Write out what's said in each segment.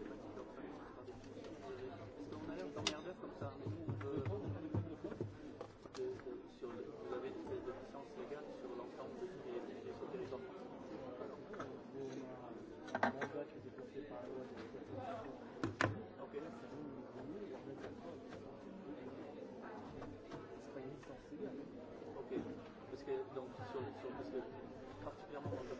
qu'on a l'air d'emmerdeurs comme ça, mais nous, on veut. De, de, sur le, vous avez des licences légales sur l'ensemble de tous les, les territoires français. Alors, nous, on a un mandat qui a été porté par la loi de l'autorisation. Ok. C'est nous, nous, nous, on met la preuve. C'est pas une licence légale. Ok. Parce que, donc, sur, sur, parce que particulièrement dans le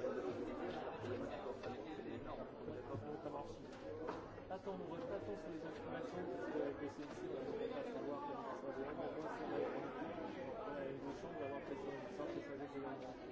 on n'ouvre pas tant sur les informations, parce que avec le CNC, on ne peut pas savoir comment ça se passe vraiment. Moi, c'est la grande une chambre d'avoir fait une sorte de service de l'année.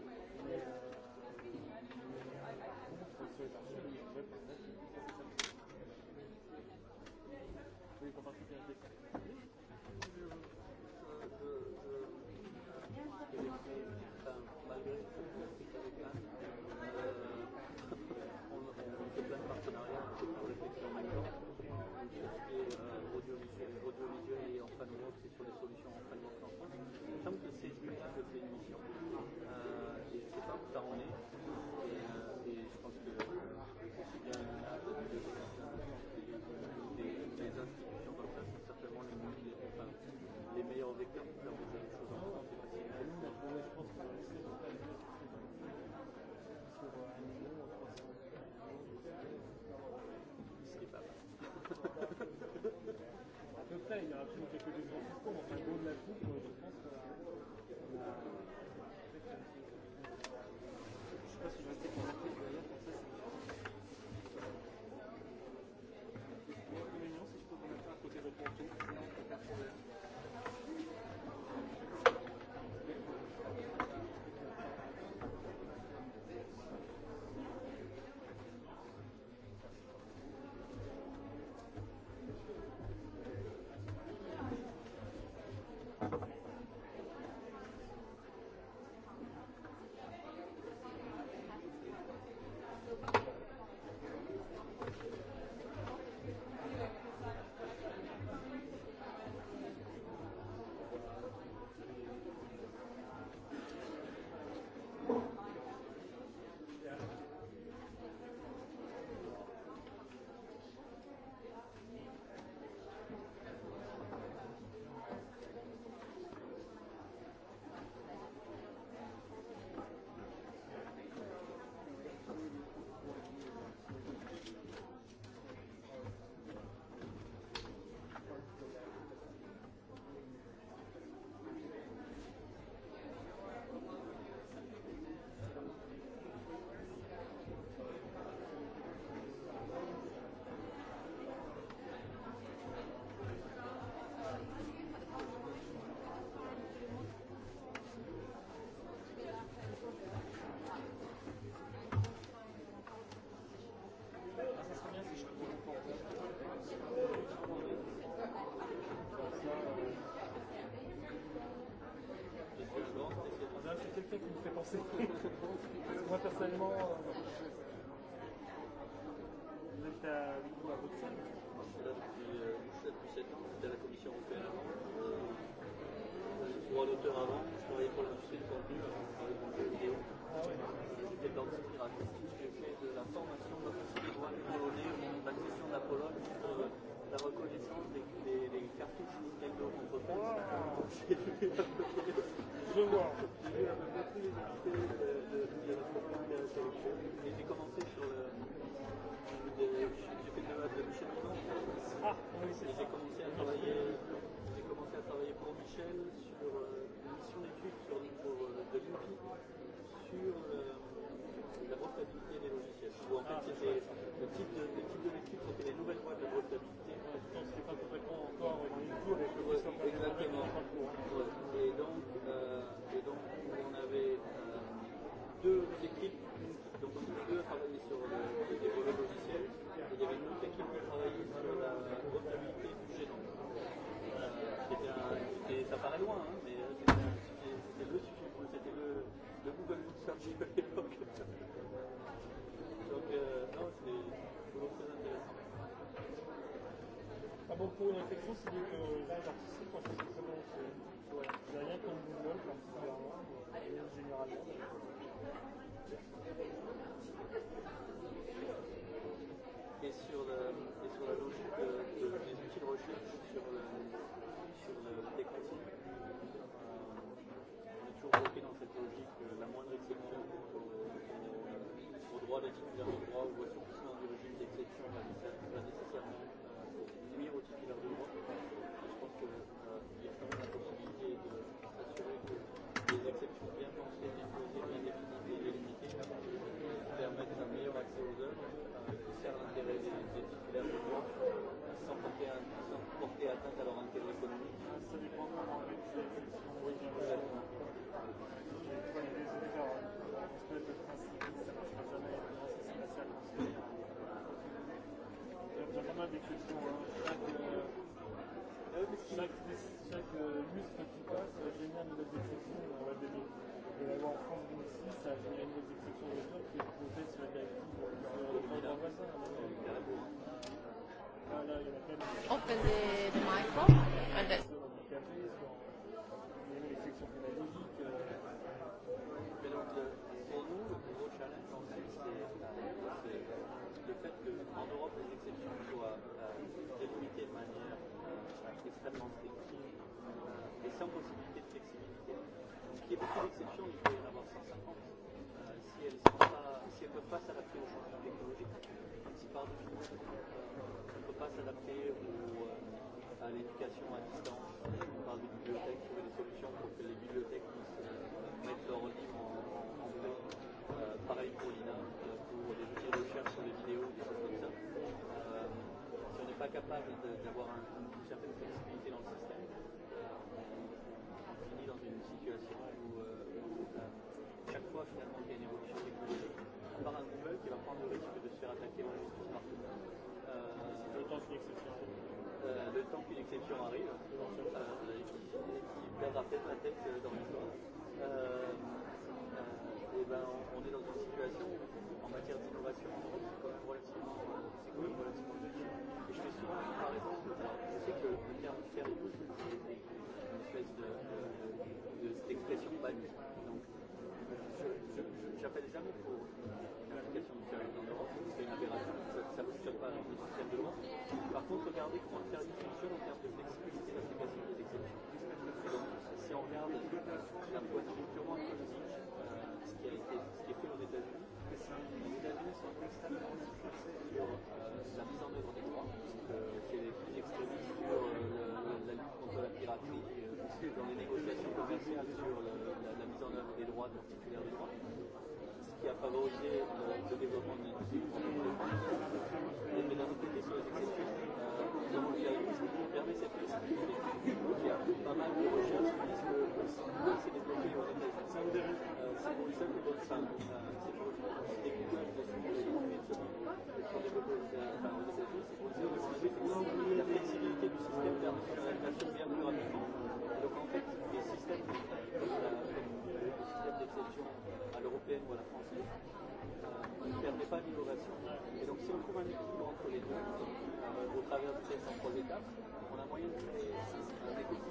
qui me fait penser. Moi, personnellement, euh, vous êtes à, du coup, à Bruxelles Moi, je suis là depuis, euh, je suis là depuis 7 ans. J'étais à la Commission européenne avant. Euh, J'avais le droit d'auteur avant. Je travaillais pour l'industrie du contenu avant. Je travaillais pour le jeu vidéo. Ah ouais. J'étais dans le pirate. J'ai fait de la formation d'officier de droit du Néoné, la question de la Pologne, sur euh, la reconnaissance des, des, des cartouches Nintendo contre France. Wow. J'ai vu recevoir. J'ai commencé sur le. J'ai fait de la cheminement. Ah, oui, c'est J'ai commencé à travailler. J'ai commencé à travailler pour Michel sur une mission d'études sur pour, de l'INPI sur la brevetabilité des logiciels. Où en fait, c'était le type de, le type de l'étude, c'était les nouvelles voies de la brevetabilité. Ouais, je pense que c'est pas complètement encore du tout avec le Exactement. Ouais. deux équipes, donc deux travaillaient sur le, le développement logiciel, et il y avait une autre équipe qui travaillait sur la rentabilité du génome. C'était, ça paraît loin, hein, mais euh, c'était, c'était le sujet, c'était le, le Google Search à l'époque. Donc, euh, non, c'est toujours très intéressant. Ah bon, pour une réflexion, c'est que l'âge artistique, en fait, ça génère de nouvelles exceptions dans la DB. Et la loi en France 2006, ça a généré de nouvelles exceptions de taux qui est posée sur la directive sur le droit voisin. Là, là, il y en a quand même. Open the micro and then. Il y a eu les sections pédagogiques. Mais donc, pour nous, le gros challenge, en fait, c'est le fait qu'en Europe, les exceptions soient délimitées de manière extrêmement stricte. Et sans possibilité les petites exceptions, il peut y en avoir 150. Euh, si elles ne peuvent pas s'adapter au changement technologique, si par définition euh, on ne peut pas s'adapter au, euh, euh, à l'éducation à distance, par des bibliothèques droit titulaire de droit, ce qui a favorisé le, le développement de l'industrie pour le Mais, mais d'un autre côté, sur les exceptions, euh, nous avons eu la crise qui permet cette flexibilité. Donc il y a pas mal de recherches qui disent que comme c'est développé aux États-Unis, euh, c'est pour ça que donc ça, ça c'est pour des coupages de ce qui sont développés aux États-Unis, c'est pour ça que la flexibilité du système permet de faire la chose bien plus rapidement. Donc en fait, les systèmes région, à l'européenne ou à la française, euh, qui ne permet pas l'innovation. Et donc si on trouve un équilibre entre les deux, euh, au travers de ces trois étapes, on a moyen de créer un écosystème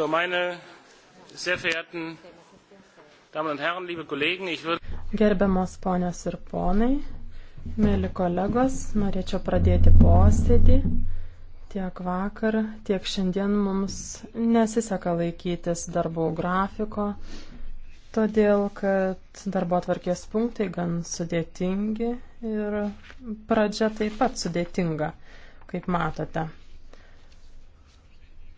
So, meine sehr verehrten Damen und Herren, liebe Kollegen, ich würde. Gerbiamos ponios ir ponai, mėly kolegos, norėčiau pradėti posėdį. Tiek vakar, tiek šiandien mums nesiseka laikytis darbų grafiko, todėl kad darbo atvarkės punktai gan sudėtingi ir pradžia taip pat sudėtinga, kaip matote.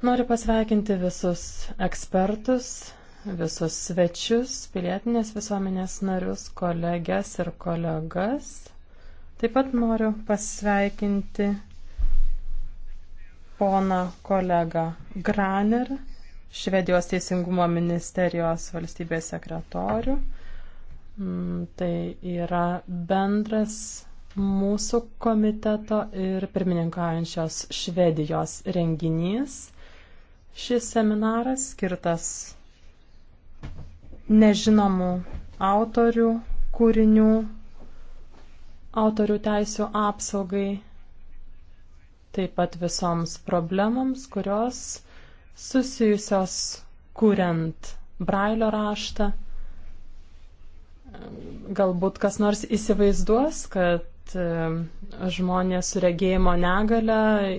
Noriu pasveikinti visus ekspertus, visus svečius, pilietinės visuomenės narius, kolegės ir kolegas. Taip pat noriu pasveikinti poną kolegą Graner, Švedijos teisingumo ministerijos valstybės sekretorių. Mm, tai yra bendras mūsų komiteto ir pirmininkaujančios Švedijos renginys. Šis seminaras skirtas nežinomų autorių kūrinių, autorių teisų apsaugai, taip pat visoms problemams, kurios susijusios kuriant brailio raštą. Galbūt kas nors įsivaizduos, kad kad e, žmonės su regėjimo negale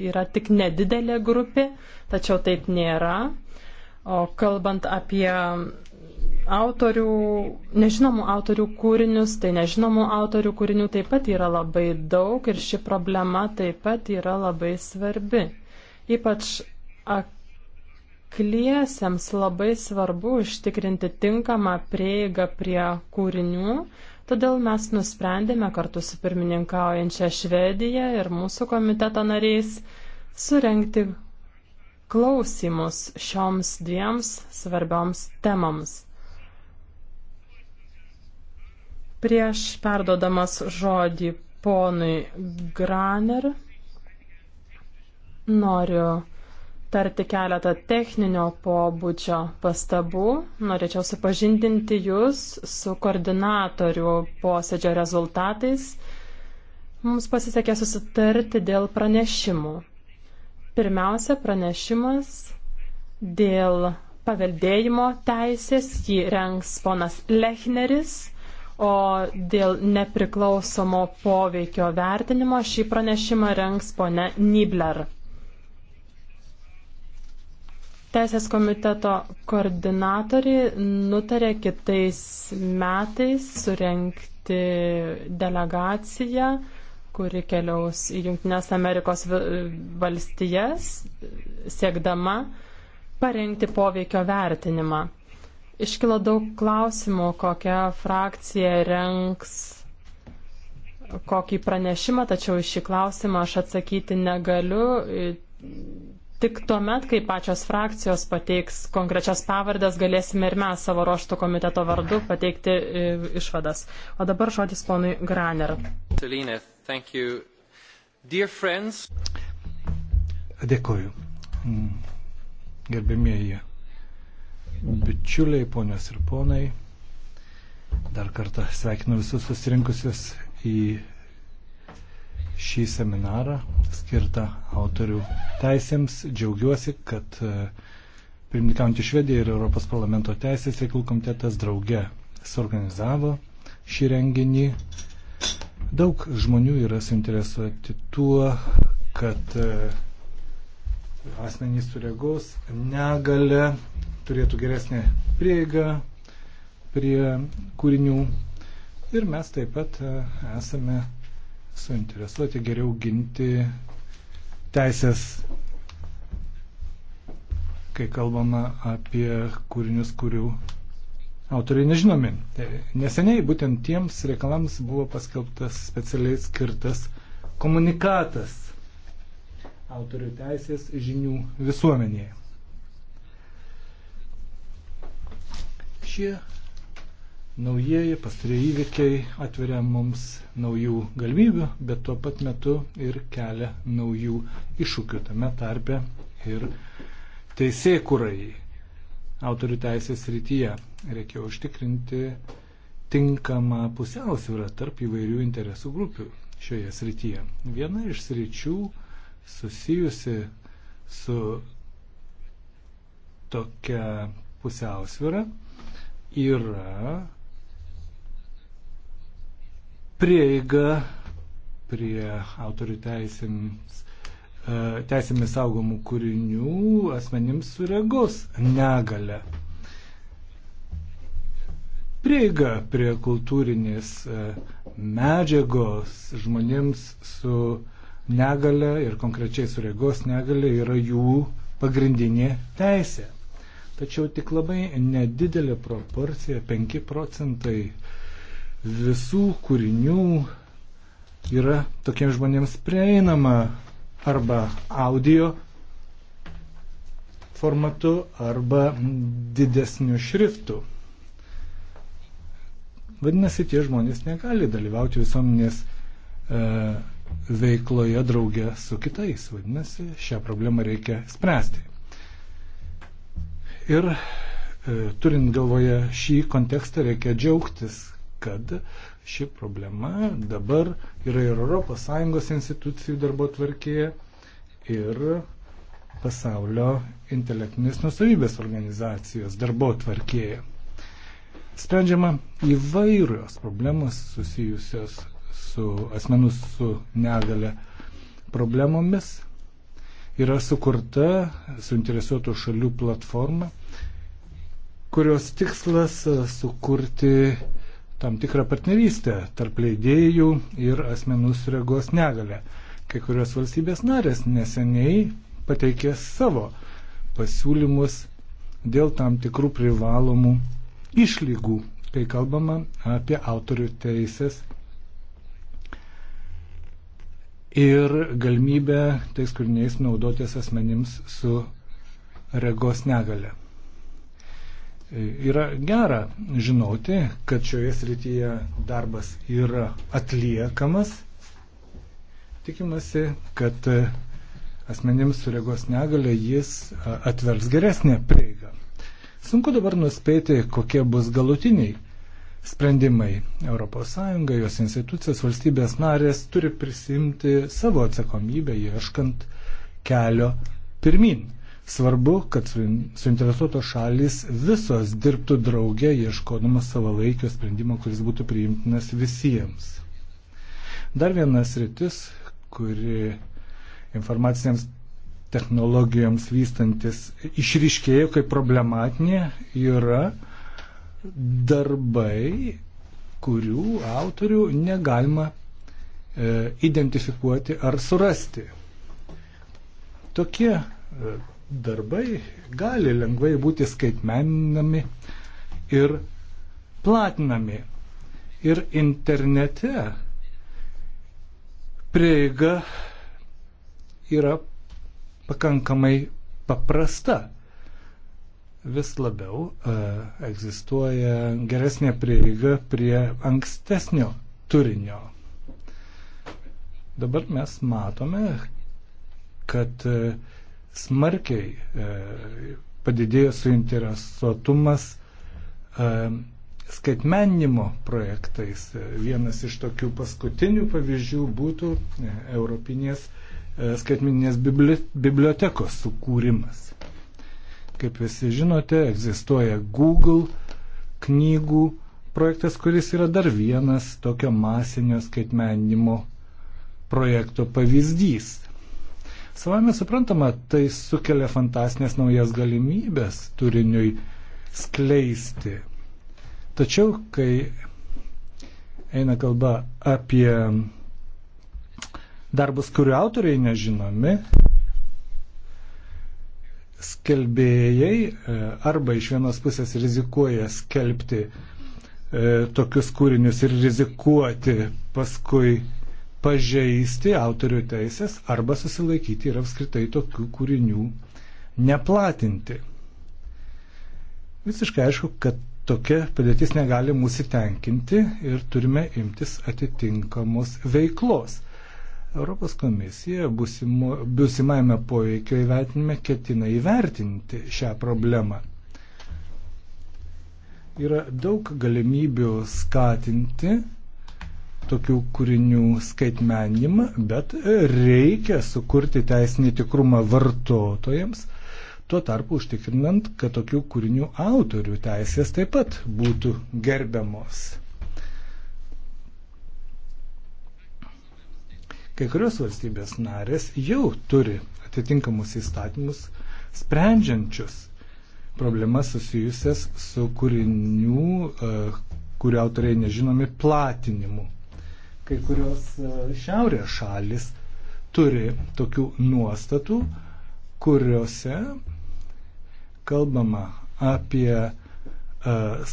yra tik nedidelė grupė, tačiau taip nėra. O kalbant apie autorių, nežinomų autorių kūrinius, tai nežinomų autorių kūrinių taip pat yra labai daug ir ši problema taip pat yra labai svarbi. Ypač akliesiems labai svarbu užtikrinti tinkamą prieigą prie kūrinių, Todėl mes nusprendėme kartu su pirmininkaujančia Švedija ir mūsų komiteto nariais surenkti klausimus šioms dviems svarbioms temams. Prieš perdodamas žodį ponui Graner noriu tarti keletą techninio pobūdžio pastabų. Norėčiau supažindinti Jūs su koordinatorių posėdžio rezultatais. Mums pasisekė susitarti dėl pranešimų. Pirmiausia, pranešimas dėl paveldėjimo teisės jį rengs ponas Lechneris, o dėl nepriklausomo poveikio vertinimo šį pranešimą rengs ponė Nibler. Teisės komiteto koordinatoriai nutarė kitais metais surenkti delegaciją, kuri keliaus į Junktinės Amerikos valstijas, siekdama parengti poveikio vertinimą. Iškilo daug klausimų, kokia frakcija renks kokį pranešimą, tačiau iš šį klausimą aš atsakyti negaliu Tik tuomet, kai pačios frakcijos pateiks konkrečias pavardės, galėsime ir mes savo ruoštų komiteto vardu pateikti e, išvadas. O dabar žodis ponui Graner. Celine, thank you. Dear friends. Dėkoju. Mm. Gerbėmieji bičiuliai, ponios ir ponai, dar kartą sveikinu visus susirinkusius į šį seminarą skirtą autorių teisėms. Džiaugiuosi, kad e, pirmininkaujantį Švediją ir Europos parlamento teisės reikalų komitetas drauge suorganizavo šį renginį. Daug žmonių yra suinteresuoti tuo, kad e, asmenys su regos negale turėtų geresnę prieigą prie kūrinių. Ir mes taip pat e, esame suinteresuoti geriau ginti teisės, kai kalbama apie kūrinius, kurių autoriai nežinomi. Tai neseniai būtent tiems reikalams buvo paskelbtas specialiai skirtas komunikatas autorių teisės žinių visuomenėje. Šie Naujieji pastarieji įvykiai atveria mums naujų galimybių, bet tuo pat metu ir kelia naujų iššūkių tame tarpe ir teisėkurai autorių teisės rytyje. Reikia užtikrinti tinkamą pusiausvyrą tarp įvairių interesų grupių šioje srityje. Viena iš sričių susijusi su tokia pusiausvyrą yra prieiga prie autorių teisėms, e, teisėmis saugomų kūrinių asmenims su regos negale. Prieiga prie kultūrinės e, medžiagos žmonėms su negale ir konkrečiai su regos negale yra jų pagrindinė teisė. Tačiau tik labai nedidelė proporcija, 5 procentai visų kūrinių yra tokiems žmonėms prieinama arba audio formatu arba didesniu šriftu. Vadinasi, tie žmonės negali dalyvauti visuomenės e, veikloje draugė su kitais. Vadinasi, šią problemą reikia spręsti. Ir e, turint galvoje šį kontekstą, reikia džiaugtis, kad ši problema dabar yra ir ES institucijų darbo tvarkėje ir pasaulio intelektinės nusavybės organizacijos darbo tvarkėje. Sprendžiama įvairios problemos susijusios su asmenų su negale problemomis. Yra sukurta suinteresuotų šalių platforma, kurios tikslas sukurti tam tikrą partnerystę tarp leidėjų ir asmenų su regos negale. Kai kurios valstybės narės neseniai pateikė savo pasiūlymus dėl tam tikrų privalomų išlygų, kai kalbama apie autorių teisės ir galimybę tais kūriniais naudotis asmenims su regos negale. Yra gera žinoti, kad šioje srityje darbas yra atliekamas. Tikimasi, kad e, asmenims su regos negale jis atvers geresnę prieigą. Sunku dabar nuspėti, kokie bus galutiniai sprendimai. ES, jos institucijos, valstybės narės turi prisimti savo atsakomybę ieškant kelio pirmin. Svarbu, kad suinteresuotos šalis visos dirbtų drauge, ieškodamas savalaikio sprendimo, kuris būtų priimtinas visiems. Dar vienas rytis, kuri informacinėms technologijoms vystantis išryškėjo kaip problematinė, yra darbai, kurių autorių negalima e, identifikuoti ar surasti. Tokie e, darbai gali lengvai būti skaitmeninami ir platinami. Ir internete prieiga yra pakankamai paprasta. Vis labiau e, egzistuoja geresnė prieiga prie ankstesnio turinio. Dabar mes matome, kad e, smarkiai e, padidėjo suinteresuotumas e, skaitmeninimo projektais. E, vienas iš tokių paskutinių pavyzdžių būtų Europinės skaitmeninės bibliotekos sukūrimas. Kaip visi žinote, egzistuoja Google knygų projektas, kuris yra dar vienas tokio masinio skaitmeninimo projekto pavyzdys. Savame suprantama, tai sukelia fantasinės naujas galimybės turiniui skleisti. Tačiau, kai eina kalba apie darbus, kurių autoriai nežinomi, skelbėjai e, arba iš vienos pusės rizikuoja skelbti e, tokius kūrinius ir rizikuoti paskui pažeisti autorių teisės arba susilaikyti ir apskritai tokių kūrinių neplatinti. Visiškai aišku, kad tokia padėtis negali mūsų tenkinti ir turime imtis atitinkamos veiklos. Europos komisija busimajame poveikio įvertinime ketina įvertinti šią problemą. Yra daug galimybių skatinti tokių kūrinių skaitmenimą, bet e, reikia sukurti teisinį tikrumą vartotojams, tuo tarpu užtikrinant, kad tokių kūrinių autorių teisės taip pat būtų gerbiamos. Kai kurios valstybės narės jau turi atitinkamus įstatymus sprendžiančius problemas susijusias su kūrinių, e, kurių autoriai nežinomi, platinimu. Kai kurios e, šiaurės šalis turi tokių nuostatų, kuriuose kalbama apie e,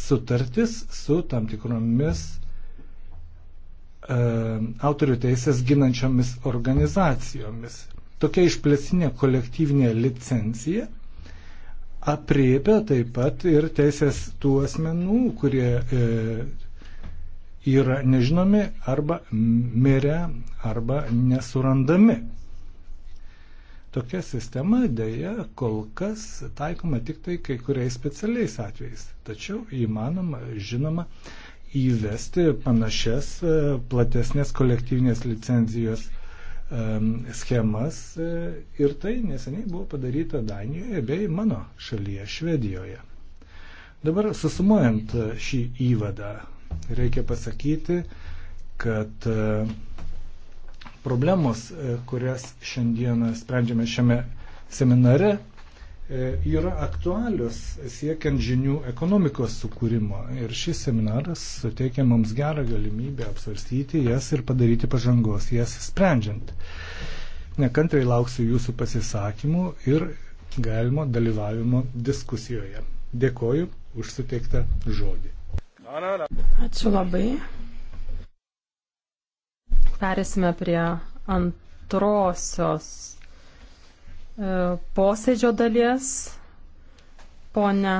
sutartis su tam tikromis e, autorių teisės ginančiomis organizacijomis. Tokia išplėsinė kolektyvinė licencija apriepia taip pat ir teisės tų asmenų, kurie e, yra nežinomi arba mirę arba nesurandami. Tokia sistema dėja kol kas taikoma tik tai kai kuriais specialiais atvejais. Tačiau įmanoma, žinoma, įvesti panašias e, platesnės kolektyvinės licenzijos schemas e, ir tai neseniai buvo padaryta Danijoje bei mano šalyje Švedijoje. Dabar susumuojant šį įvadą, Reikia pasakyti, kad e, problemos, e, kurias šiandieną sprendžiame šiame seminare, e, yra aktualios siekiant žinių ekonomikos sukūrimo. Ir šis seminaras suteikia mums gerą galimybę apsvarstyti jas ir padaryti pažangos, jas sprendžiant. Nekantrai lauksiu jūsų pasisakymų ir galimo dalyvavimo diskusijoje. Dėkoju už suteiktą žodį. Ačiū labai. Perėsime prie antrosios e, posėdžio dalies. Pone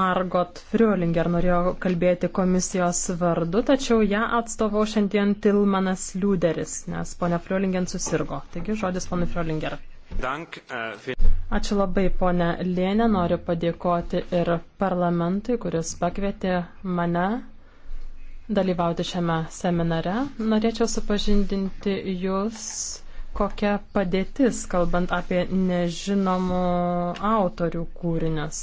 Margot Friulinger norėjo kalbėti komisijos vardu, tačiau ją atstovau šiandien Tilmanas Liuderis, nes ponia Friulingen susirgo. Taigi žodis ponui Friulinger. Dank, uh, Ačiū labai, ponė Lėnė. Noriu padėkoti ir parlamentui, kuris pakvietė mane dalyvauti šiame seminare. Norėčiau supažindinti jūs, kokia padėtis, kalbant apie nežinomų autorių kūrinius.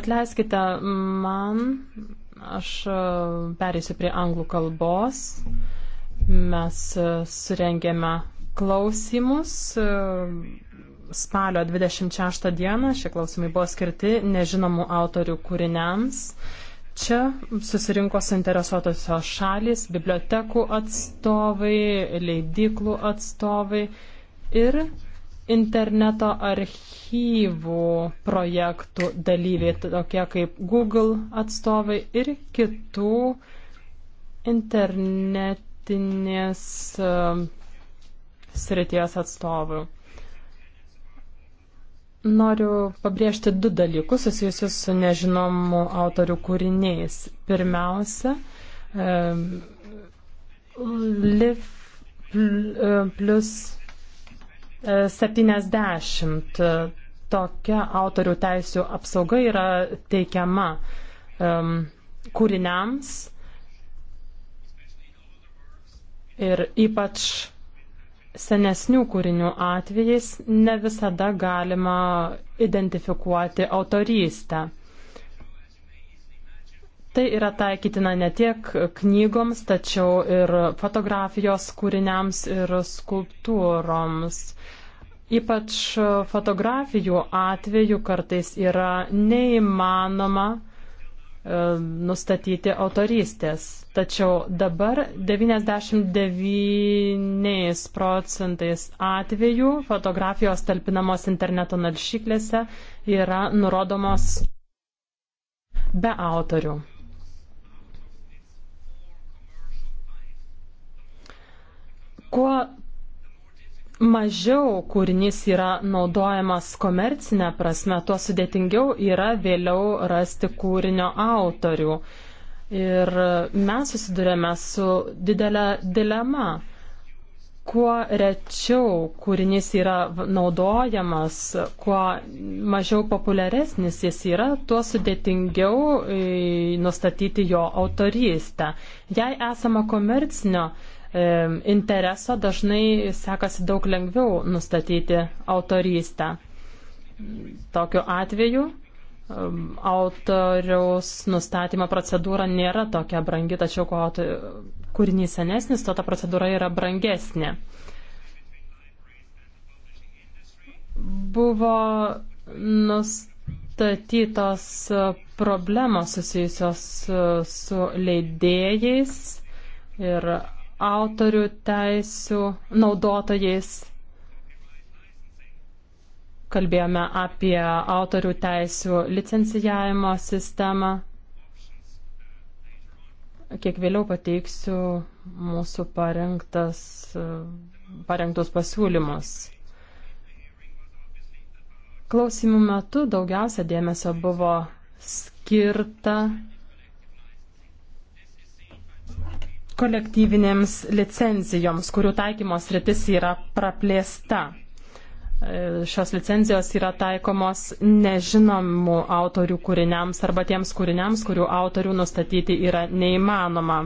Atleiskite man, aš e, perėsiu prie anglų kalbos. Mes e, surengėme klausimus e, spalio 26 dieną. Šie klausimai buvo skirti nežinomų autorių kūriniams. Čia susirinko suinteresuotosios šalis, bibliotekų atstovai, leidiklų atstovai ir interneto archyvų projektų dalyviai, tokie kaip Google atstovai ir kitų internetinės uh, srities atstovų. Noriu pabrėžti du dalykus susijusius su nežinomų autorių kūriniais. Pirmiausia, LIF plus 70 e, e, tokia autorių teisų apsauga yra teikiama kūriniams ir ypač senesnių kūrinių atvejais ne visada galima identifikuoti autorystę. Tai yra taikytina ne tiek knygoms, tačiau ir fotografijos kūriniams ir skulptūroms. Ypač fotografijų atveju kartais yra neįmanoma uh, nustatyti autorystės. Tačiau dabar 99 procentais atvejų fotografijos talpinamos interneto naršyklėse yra nurodomos be autorių. Kuo mažiau kūrinys yra naudojamas komercinė prasme, tuo sudėtingiau yra vėliau rasti kūrinio autorių. Ir mes susidurėme su didelė dilema. Kuo rečiau kūrinys yra naudojamas, kuo mažiau populiaresnis jis yra, tuo sudėtingiau e, nustatyti jo autorystę. Jei esama komercinio interesą dažnai sekasi daug lengviau nustatyti autorystę. Tokiu atveju autoriaus nustatymo procedūra nėra tokia brangi, tačiau kuo kūrinys senesnis, to ta procedūra yra brangesnė. Buvo nustatytos problemos susijusios su leidėjais ir autorių teisių naudotojais. Kalbėjome apie autorių teisių licencijavimo sistemą. Kiek vėliau pateiksiu mūsų parengtas, parengtus pasiūlymus. Klausimų metu daugiausia dėmesio buvo skirta kolektyvinėms licencijoms, kurių taikymos rytis yra praplėsta. E, šios licencijos yra taikomos nežinomų autorių kūriniams arba tiems kūriniams, kurių autorių nustatyti yra neįmanoma.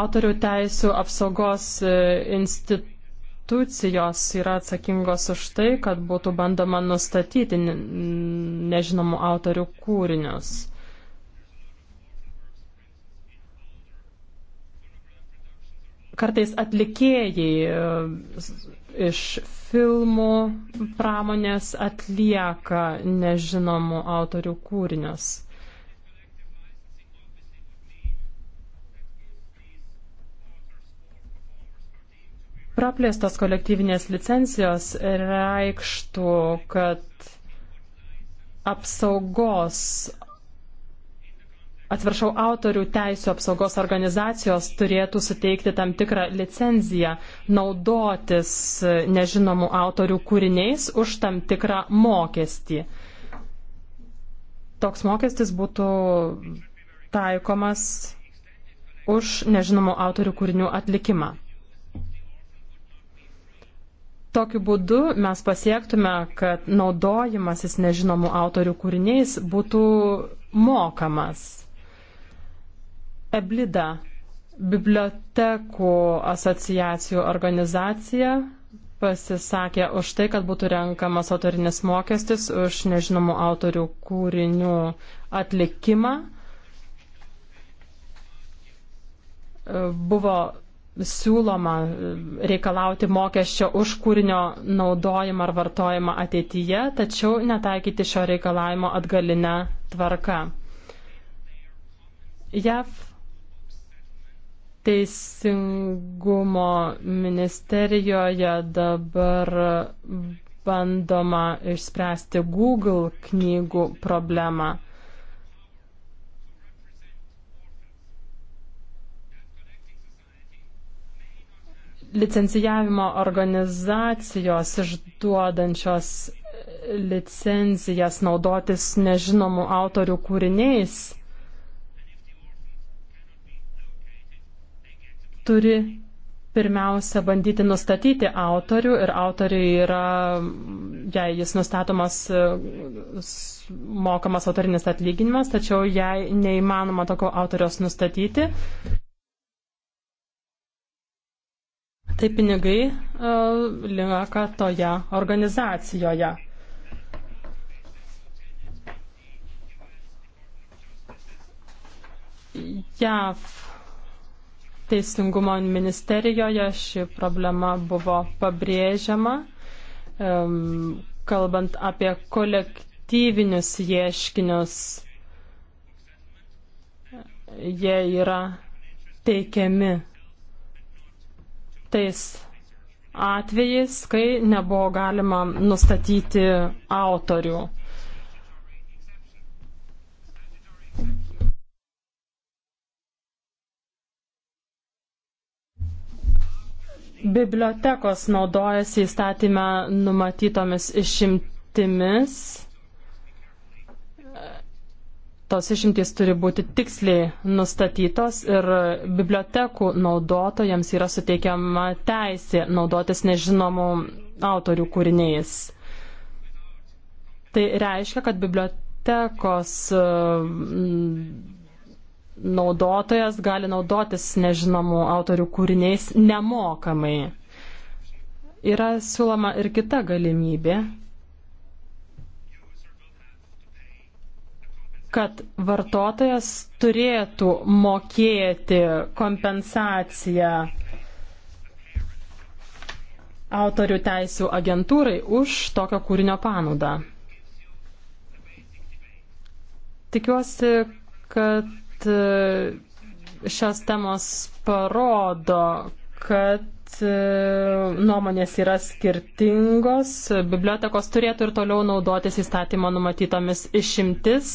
Autorių teisų apsaugos e, institucijų institucijos yra atsakingos už tai, kad būtų bandoma nustatyti nežinomų autorių kūrinius. kartais atlikėjai e, iš filmų pramonės atlieka nežinomų autorių kūrinius. Praplėstos kolektyvinės licencijos reikštų, kad apsaugos, atsiprašau, autorių teisų apsaugos organizacijos turėtų suteikti tam tikrą licenciją naudotis nežinomų autorių kūriniais už tam tikrą mokestį. Toks mokestis būtų taikomas už nežinomų autorių kūrinių atlikimą. Tokiu būdu mes pasiektume, kad naudojimasis nežinomų autorių kūriniais būtų mokamas. Eblida, bibliotekų asociacijų organizacija, pasisakė už tai, kad būtų renkamas autorinis mokestis už nežinomų autorių kūrinių atlikimą. Buvo siūloma e, reikalauti mokesčio už kūrinio naudojimą ar vartojimą ateityje, tačiau netaikyti šio reikalavimo atgalinę tvarką. JAV teisingumo ministerijoje dabar bandoma išspręsti Google knygų problemą. licencijavimo organizacijos išduodančios licencijas naudotis nežinomų autorių kūriniais turi pirmiausia bandyti nustatyti autorių ir autoriai yra, jei jis nustatomas, mokamas autorinis atlyginimas, tačiau jei neįmanoma tokio autorios nustatyti, tai pinigai e, lieka toje organizacijoje. JAV teisingumo ministerijoje ši problema buvo pabrėžiama, kalbant apie kolektyvinius ieškinius. Jie yra teikiami tais atvejais, kai nebuvo galima nustatyti autorių. Bibliotekos naudojasi įstatymę numatytomis išimtimis Tos išimtys turi būti tiksliai nustatytos ir bibliotekų naudotojams yra suteikiama teisė naudotis nežinomų autorių kūriniais. Tai reiškia, kad bibliotekos e, naudotojas gali naudotis nežinomų autorių kūriniais nemokamai. Yra siūloma ir kita galimybė kad vartotojas turėtų mokėti kompensaciją autorių teisų agentūrai už tokio kūrinio panaudą. Tikiuosi, kad e, šios temos parodo, kad E, nuomonės yra skirtingos. Bibliotekos turėtų ir toliau naudotis įstatymo numatytomis išimtis,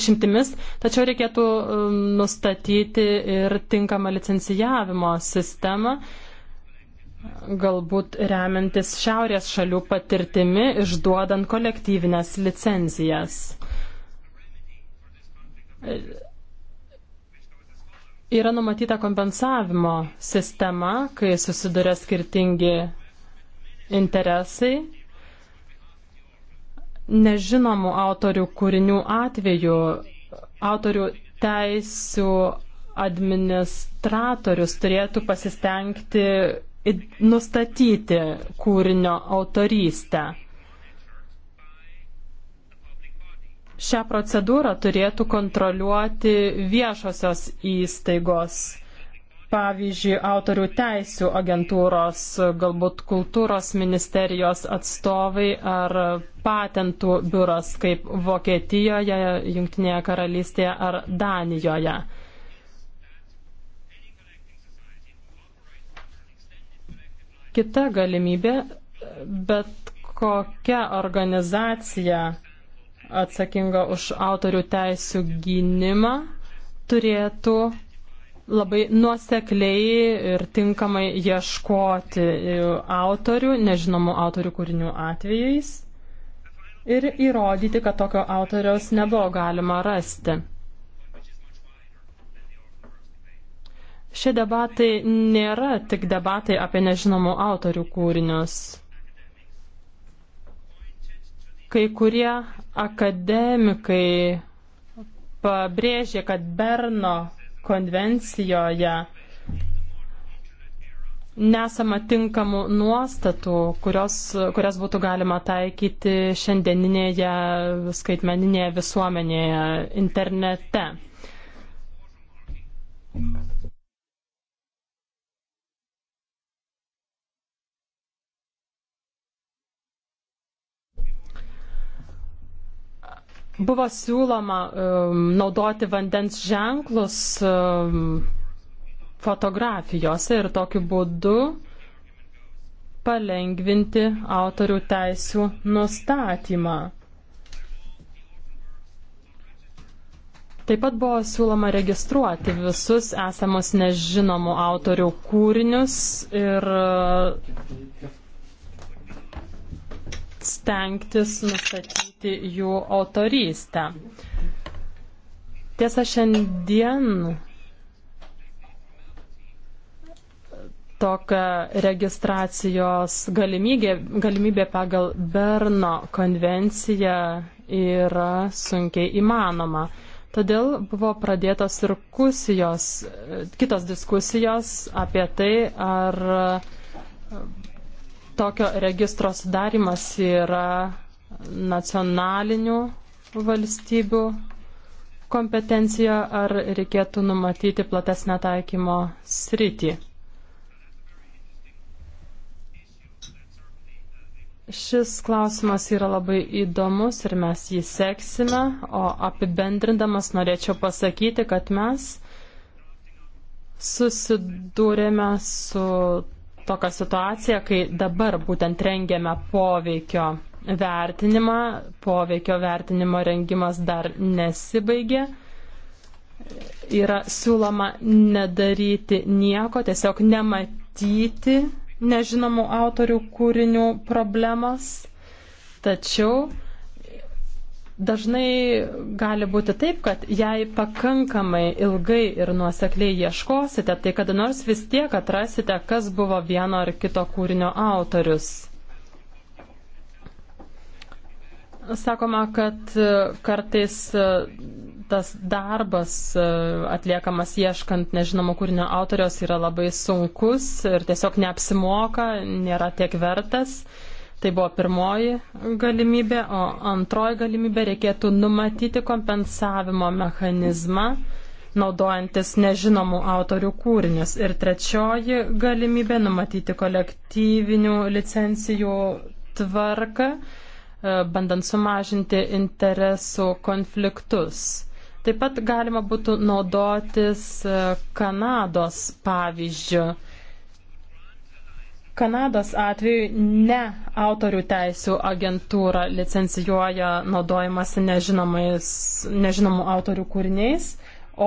išimtimis, tačiau reikėtų e, nustatyti ir tinkamą licencijavimo sistemą, galbūt remiantis šiaurės šalių patirtimi, išduodant kolektyvinės licencijas Yra numatyta kompensavimo sistema, kai susiduria skirtingi interesai. Nežinomų autorių kūrinių atveju autorių teisų administratorius turėtų pasistengti nustatyti kūrinio autorystę. Šią procedūrą turėtų kontroliuoti viešosios įstaigos, pavyzdžiui, autorių teisų agentūros, galbūt kultūros ministerijos atstovai ar patentų biuras kaip Vokietijoje, Junktinėje karalystėje ar Danijoje. Kita galimybė, bet kokia organizacija atsakinga už autorių teisų gynimą turėtų labai nuosekliai ir tinkamai ieškoti autorių, nežinomų autorių kūrinių atvejais ir įrodyti, kad tokio autoriaus nebuvo galima rasti. Šie debatai nėra tik debatai apie nežinomų autorių kūrinius. Kai kurie akademikai pabrėžė, kad Berno konvencijoje nesama tinkamų nuostatų, kurios, kurias būtų galima taikyti šiandieninėje skaitmeninėje visuomenėje internete. Buvo siūloma um, naudoti vandens ženklus um, fotografijose ir tokiu būdu palengvinti autorių teisų nustatymą. Taip pat buvo siūloma registruoti visus esamos nežinomų autorių kūrinius ir stengtis nustatyti jų autorystę. Tiesa, šiandien tokia registracijos galimybė, galimybė pagal Berno konvenciją yra sunkiai įmanoma. Todėl buvo pradėtos ir kusijos, kitos diskusijos apie tai, ar Tokio registro sudarimas yra nacionalinių valstybių kompetencija ar reikėtų numatyti platesnę taikymo sritį. Šis klausimas yra labai įdomus ir mes jį seksime, o apibendrindamas norėčiau pasakyti, kad mes susidūrėme su tokią situaciją, kai dabar būtent rengiame poveikio vertinimą, poveikio vertinimo rengimas dar nesibaigė. Yra siūloma nedaryti nieko, tiesiog nematyti nežinomų autorių kūrinių problemas. Tačiau Dažnai gali būti taip, kad jei pakankamai ilgai ir nuosekliai ieškosite, tai kada nors vis tiek atrasite, kas buvo vieno ar kito kūrinio autorius. Sakoma, kad e, kartais e, tas darbas e, atliekamas ieškant nežinomo kūrinio autorios yra labai sunkus ir tiesiog neapsimoka, nėra tiek vertas. Tai buvo pirmoji galimybė, o antroji galimybė reikėtų numatyti kompensavimo mechanizmą, naudojantis nežinomų autorių kūrinius. Ir trečioji galimybė numatyti kolektyvinių licencijų tvarką, e, bandant sumažinti interesų konfliktus. Taip pat galima būtų naudotis e, Kanados pavyzdžių Kanados atveju ne autorių teisų agentūra licencijuoja naudojimasi nežinomų autorių kūriniais,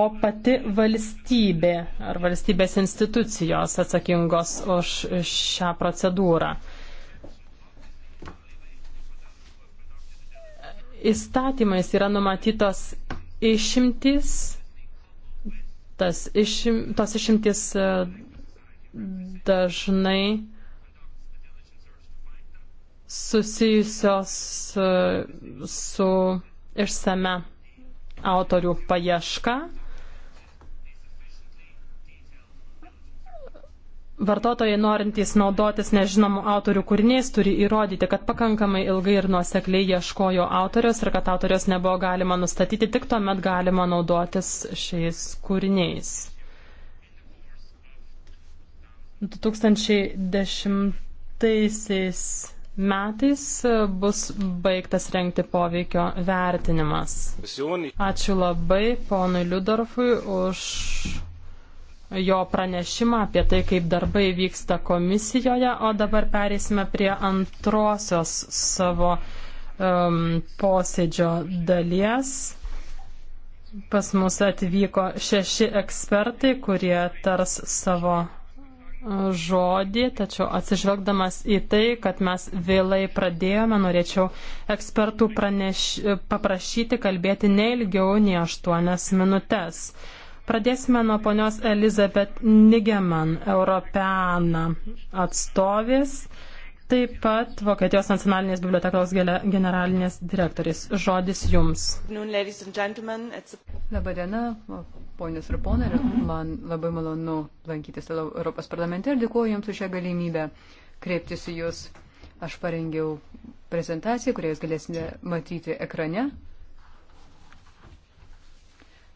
o pati valstybė ar valstybės institucijos atsakingos už šią procedūrą. Įstatymais yra numatytos išimtis, tas išim, tos išimtis e, dažnai susijusios e, su išsame autorių paieška. Vartotojai norintys naudotis nežinomų autorių kūriniais turi įrodyti, kad pakankamai ilgai ir nuosekliai ieškojo autorius ir kad autorius nebuvo galima nustatyti, tik tuomet galima naudotis šiais kūriniais. 2010 metais e, bus baigtas rengti poveikio vertinimas. Ačiū labai ponui Liudorfui už jo pranešimą apie tai, kaip darbai vyksta komisijoje, o dabar perėsime prie antrosios savo um, posėdžio dalies. Pas mus atvyko šeši ekspertai, kurie tars savo žodį, tačiau atsižvelgdamas į tai, kad mes vėlai pradėjome, norėčiau ekspertų praneš, paprašyti kalbėti neilgiau nei 8 minutės. Pradėsime nuo ponios Elizabeth Nigeman, Europeana atstovės. Uh, taip pat Vokietijos nacionalinės bibliotekos generalinės direktorės. Žodis jums. Labadiena, ponios ir ponai, man labai malonu lankytis Europos parlamente ir dėkuoju jums už šią galimybę kreiptis į jūs. Aš parengiau prezentaciją, kurią jūs galėsite matyti ekrane.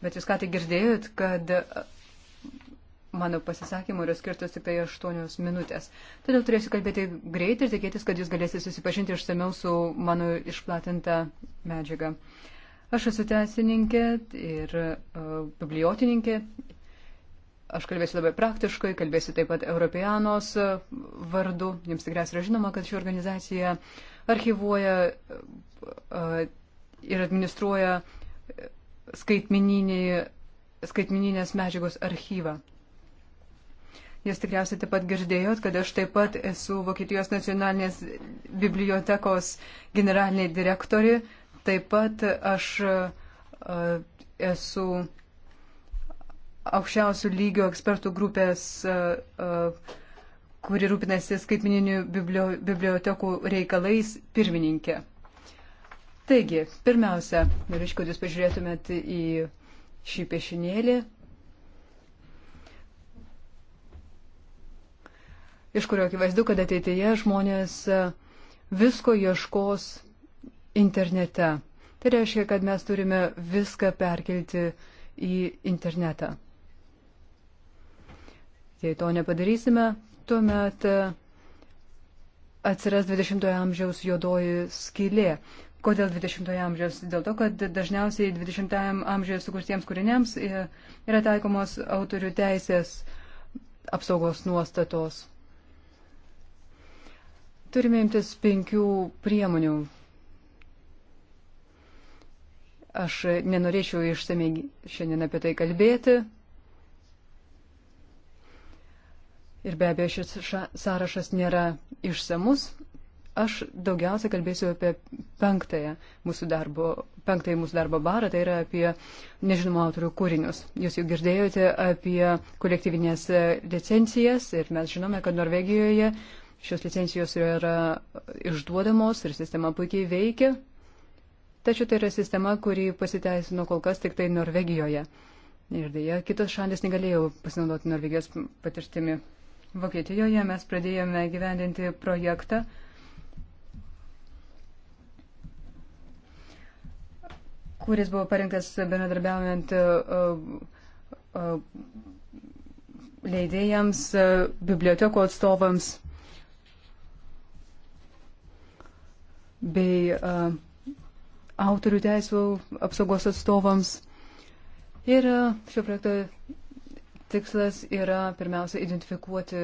Bet jūs ką tik girdėjot, kad mano pasisakymų yra skirtos tik tai 8 minutės. Todėl turėsiu kalbėti greit ir tikėtis, kad jūs galėsite susipažinti išsameu su mano išplatinta medžiaga. Aš esu teisininkė ir uh, bibliotininkė. Aš kalbėsiu labai praktiškai, kalbėsiu taip pat Europeanos e, vardu. Jums tikriausiai yra žinoma, kad ši organizacija archivuoja uh, ir administruoja skaitmininį skaitmininės medžiagos archyvą. Jūs tikriausiai taip pat girdėjot, kad aš taip pat esu Vokietijos nacionalinės bibliotekos generaliniai direktori. Taip pat aš e, esu aukščiausių lygio ekspertų grupės, e, e, kuri rūpinasi skaitmininių bibliotekų reikalais, pirmininkė. Taigi, pirmiausia, norėčiau, kad jūs pažiūrėtumėt į šį piešinėlį. iš kurio akivaizdu, kad ateityje žmonės e, visko ieškos internete. Tai reiškia, kad mes turime viską perkelti į internetą. Jei to nepadarysime, tuomet e, atsiras 20-ojo amžiaus juodoji skylė. Kodėl 20-ojo amžiaus? Dėl to, kad dažniausiai 20-ojo amžiaus sukurtiems kūriniams e, yra taikomos autorių teisės apsaugos nuostatos. Turime imtis penkių priemonių. Aš nenorėčiau išsamei šiandien apie tai kalbėti. Ir be abejo, šis sąrašas nėra išsamus. Aš daugiausia kalbėsiu apie penktąją mūsų darbo, penktąją mūsų darbo barą, tai yra apie nežinomų autorių kūrinius. Jūs jau girdėjote apie kolektyvinės licencijas ir mes žinome, kad Norvegijoje uh, Šios licencijos yra išduodamos ir sistema puikiai veikia. Tačiau tai yra sistema, kuri pasiteisino kol kas tik tai Norvegijoje. Ir dėja, kitos šalis negalėjo pasinaudoti Norvegijos patirtimi. Vokietijoje mes pradėjome gyvendinti projektą. kuris buvo parinktas bendradarbiaujant uh, uh, leidėjams, bibliotekų atstovams. bei uh, autorių teisų apsaugos atstovams. Ir šio projekto tikslas yra pirmiausia identifikuoti,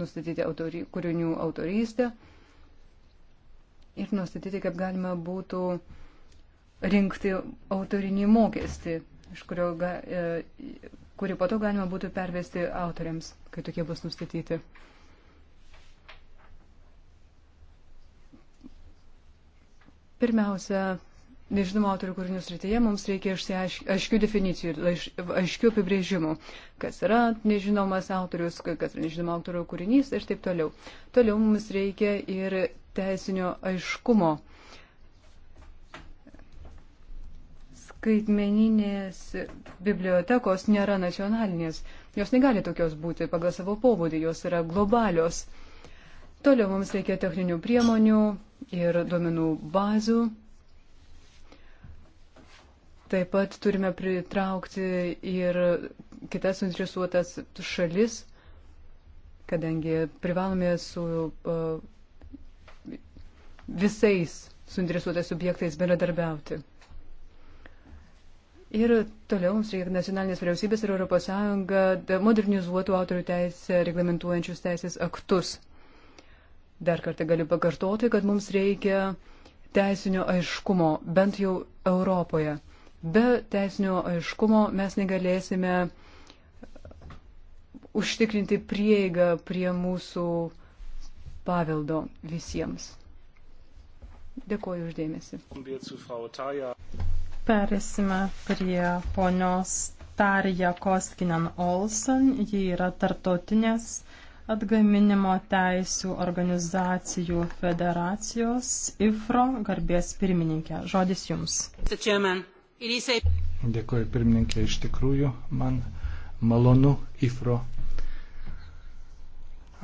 nustatyti autori, kūrinių autorystę ir nustatyti, kaip galima būtų rinkti autorinį mokestį, iš kurio, ga, e, kurį po to galima būtų pervesti autoriams, kai tokie bus nustatyti. Pirmiausia, nežinoma autorių kūrinių srityje mums reikia aiškių definicijų, aiškių apibrėžimų, kas yra nežinomas autorius, kas yra nežinoma autorių kūrinys ir taip toliau. Toliau mums reikia ir teisinio aiškumo. Skaitmeninės bibliotekos nėra nacionalinės, jos negali tokios būti pagal savo pobūdį, jos yra globalios. Toliau mums reikia techninių priemonių, ir duomenų bazių. Taip pat turime pritraukti ir kitas suinteresuotas šalis, kadangi privalome su uh, visais suinteresuotais subjektais bendradarbiauti. Ir toliau mums reikia nacionalinės vyriausybės ir ES modernizuotų autorių teisę reglamentuojančius teisės aktus. Dar kartą galiu pakartoti, kad mums reikia teisinio aiškumo, bent jau Europoje. Be teisinio aiškumo mes negalėsime užtikrinti prieigą prie mūsų paveldo visiems. Dėkuoju uždėmesi. Perėsime prie ponios Tarja Koskinen Olsen. Ji yra tartotinės atgaminimo teisų organizacijų federacijos IFRO garbės pirmininkė. Žodis jums. Dėkuoju pirmininkė, iš tikrųjų man malonu IFRO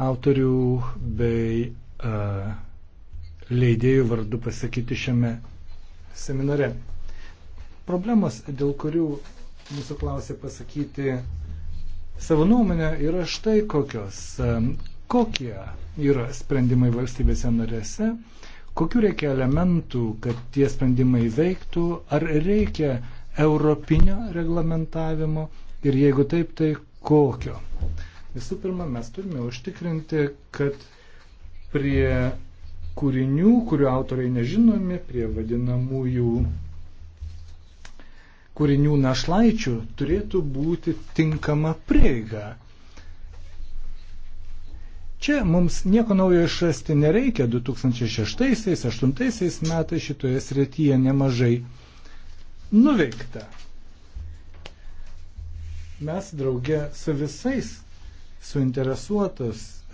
autorių bei uh, leidėjų vardu pasakyti šiame seminare. Problemos, dėl kurių mūsų klausė pasakyti Savo nuomonę yra štai kokios. Kokie yra sprendimai valstybėse narėse, kokiu reikia elementų, kad tie sprendimai veiktų, ar reikia europinio reglamentavimo ir jeigu taip, tai kokio. Visų pirma, mes turime užtikrinti, kad prie kūrinių, kurių autoriai nežinomi, prie vadinamųjų kūrinių našlaičių turėtų būti tinkama prieiga. Čia mums nieko naujo išrasti nereikia. 2006-2008 metais šitoje srityje nemažai nuveikta. Mes draugė su visais suinteresuotas, e,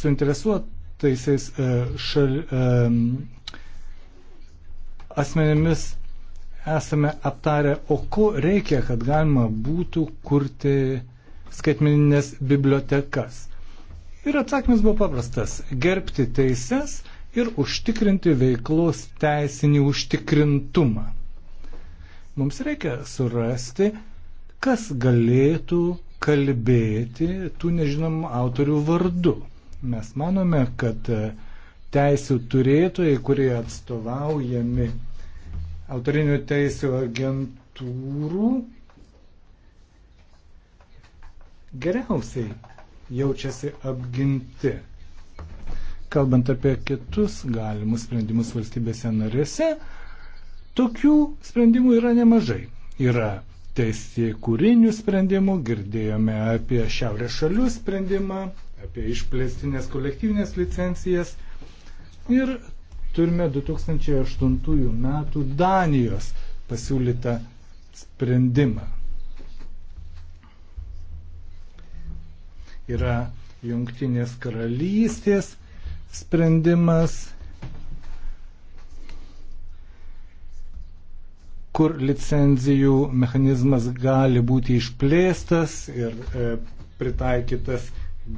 suinteresuotaisiais e, šal, e, asmenėmis esame aptarę, o ko reikia, kad galima būtų kurti skaitmeninės bibliotekas. Ir atsakymas buvo paprastas - gerbti teises ir užtikrinti veiklos teisinį užtikrintumą. Mums reikia surasti, kas galėtų kalbėti tų nežinomų autorių vardu. Mes manome, kad teisų turėtojai, kurie atstovaujami autorinių teisų agentūrų geriausiai jaučiasi apginti. Kalbant apie kitus galimus sprendimus valstybėse narėse, tokių sprendimų yra nemažai. Yra teisė kūrinių sprendimų, girdėjome apie šiaurės šalių sprendimą, apie išplėstinės kolektyvinės licencijas. Ir turime 2008 metų Danijos pasiūlytą sprendimą. Yra Jungtinės karalystės sprendimas, kur licenzijų mechanizmas gali būti išplėstas ir e, pritaikytas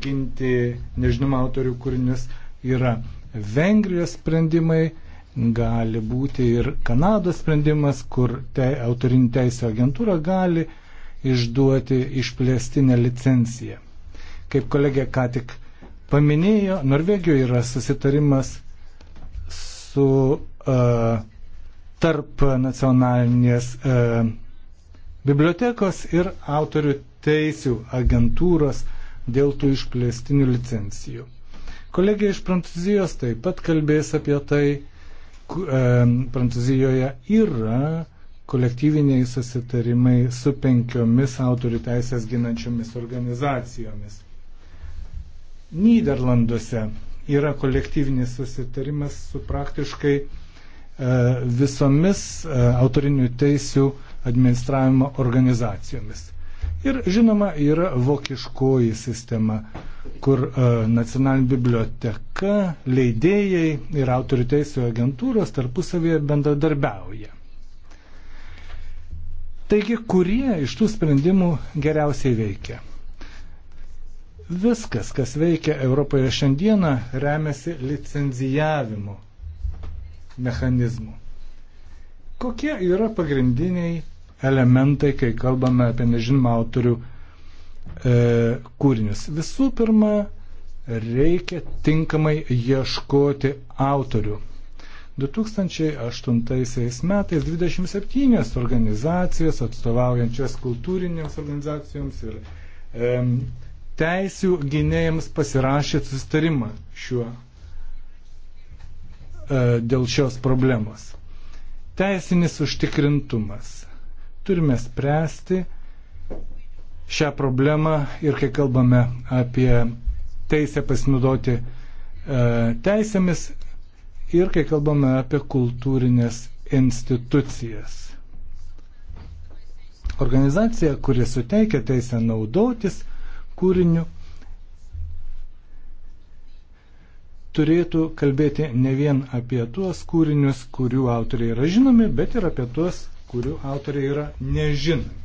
ginti nežinomų autorių kūrinius yra Vengrijos sprendimai, gali būti ir Kanados sprendimas, kur te, autorinį teisę agentūra gali išduoti išplėstinę licenciją. Kaip kolegė ką tik paminėjo, Norvegijoje yra susitarimas su uh, tarp nacionalinės uh, bibliotekos ir autorių teisių agentūros dėl tų išplėstinių licencijų. Kolegė iš Prancūzijos taip pat kalbės apie tai. Prancūzijoje yra kolektyviniai susitarimai su penkiomis autorių teisės ginančiomis organizacijomis. Niderlanduose yra kolektyvinis susitarimas su praktiškai e, visomis e, autorinių teisių administravimo organizacijomis. Ir žinoma, yra vokiškoji sistema, kur e, nacionalinė biblioteka, leidėjai ir autorių teisų agentūros tarpusavėje bendradarbiauja. Taigi, kurie iš tų sprendimų geriausiai veikia? Viskas, kas veikia Europoje šiandieną, remiasi licenzijavimo mechanizmu. Kokie yra pagrindiniai elementai, kai kalbame apie nežinomą autorių e, kūrinius. Visų pirma, reikia tinkamai ieškoti autorių. 2008 metais 27 organizacijos atstovaujančios kultūrinėms organizacijoms ir e, teisių gynėjams pasirašė sustarimą šiuo, e, dėl šios problemos. Teisinis užtikrintumas. Turime spręsti šią problemą ir kai kalbame apie teisę pasinaudoti e, teisėmis ir kai kalbame apie kultūrinės institucijas. Organizacija, kuri suteikia teisę naudotis kūriniu, turėtų kalbėti ne vien apie tuos kūrinius, kurių autoriai yra žinomi, bet ir apie tuos kurių autoriai yra nežinomi.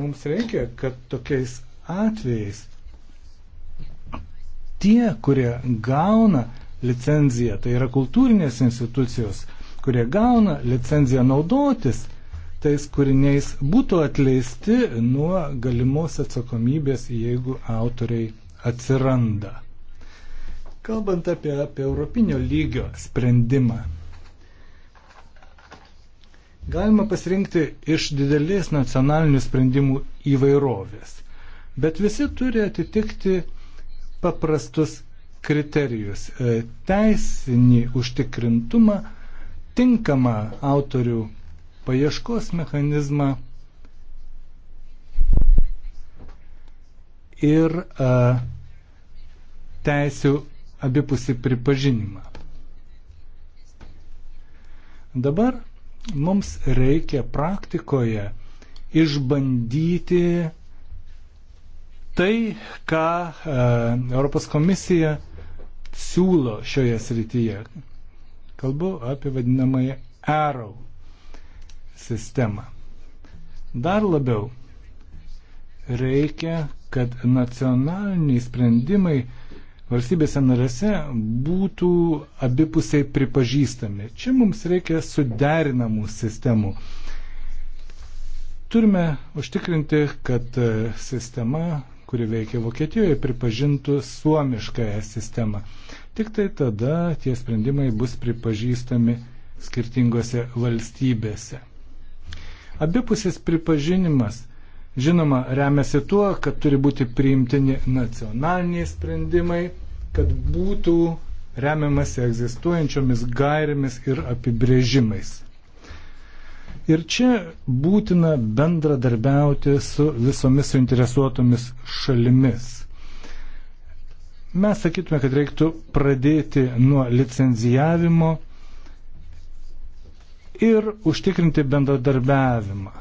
Mums reikia, kad tokiais atvejais tie, kurie gauna licenciją, tai yra kultūrinės institucijos, kurie gauna licenciją naudotis tais kūriniais, būtų atleisti nuo galimos atsakomybės, jeigu autoriai atsiranda. Kalbant apie, apie europinio lygio sprendimą, Galima pasirinkti iš didelės nacionalinių sprendimų įvairovės, bet visi turi atitikti paprastus kriterijus e, - teisinį užtikrintumą, tinkamą autorių paieškos mechanizmą ir a, e, teisių abipusi pripažinimą. Dabar Mums reikia praktikoje išbandyti tai, ką e, Europos komisija siūlo šioje srityje. Kalbu apie vadinamąją Arrow sistemą. Dar labiau reikia, kad nacionaliniai sprendimai valstybėse narėse būtų abipusiai pripažįstami. Čia mums reikia suderinamų sistemų. Turime užtikrinti, kad e, sistema, kuri veikia Vokietijoje, pripažintų suomiškąją sistemą. Tik tai tada tie sprendimai bus pripažįstami skirtingose valstybėse. Abipusis pripažinimas žinoma, remiasi tuo, kad turi būti priimtini nacionaliniai sprendimai, kad būtų remiamasi egzistuojančiomis gairėmis ir apibrėžimais. Ir čia būtina bendradarbiauti su visomis suinteresuotomis šalimis. Mes sakytume, kad reiktų pradėti nuo licenzijavimo ir užtikrinti bendradarbiavimą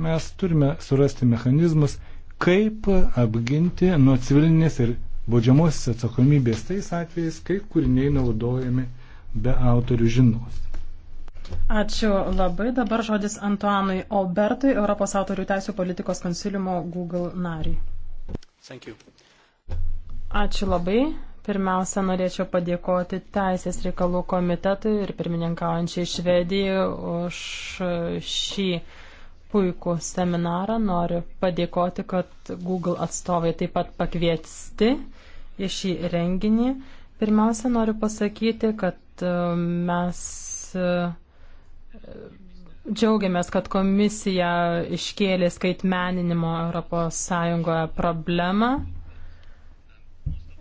Mes turime surasti mechanizmus, kaip apginti nuo civilinės ir baudžiamos atsakomybės tais atvejais, kai kūriniai naudojami be autorių žinos. Ačiū labai. Dabar žodis Antuanui Obertui, Europos autorių teisų politikos konsiliumo Google nariai. Ačiū labai. Pirmiausia, norėčiau padėkoti Teisės reikalų komitetui ir pirmininkaujančiai Švedijai už šį puikų seminarą. Noriu padėkoti, kad Google atstovai taip pat pakviesti į šį renginį. Pirmiausia, noriu pasakyti, kad e, mes e, džiaugiamės, kad komisija iškėlė skaitmeninimo ES problemą.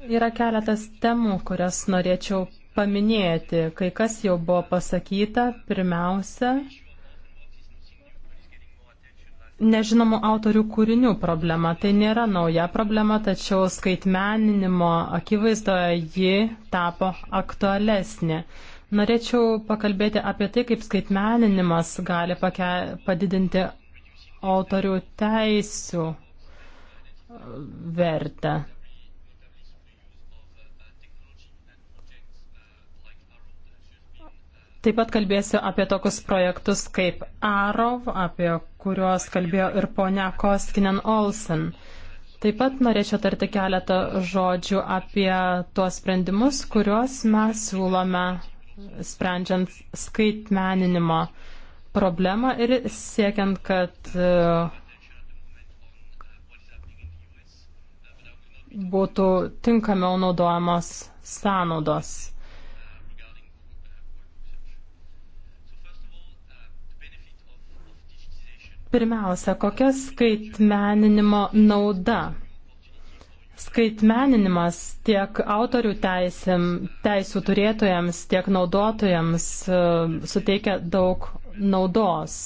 Yra keletas temų, kurias norėčiau paminėti. Kai kas jau buvo pasakyta, pirmiausia, nežinomų autorių kūrinių problema. Tai nėra nauja problema, tačiau skaitmeninimo akivaizdoje ji tapo aktualesnė. Norėčiau pakalbėti apie tai, kaip skaitmeninimas gali pake, padidinti autorių teisų e, vertę. Taip pat kalbėsiu apie tokius projektus kaip AROV, apie kuriuos kalbėjo ir ponia Koskinen Olsen. Taip pat norėčiau tarti keletą žodžių apie tuos sprendimus, kuriuos mes siūlome sprendžiant skaitmeninimo problemą ir siekiant, kad e, būtų tinkamiau naudojamos sąnaudos. Pirmiausia, kokia skaitmeninimo nauda? Skaitmeninimas tiek autorių teisėm, teisų turėtojams, tiek naudotojams e, suteikia daug naudos.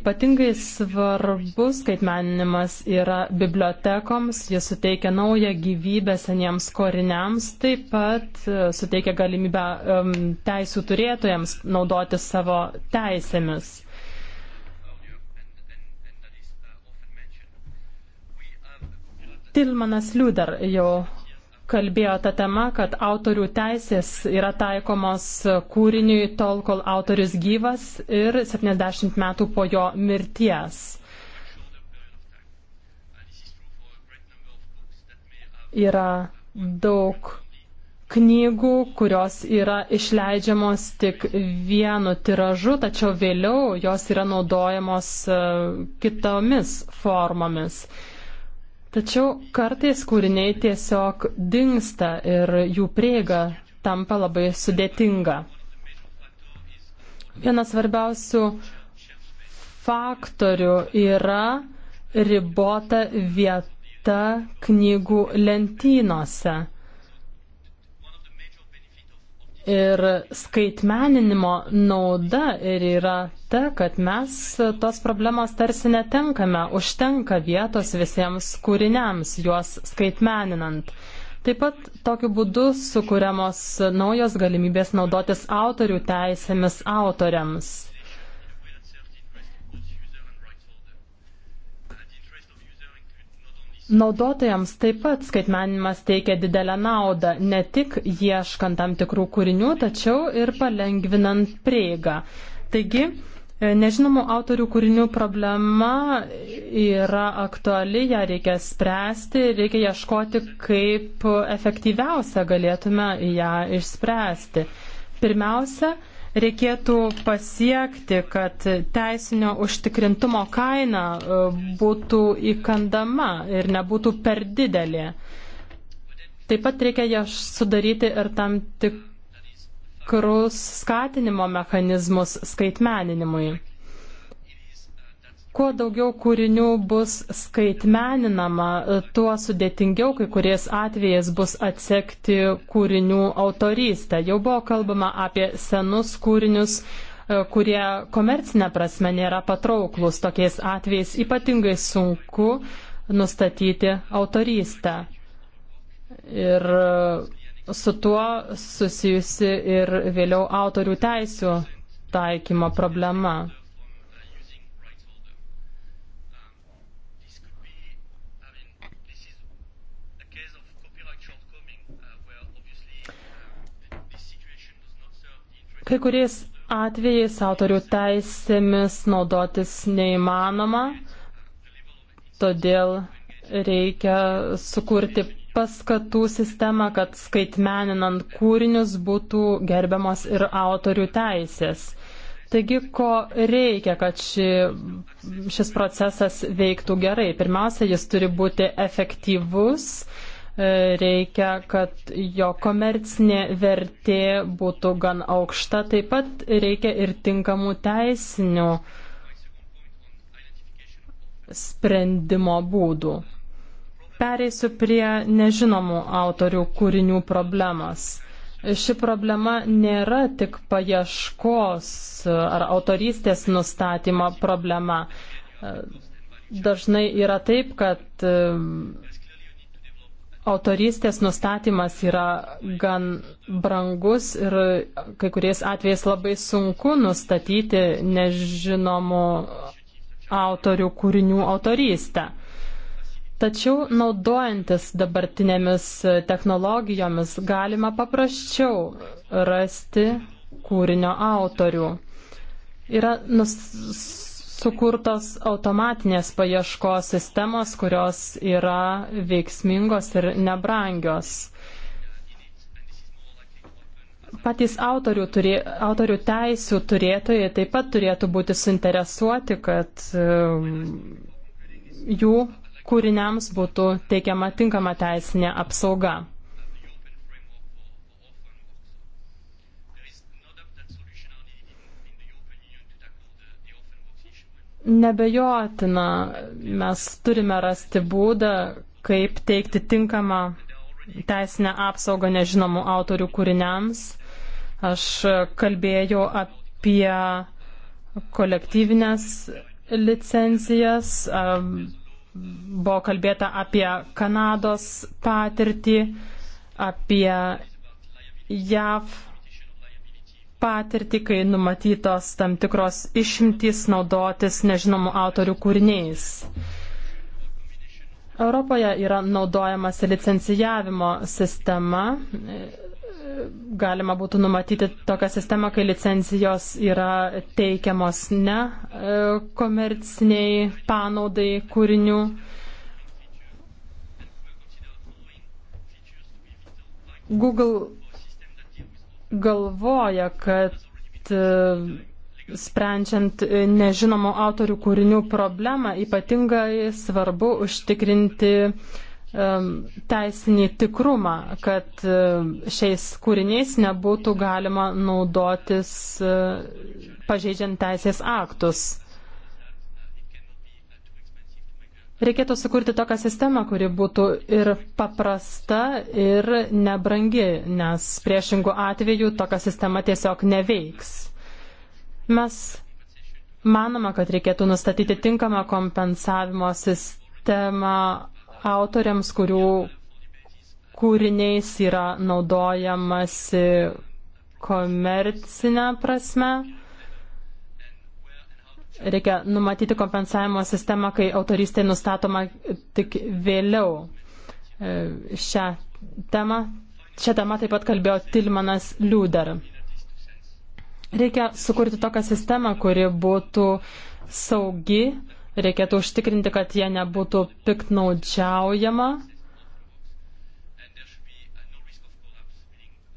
Ypatingai svarbus skaitmeninimas yra bibliotekoms, jis suteikia naują gyvybę seniems koriniams, taip pat e, suteikia galimybę um, teisų turėtojams naudoti savo teisėmis. Tilmanas Liuder jau kalbėjo tą temą, kad autorių teisės yra taikomos kūriniui tol, kol autorius gyvas ir 70 metų po jo mirties. Yra daug knygų, kurios yra išleidžiamos tik vienu tiražu, tačiau vėliau jos yra naudojamos e, kitomis formomis. Tačiau kartais kūriniai tiesiog dinksta ir jų prieiga tampa labai sudėtinga. Vienas svarbiausių faktorių yra ribota vieta knygų lentynose. Ir skaitmeninimo nauda ir yra ta, kad mes tos problemos tarsi netenkame, užtenka vietos visiems kūriniams, juos skaitmeninant. Taip pat tokiu būdu sukūriamos naujos galimybės naudotis autorių teisėmis autoriams. Naudotojams taip pat skaitmenimas teikia didelę naudą, ne tik ieškant tam tikrų kūrinių, tačiau ir palengvinant prieigą. Taigi, e, nežinomų autorių kūrinių problema yra aktuali, ją reikia spręsti, reikia ieškoti, kaip efektyviausia galėtume ją išspręsti. Pirmiausia, reikėtų pasiekti, kad teisinio užtikrintumo kaina e, būtų įkandama ir nebūtų per didelė. Taip pat reikia jas sudaryti ir tam tikrus skatinimo mechanizmus skaitmeninimui. Kuo daugiau kūrinių bus skaitmeninama, tuo sudėtingiau kai kuriais atvejais bus atsekti kūrinių autorystę. Jau buvo kalbama apie senus kūrinius, e, kurie komercinė prasme nėra patrauklus. Tokiais atvejais ypatingai sunku nustatyti autorystę. Ir e, su tuo susijusi ir vėliau autorių teisų taikymo problema. Kai kuriais atvejais autorių teisėmis naudotis neįmanoma, todėl reikia sukurti paskatų sistemą, kad skaitmeninant kūrinius būtų gerbiamos ir autorių teisės. Taigi, ko reikia, kad ši, šis procesas veiktų gerai? Pirmiausia, jis turi būti efektyvus, uh, reikia, kad jo komercinė vertė būtų gan aukšta, taip pat reikia ir tinkamų teisinių sprendimo būdų. Pereisiu prie nežinomų autorių kūrinių problemas. Ši problema nėra tik paieškos ar autorystės nustatymo problema. Dažnai yra taip, kad autorystės nustatymas yra gan brangus ir kai kuriais atvejais labai sunku nustatyti nežinomų autorių kūrinių autorystę. Tačiau naudojantis dabartinėmis technologijomis galima paprasčiau rasti kūrinio autorių. Yra nus, sukurtos automatinės paieškos sistemos, kurios yra veiksmingos ir nebrangios. Patys autorių, turė, autorių teisų turėtojai taip pat turėtų būti suinteresuoti, kad um, jų kūriniams būtų teikiama tinkama teisinė apsauga. Nebejotina, mes turime rasti būdą, kaip teikti tinkamą teisinę apsaugą nežinomų autorių kūriniams. Aš kalbėjau apie kolektyvinės licencijas, buvo kalbėta apie Kanados patirtį, apie JAV patirtį, kai numatytos tam tikros išimtys naudotis nežinomų autorių kūriniais. Europoje yra naudojamas licencijavimo sistema. Galima būtų numatyti tokią sistemą, kai licencijos yra teikiamos ne e, komerciniai panaudai kūrinių. Google galvoja, kad e, sprendžiant nežinomų autorių kūrinių problemą ypatingai svarbu užtikrinti e, teisinį tikrumą, kad e, šiais kūriniais nebūtų galima naudotis pažeidžiant teisės aktus. Reikėtų sukurti tokią sistemą, kuri būtų ir paprasta, ir nebrangi, nes priešingų atveju tokia sistema tiesiog neveiks. Mes manoma, kad reikėtų nustatyti tinkamą kompensavimo sistemą autoriams, kurių kūriniais yra naudojamasi komercinę prasme. Reikia numatyti kompensavimo sistemą, kai autorystė nustatoma tik vėliau. E, šią temą, šią temą taip pat kalbėjo Tilmanas Liuder. Reikia sukurti tokią sistemą, kuri būtų saugi, reikėtų užtikrinti, kad jie nebūtų piknaudžiaujama.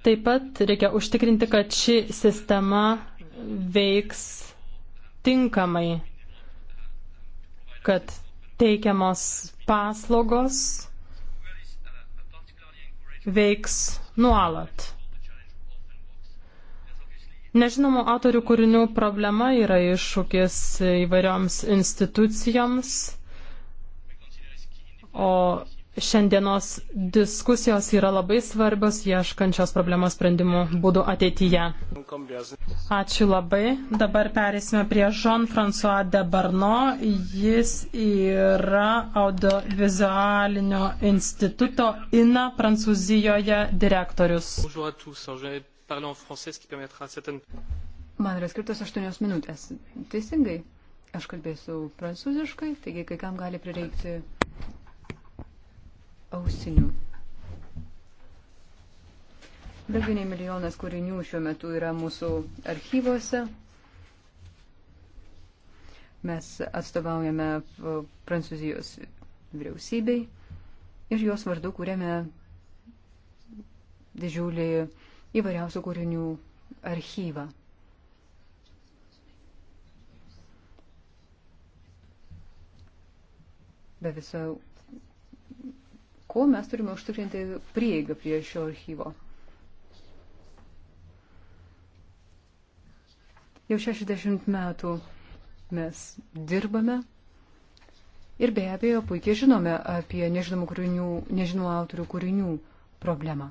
Taip pat reikia užtikrinti, kad ši sistema veiks tinkamai, kad teikiamos paslaugos veiks nuolat. Nežinomų autorių kūrinių problema yra iššūkis įvairioms institucijoms, o šiandienos diskusijos yra labai svarbios ieškančios problemos sprendimų būdų ateityje. Ačiū labai. Dabar perėsime prie Jean-François de Barno. Jis yra audiovizualinio instituto INA Prancūzijoje direktorius. Man yra skirtas 8 minutės. Teisingai. Aš kalbėsiu prancūziškai, taigi kai kam gali prireikti ausinių. Daugiau nei milijonas kūrinių šiuo metu yra mūsų archyvose. Mes atstovaujame e, Prancūzijos vyriausybei ir jos vardu kūrėme didžiulį įvairiausių kūrinių archyvą. Be viso ko mes turime užtikrinti prieigą prie šio archyvo. Jau 60 metų mes dirbame ir be abejo puikiai žinome apie nežinomų, kūrinių, nežinomų autorių kūrinių problemą.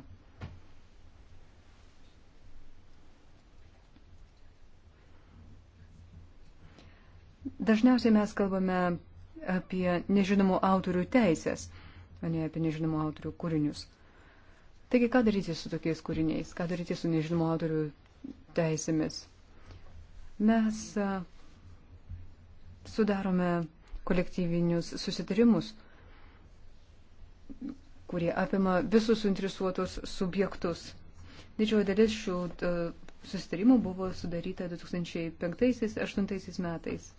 Dažniausiai mes kalbame apie nežinomų autorių teisės o ne apie nežinomų autorių kūrinius. Taigi, ką daryti su tokiais kūriniais, ką daryti su nežinomų autorių teisėmis? Mes sudarome kolektyvinius susitarimus, kurie apima visus suinteresuotus subjektus. Didžioji dalis šių susitarimų buvo sudaryta 2005-2008 metais.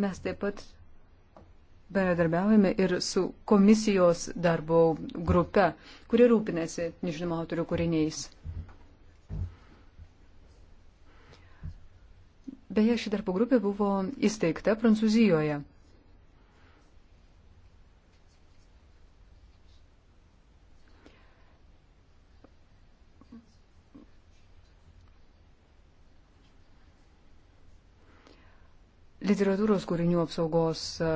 Mes taip pat bendradarbiaujame ir su komisijos darbo grupe, kuri rūpinasi nežinomų autorių kūriniais. Beje, ši darbo grupė buvo įsteigta Prancūzijoje. literatūros kūrinių apsaugos e,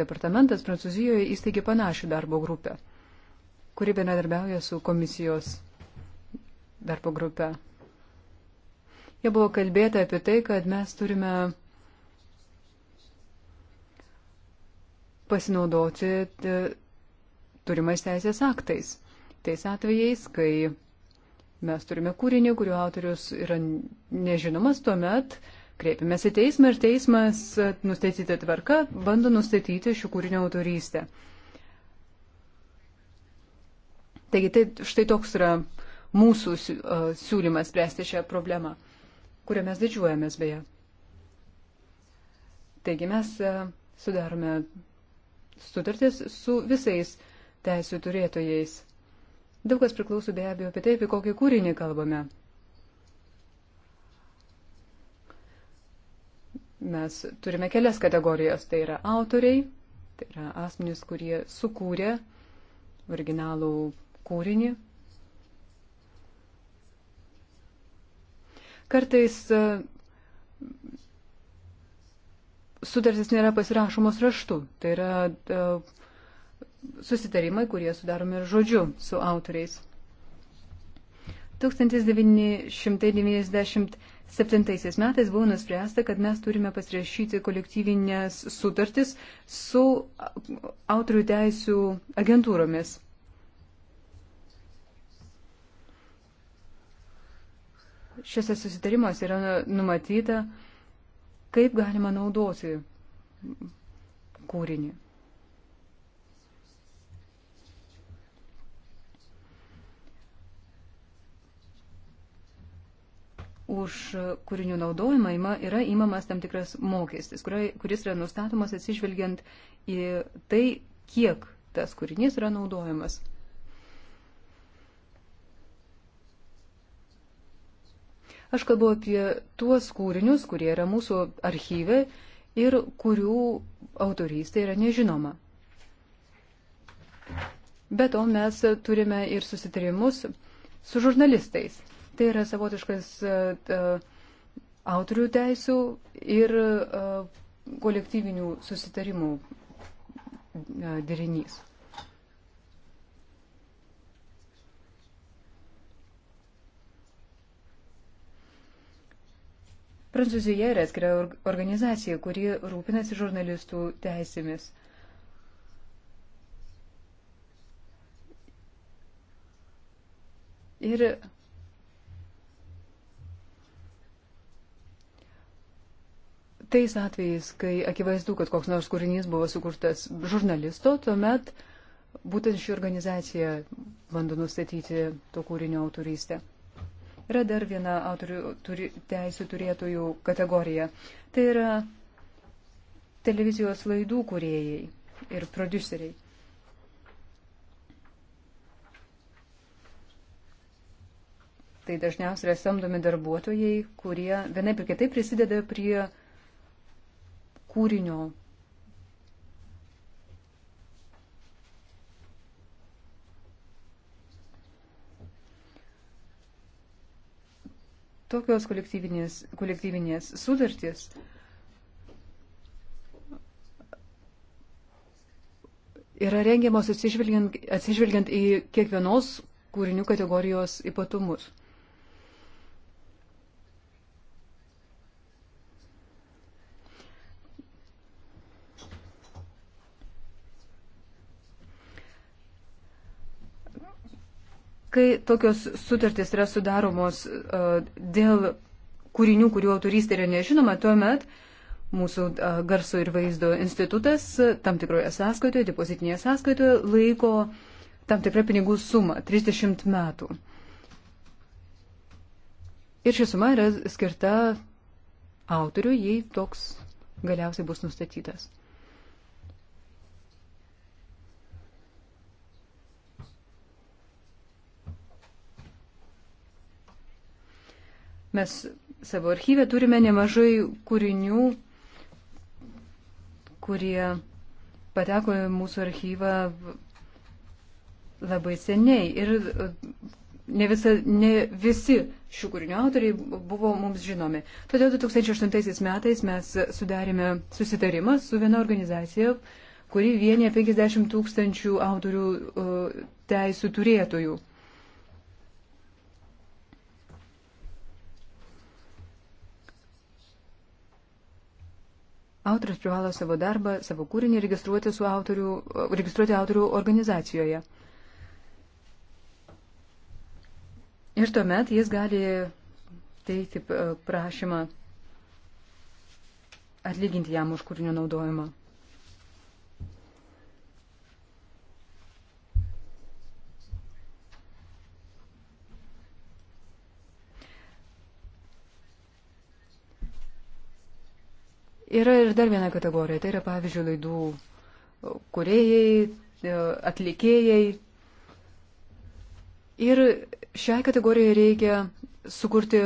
departamentas Prancūzijoje įsteigė panašią darbo grupę, kuri bendradarbiauja su komisijos darbo grupė. Jie buvo kalbėta apie tai, kad mes turime pasinaudoti e, turimais teisės aktais. Tais atvejais, kai mes turime kūrinį, kurio autorius yra nežinomas, tuomet uh, Kreipėmės į teismą ir teismas nustatyta tvarka bando nustatyti šių kūrinio autorystę. Taigi tai štai toks yra mūsų siūlymas spręsti šią problemą, kurią mes didžiuojamės beje. Taigi mes sudarome sutartis su visais teisų turėtojais. Daug kas priklauso be abejo apie tai, apie kokį kūrinį kalbame. Mes turime kelias kategorijos. Tai yra autoriai, tai yra asmenys, kurie sukūrė originalų kūrinį. Kartais e, sutartys nėra pasirašomos raštu. Tai yra e, susitarimai, kurie sudaromi ir žodžiu su autoriais. 1993 Septintaisiais metais buvo nuspręsta, kad mes turime pasirašyti kolektyvinės sutartis su autorių teisų agentūromis. Šiuose susitarimuose yra numatyta, kaip galima naudoti kūrinį. už kūrinių naudojimą ima, yra įmamas tam tikras mokestis, kuris yra nustatomas atsižvelgiant į tai, kiek tas kūrinys yra naudojamas. Aš kalbu apie tuos kūrinius, kurie yra mūsų archyve ir kurių autorystė yra nežinoma. Be to mes turime ir susitarimus su žurnalistais. Tai yra savotiškas e, e, autorių teisų ir e, kolektyvinių susitarimų derinys. Prancūzija yra atskira organizacija, kuri rūpinasi žurnalistų teisėmis. Ir tais atvejais, kai akivaizdu, kad koks nors kūrinys buvo sukurtas žurnalisto, tuomet būtent ši organizacija bando nustatyti to kūrinio autorystę. Yra dar viena autorių turi, teisų turėtojų kategorija. Tai yra televizijos laidų kūrėjai ir produceriai. Tai dažniausiai yra samdomi darbuotojai, kurie vienaip ir kitaip prisideda prie kūrinio. Tokios kolektyvinės, kolektyvinės sutartys yra rengiamos atsižvelgiant, atsižvelgiant į kiekvienos kūrinių kategorijos ypatumus. Kai tokios sutartys yra sudaromos e, dėl kūrinių, kurių autorystė yra nežinoma, tuomet mūsų e, garso ir vaizdo institutas e, tam tikroje sąskaitoje, depozitinėje sąskaitoje laiko tam tikrą pinigų sumą - 30 metų. Ir ši suma yra skirta autoriui, jei toks galiausiai bus nustatytas. Mes savo archyvę turime nemažai kūrinių, kurie pateko į mūsų archyvą labai seniai. Ir e, ne, visa, ne visi šių kūrinių autoriai buvo mums žinomi. Todėl 2008 metais mes sudarėme susitarimą su viena organizacija, kuri vienė 50 tūkstančių autorių e, teisų turėtojų. Autoris privalo savo darbą, savo kūrinį registruoti, autorių, registruoti autorių organizacijoje. Ir tuomet jis gali teikti e, prašymą atlyginti jam už kūrinio naudojimą. Yra ir dar viena kategorija, tai yra pavyzdžiui laidų kuriejai, e, atlikėjai. Ir šiai kategorijai reikia sukurti,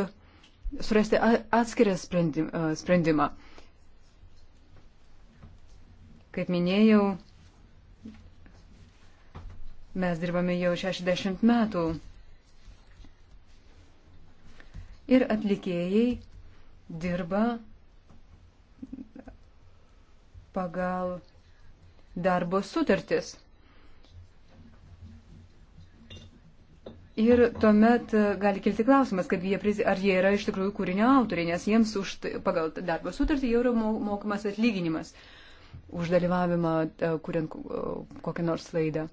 surasti atskirą e, sprendimą. Kaip minėjau, mes dirbame jau 60 metų. Ir atlikėjai dirba pagal darbo sutartis. Ir tuomet e, gali kilti klausimas, jie, ar jie yra iš tikrųjų kūrinio autoriai, nes jiems už, pagal darbo sutartį jau yra mokamas atlyginimas už dalyvavimą e, kuriant e, kokią nors laidą.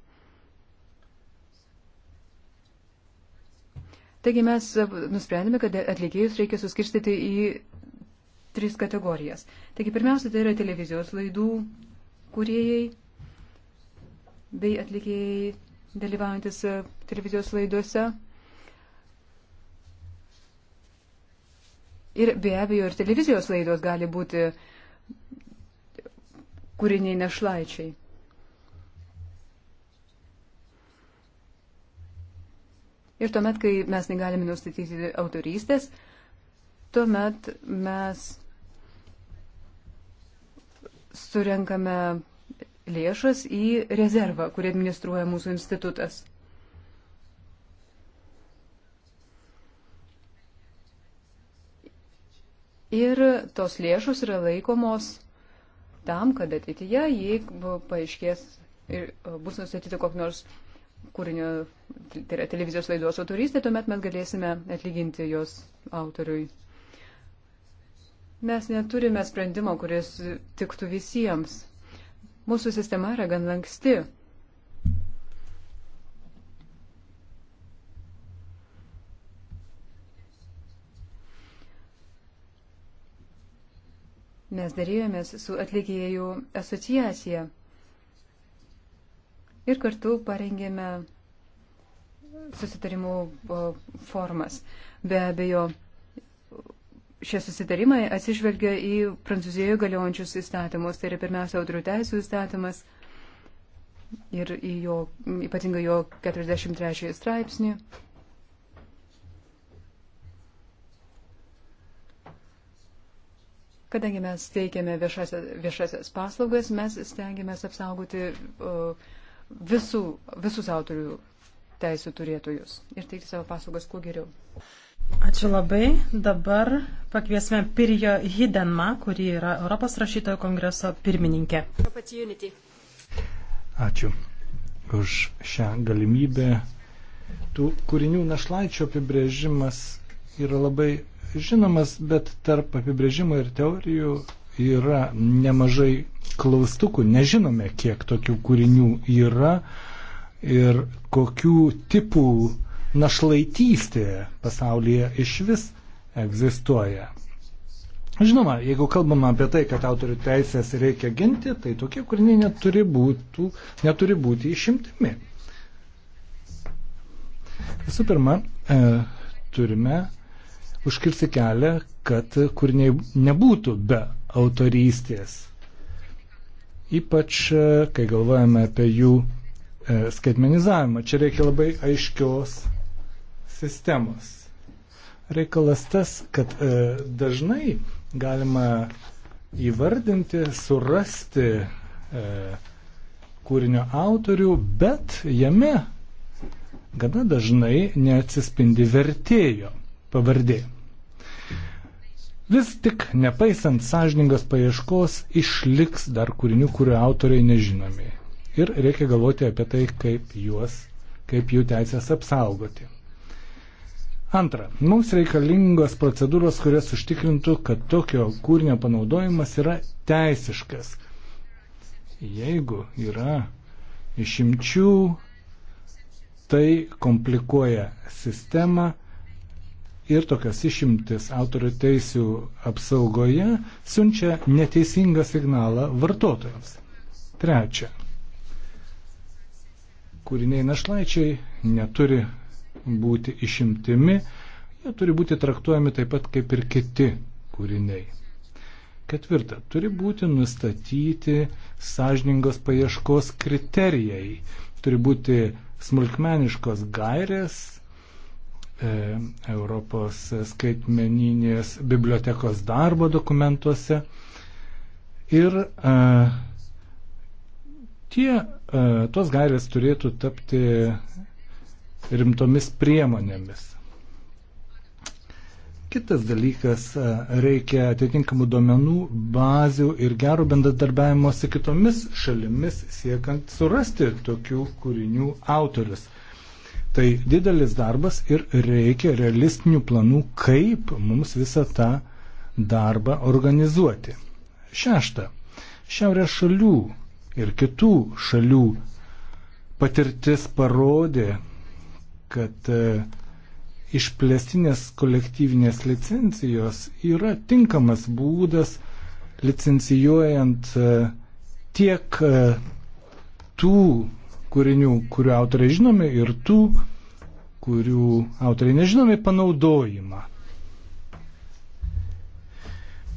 Taigi mes nusprendėme, kad atlikėjus reikia suskirstyti į tris kategorijas. Taigi pirmiausia, tai yra televizijos laidų kūrėjai bei atlikėjai dalyvaujantis e, televizijos laidose. Ir be abejo, ir televizijos laidos gali būti kūriniai našlaičiai. Ir tuomet, kai mes negalime nustatyti autorystės, tuomet mes surenkame lėšas į rezervą, kurį administruoja mūsų institutas. Ir tos lėšos yra laikomos tam, kad ateityje, jeigu paaiškės ir bus nustatyti kokį nors kūrinio, tai yra televizijos laidos autorystė, tuomet mes galėsime atlyginti jos autoriui. Mes neturime sprendimo, kuris tiktų visiems. Mūsų sistema yra gan lanksti. Mes darėjomės su atlikėjų asociacija ir kartu parengėme susitarimų formas. Be abejo, šie susitarimai atsižvelgia į Prancūzijoje galiojančius įstatymus. Tai yra pirmiausia autorių teisų įstatymas ir į jo, ypatingai jo 43 straipsnį. Kadangi mes teikiame viešasias, viešasias paslaugas, mes stengiamės apsaugoti uh, visų, visus autorių teisų turėtojus ir teikti savo paslaugas kuo geriau. Ačiū labai. Dabar pakviesime Pirjo Hidenma, kuri yra Europos rašytojų kongreso pirmininkė. Ačiū už šią galimybę. Tų kūrinių našlaičio apibrėžimas yra labai žinomas, bet tarp apibrėžimo ir teorijų yra nemažai klaustukų. Nežinome, kiek tokių kūrinių yra ir kokių tipų našlaitystė pasaulyje iš vis egzistuoja. Žinoma, jeigu kalbama apie tai, kad autorių teisės reikia ginti, tai tokie kūriniai neturi, būtų, neturi būti išimtimi. Visų pirma, e, turime užkirsti kelią, kad kūriniai nebūtų be autorystės. Ypač, e, kai galvojame apie jų e, skaitmenizavimą. Čia reikia labai aiškios sistemos. Reikalas tas, kad e, dažnai galima įvardinti, surasti e, kūrinio autorių, bet jame gana dažnai neatsispindi vertėjo pavardė. Vis tik, nepaisant sąžiningos paieškos, išliks dar kūrinių, kurių autoriai nežinomi. Ir reikia galvoti apie tai, kaip juos, kaip jų teisės apsaugoti. Antra, mums reikalingos procedūros, kurias užtikrintų, kad tokio kūrinio panaudojimas yra teisiškas. Jeigu yra išimčių, tai komplikuoja sistemą ir tokias išimtis autorių teisių apsaugoje siunčia neteisingą signalą vartotojams. Trečia, kūriniai našlaičiai neturi būti išimtimi, jie turi būti traktuojami taip pat kaip ir kiti kūriniai. Ketvirta, turi būti nustatyti sąžiningos paieškos kriterijai, turi būti smulkmeniškos gairės e, Europos skaitmeninės bibliotekos darbo dokumentuose ir e, tie, e, tos gairės turėtų tapti rimtomis priemonėmis. Kitas dalykas, reikia atitinkamų duomenų, bazių ir gerų bendradarbiavimo su kitomis šalimis, siekant surasti tokių kūrinių autorius. Tai didelis darbas ir reikia realistinių planų, kaip mums visą tą darbą organizuoti. Šešta. Šiaurės šalių ir kitų šalių patirtis parodė, kad e, išplėstinės kolektyvinės licencijos yra tinkamas būdas licencijuojant e, tiek e, tų kūrinių, kurių autoriai žinomi, ir tų, kurių autoriai nežinomi, panaudojimą.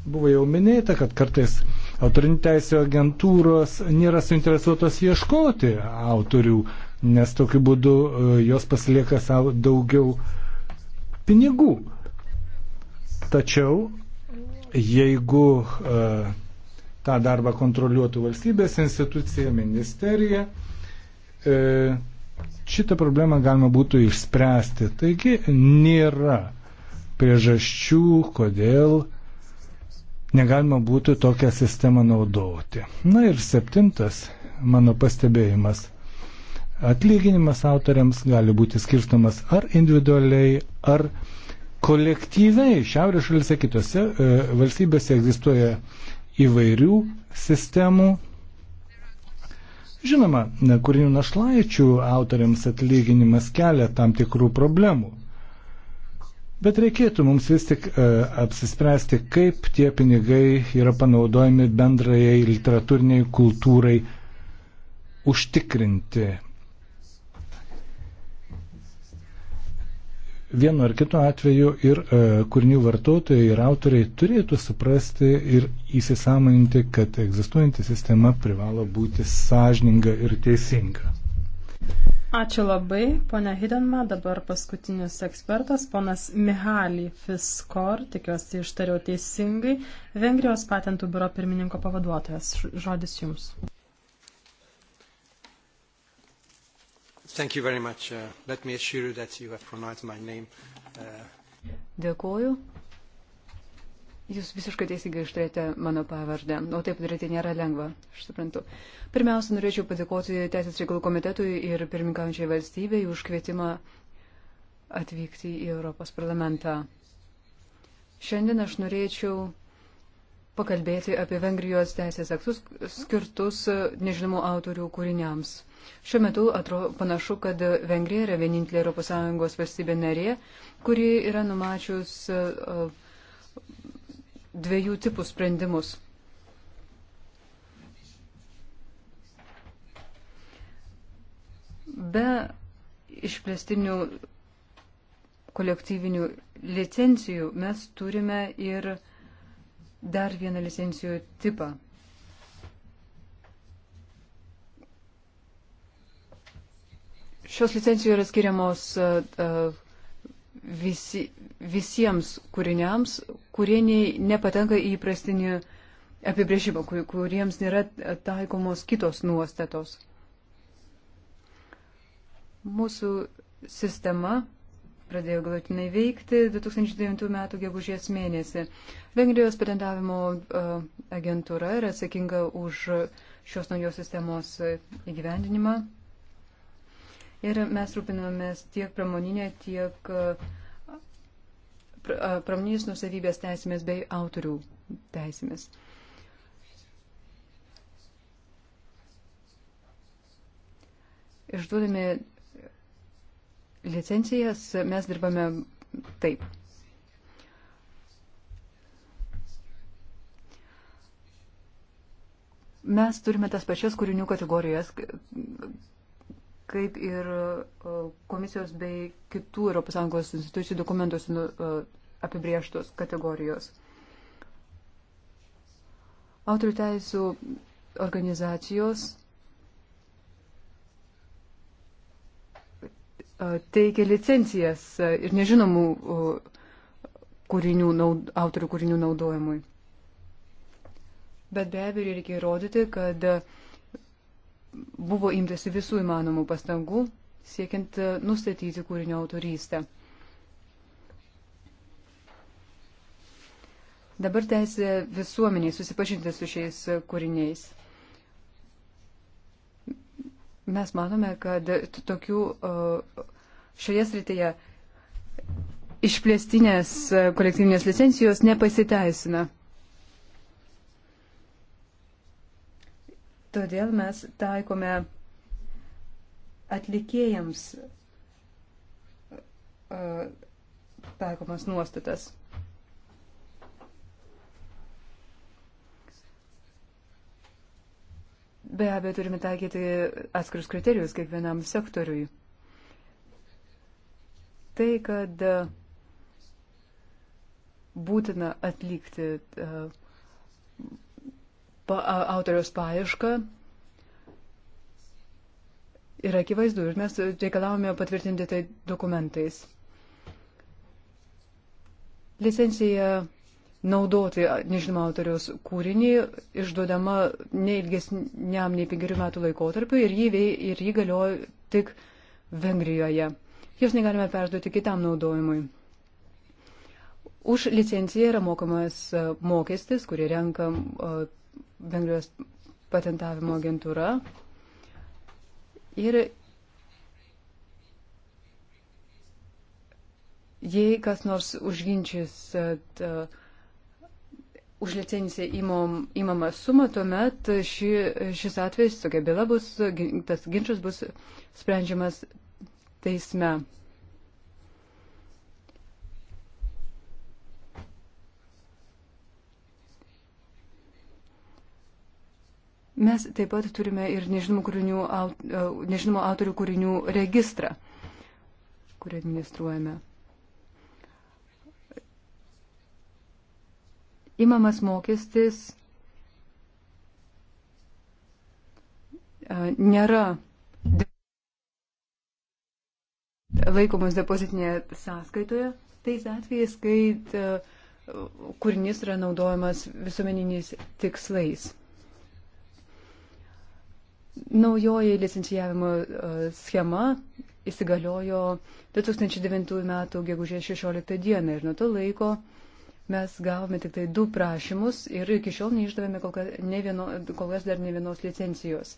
Buvo jau minėta, kad kartais autorinių teisų agentūros nėra suinteresuotos ieškoti autorių, uh, nes tokiu būdu e, jos pasilieka savo daugiau pinigų. Tačiau jeigu uh, tą darbą kontroliuotų valstybės institucija, ministerija, uh, šitą problemą galima būtų išspręsti. Taigi nėra priežasčių, kodėl negalima būtų tokią sistemą naudoti. Na ir septintas mano pastebėjimas Atlyginimas autoriams gali būti skirstamas ar individualiai, ar kolektyviai. Šiaurės šalise kitose e, valstybėse egzistuoja įvairių sistemų. Žinoma, kūrinių našlaičių autoriams atlyginimas kelia tam tikrų problemų. Bet reikėtų mums vis tik e, apsispręsti, kaip tie pinigai yra panaudojami bendrajai literatūriniai kultūrai užtikrinti. vienu ar kitu atveju ir e, kūrinių vartotojai ir autoriai turėtų suprasti ir įsisamoninti, kad egzistuojanti sistema privalo būti sąžininga ir teisinga. Ačiū labai, ponia Hidenma. Dabar paskutinis ekspertas, ponas Mihaly Fiskor, tikiuosi ištariau teisingai, Vengrijos patentų biuro pirmininko pavaduotojas. Žodis jums. Thank you very much. Uh, let me assure you that you have pronounced my name. Uh... Dėkuoju. Jūs visiškai teisingai ištarėte mano pavardę, o taip daryti nėra lengva, aš suprantu. Pirmiausia, norėčiau padėkoti Teisės reikalų komitetui ir pirmininkaujančiai valstybei už kvietimą atvykti į Europos parlamentą. Šiandien aš norėčiau pakalbėti apie Vengrijos teisės aktus skirtus e, nežinomų autorių kūriniams. Šiuo metu atro, panašu, kad Vengrija yra vienintelė ES valstybė narė, kuri yra numačius e, e, dviejų tipų sprendimus. Be išplėstinių kolektyvinių licencijų mes turime ir uh, dar vieną licencijų tipą. Šios licencijų yra skiriamos e, e, visi, visiems kūriniams, kurie nepatenka į įprastinį apibrėžimą, kuriems nėra taikomos kitos nuostatos. Mūsų sistema pradėjo galutinai veikti 2009 m. gegužės mėnesį. Vengrijos patentavimo e, agentūra yra atsakinga už šios naujos sistemos įgyvendinimą. Ir mes rūpinamės tiek pramoninė, tiek e, e, pramoninės nusavybės teisėmis bei autorių teisėmis. Išduodami licencijas mes dirbame taip. Mes turime tas pačias kūrinių kategorijas, kaip ir e, komisijos bei kitų ES institucijų dokumentuose nu, e, apibrieštos kategorijos. Autorių teisų organizacijos teikia licencijas ir nežinomų kūrinių, autorių kūrinių naudojimui. Bet be abejo reikia įrodyti, kad buvo imtasi visų įmanomų pastangų siekiant nustatyti kūrinio autorystę. Dabar teisė visuomeniai susipažinti su šiais kūriniais. Mes manome, kad tokių šioje srityje išplėstinės e, kolektyvinės licencijos nepasiteisina. Todėl mes taikome atlikėjams e, taikomas nuostatas. Be abejo, turime taikyti atskirus kriterijus kiekvienam sektoriui. Tai, kad e, būtina atlikti e, pa, autoriaus paiešką, yra akivaizdu ir mes reikalavome patvirtinti tai dokumentais. Licencija naudoti nežinoma autoriaus kūrinį, išduodama neilgesniam nei penkerių metų laikotarpiu ir jį, ir jį galioja tik Vengrijoje. Jos negalime perduoti kitam naudojimui. Už licenciją yra mokamas e, mokestis, kurį renka e, Vengrijos patentavimo agentūra. Ir jei kas nors užginčys, uh, už licenciją įmom, įmama suma, tuomet ši, šis atvejs, tokia byla bus, tas ginčas bus sprendžiamas teisme. Mes taip pat turime ir nežinomų, kūrinių, nežinomų autorių kūrinių registrą, kurį administruojame. imamas mokestis e, nėra laikomas depozitinėje sąskaitoje tais atvejais, kai e, kūrinys yra naudojamas visuomeniniais tikslais. Naujoji licencijavimo e, schema įsigaliojo 2009 m. gegužės 16 d. ir nuo to laiko uh, Mes gavome tik tai du prašymus ir iki šiol neišdavėme kol kas, ne vieno, kol kas dar ne vienos licencijos.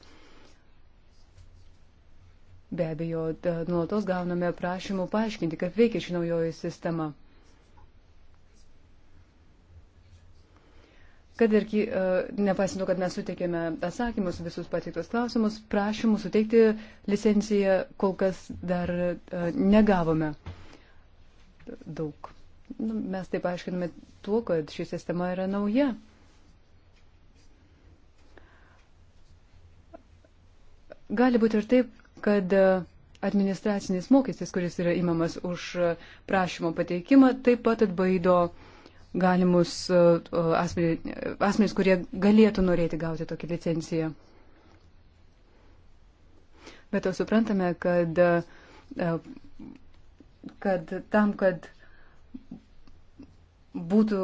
Be abejo, nuolatos gauname prašymų paaiškinti, kaip veikia ši naujoji sistema. Kad ir e, nepasinto, kad mes suteikėme atsakymus visus pateiktus klausimus, prašymų suteikti licenciją kol kas dar e, negavome daug. Nu, mes taip aiškiname tuo, kad ši sistema yra nauja. Gali būti ir taip, kad e, administracinis mokestis, kuris yra imamas už e, prašymo pateikimą, taip pat atbaido galimus e, asmenys, kurie galėtų norėti gauti tokią licenciją. Bet to suprantame, kad, kad tam, kad būtų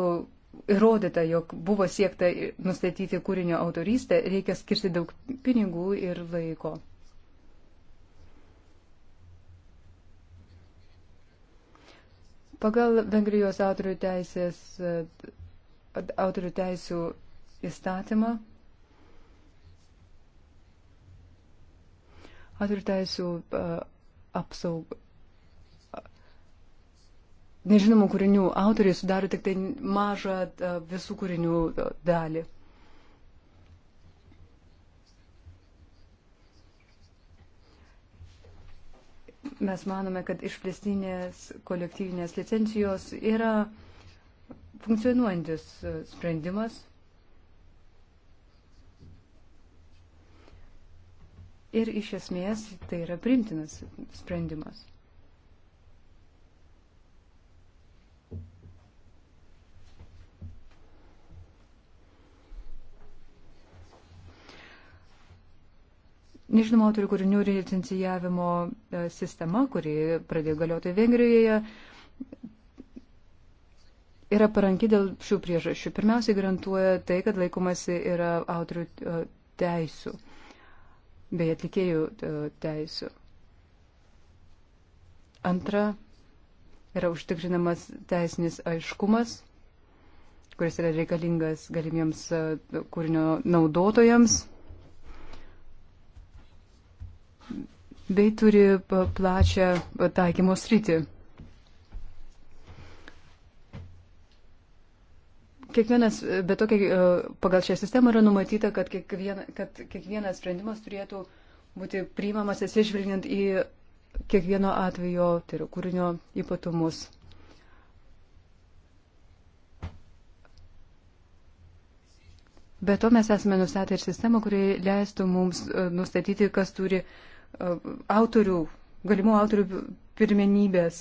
įrodyta, jog buvo siekta nustatyti kūrinio autorystę, reikia skirti daug pinigų ir laiko. Pagal Vengrijos autorių, teisės, autorių teisų įstatymą, autorių teisų apsaug, nežinomų kūrinių autoriai sudaro tik tai mažą e, visų kūrinių e, dalį. Mes manome, kad išplėstinės kolektyvinės licencijos yra funkcionuojantis e, sprendimas. Ir iš esmės tai yra primtinas sprendimas. Nežinau, autorių kūrinių licencijavimo e, sistema, kuri pradėjo galioti Vengrijoje, yra paranki dėl šių priežasčių. Pirmiausiai garantuoja tai, kad laikomasi yra autorių e, teisų bei atlikėjų e, teisų. Antra, yra užtikrinamas teisinis aiškumas, kuris yra reikalingas galimiems kūrinio naudotojams bei turi plačią taikymo sritį. Kiekvienas, bet tokia, e, pagal šią sistemą yra numatyta, kad, kiekviena, kad kiekvienas sprendimas turėtų būti priimamas atsižvelgiant į kiekvieno atvejo, tai yra kūrinio ypatumus. Be to mes esame nustatę ir sistemą, kuri leistų mums e, nustatyti, kas turi uh, autorių, galimų autorių pirmenybės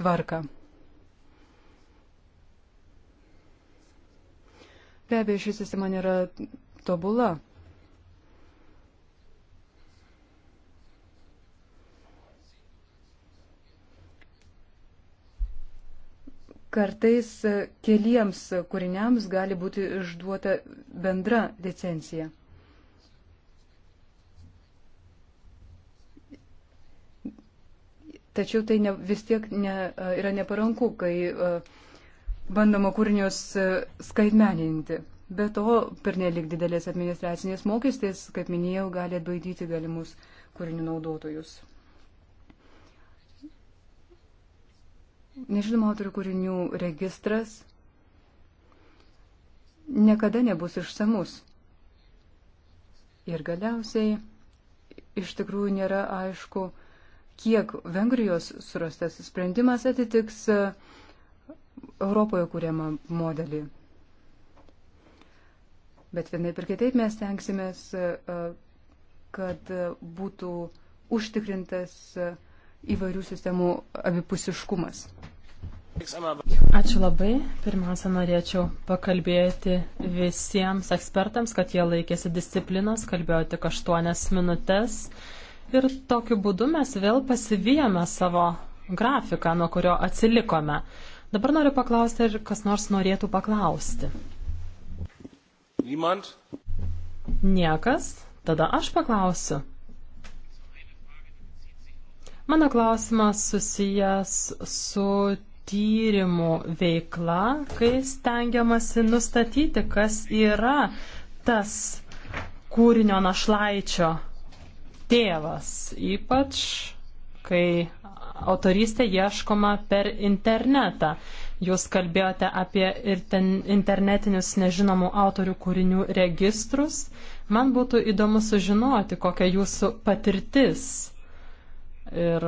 tvarką. Be abejo, ši sistema nėra tobula. Kartais keliems kūriniams gali būti išduota bendra licencija. Tačiau tai ne, vis tiek ne, e, yra neparanku, kai e, bandoma kūrinius e, skaitmeninti. Be to, pernelik didelės administracinės mokestės, kaip minėjau, gali atbaidyti galimus kūrinių naudotojus. Nežinoma autorių kūrinių registras niekada nebus išsamus. Ir galiausiai iš tikrųjų nėra aišku, kiek Vengrijos surastas sprendimas atitiks e, Europoje kūriamą modelį. Bet vienaip ir kitaip mes tenksimės, e, e, kad būtų užtikrintas įvairių sistemų abipusiškumas. Ačiū labai. Pirmiausia, norėčiau pakalbėti visiems ekspertams, kad jie laikėsi disciplinos, kalbėjo tik aštuonias minutės. Ir tokiu būdu mes vėl pasivijame savo grafiką, nuo kurio atsilikome. Dabar noriu paklausti, ar kas nors norėtų paklausti. Niemand? Niekas. Tada aš paklausiu. Mano klausimas susijęs su tyrimų veikla, kai stengiamasi nustatyti, kas yra tas kūrinio našlaičio tėvas, ypač kai autorystė ieškoma per internetą. Jūs kalbėjote apie ir ten internetinius nežinomų autorių kūrinių registrus. Man būtų įdomu sužinoti, kokia jūsų patirtis. Ir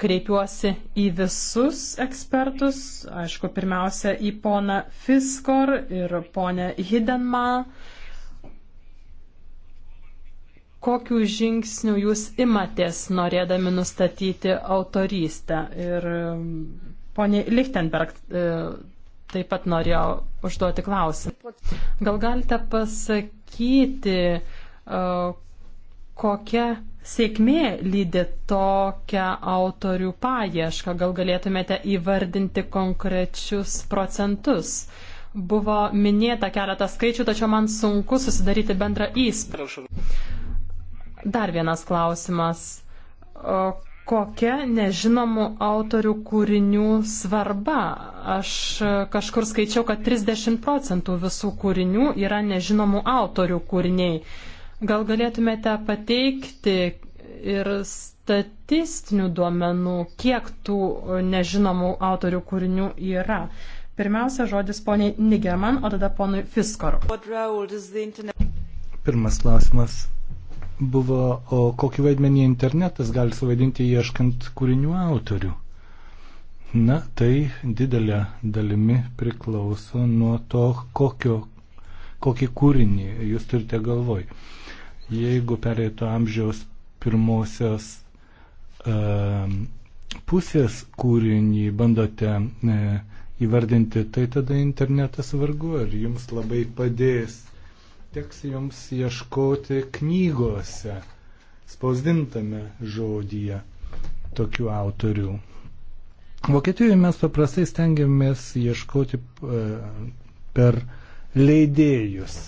kreipiuosi į visus ekspertus, aišku, pirmiausia į poną Fiskor ir ponę Hidenma kokių žingsnių jūs imatės norėdami nustatyti autorystę. Ir um, ponė Lichtenberg e, taip pat norėjo užduoti klausimą. Gal galite pasakyti, e, kokia sėkmė lydi tokią autorių paiešką? Gal galėtumėte įvardinti konkrečius procentus? Buvo minėta keletą skaičių, tačiau man sunku susidaryti bendrą įspūdį. Dar vienas klausimas. Kokia nežinomų autorių kūrinių svarba? Aš kažkur skaičiau, kad 30 procentų visų kūrinių yra nežinomų autorių kūriniai. Gal galėtumėte pateikti ir statistinių duomenų, kiek tų nežinomų autorių kūrinių yra? Pirmiausia, žodis poniai Nigerman, o tada ponui Fiskor. Pirmas klausimas buvo, o kokį vaidmenį internetas gali suvaidinti ieškant kūrinių autorių. Na, tai didelė dalimi priklauso nuo to, kokio, kokį kūrinį jūs turite galvoj. Jeigu pereito amžiaus pirmosios uh, pusės kūrinį bandote uh, įvardinti, tai tada internetas vargu ar jums labai padės teks jums ieškoti knygose, spausdintame žodyje tokių autorių. Vokietijoje mes paprastai stengiamės ieškoti e, per leidėjus.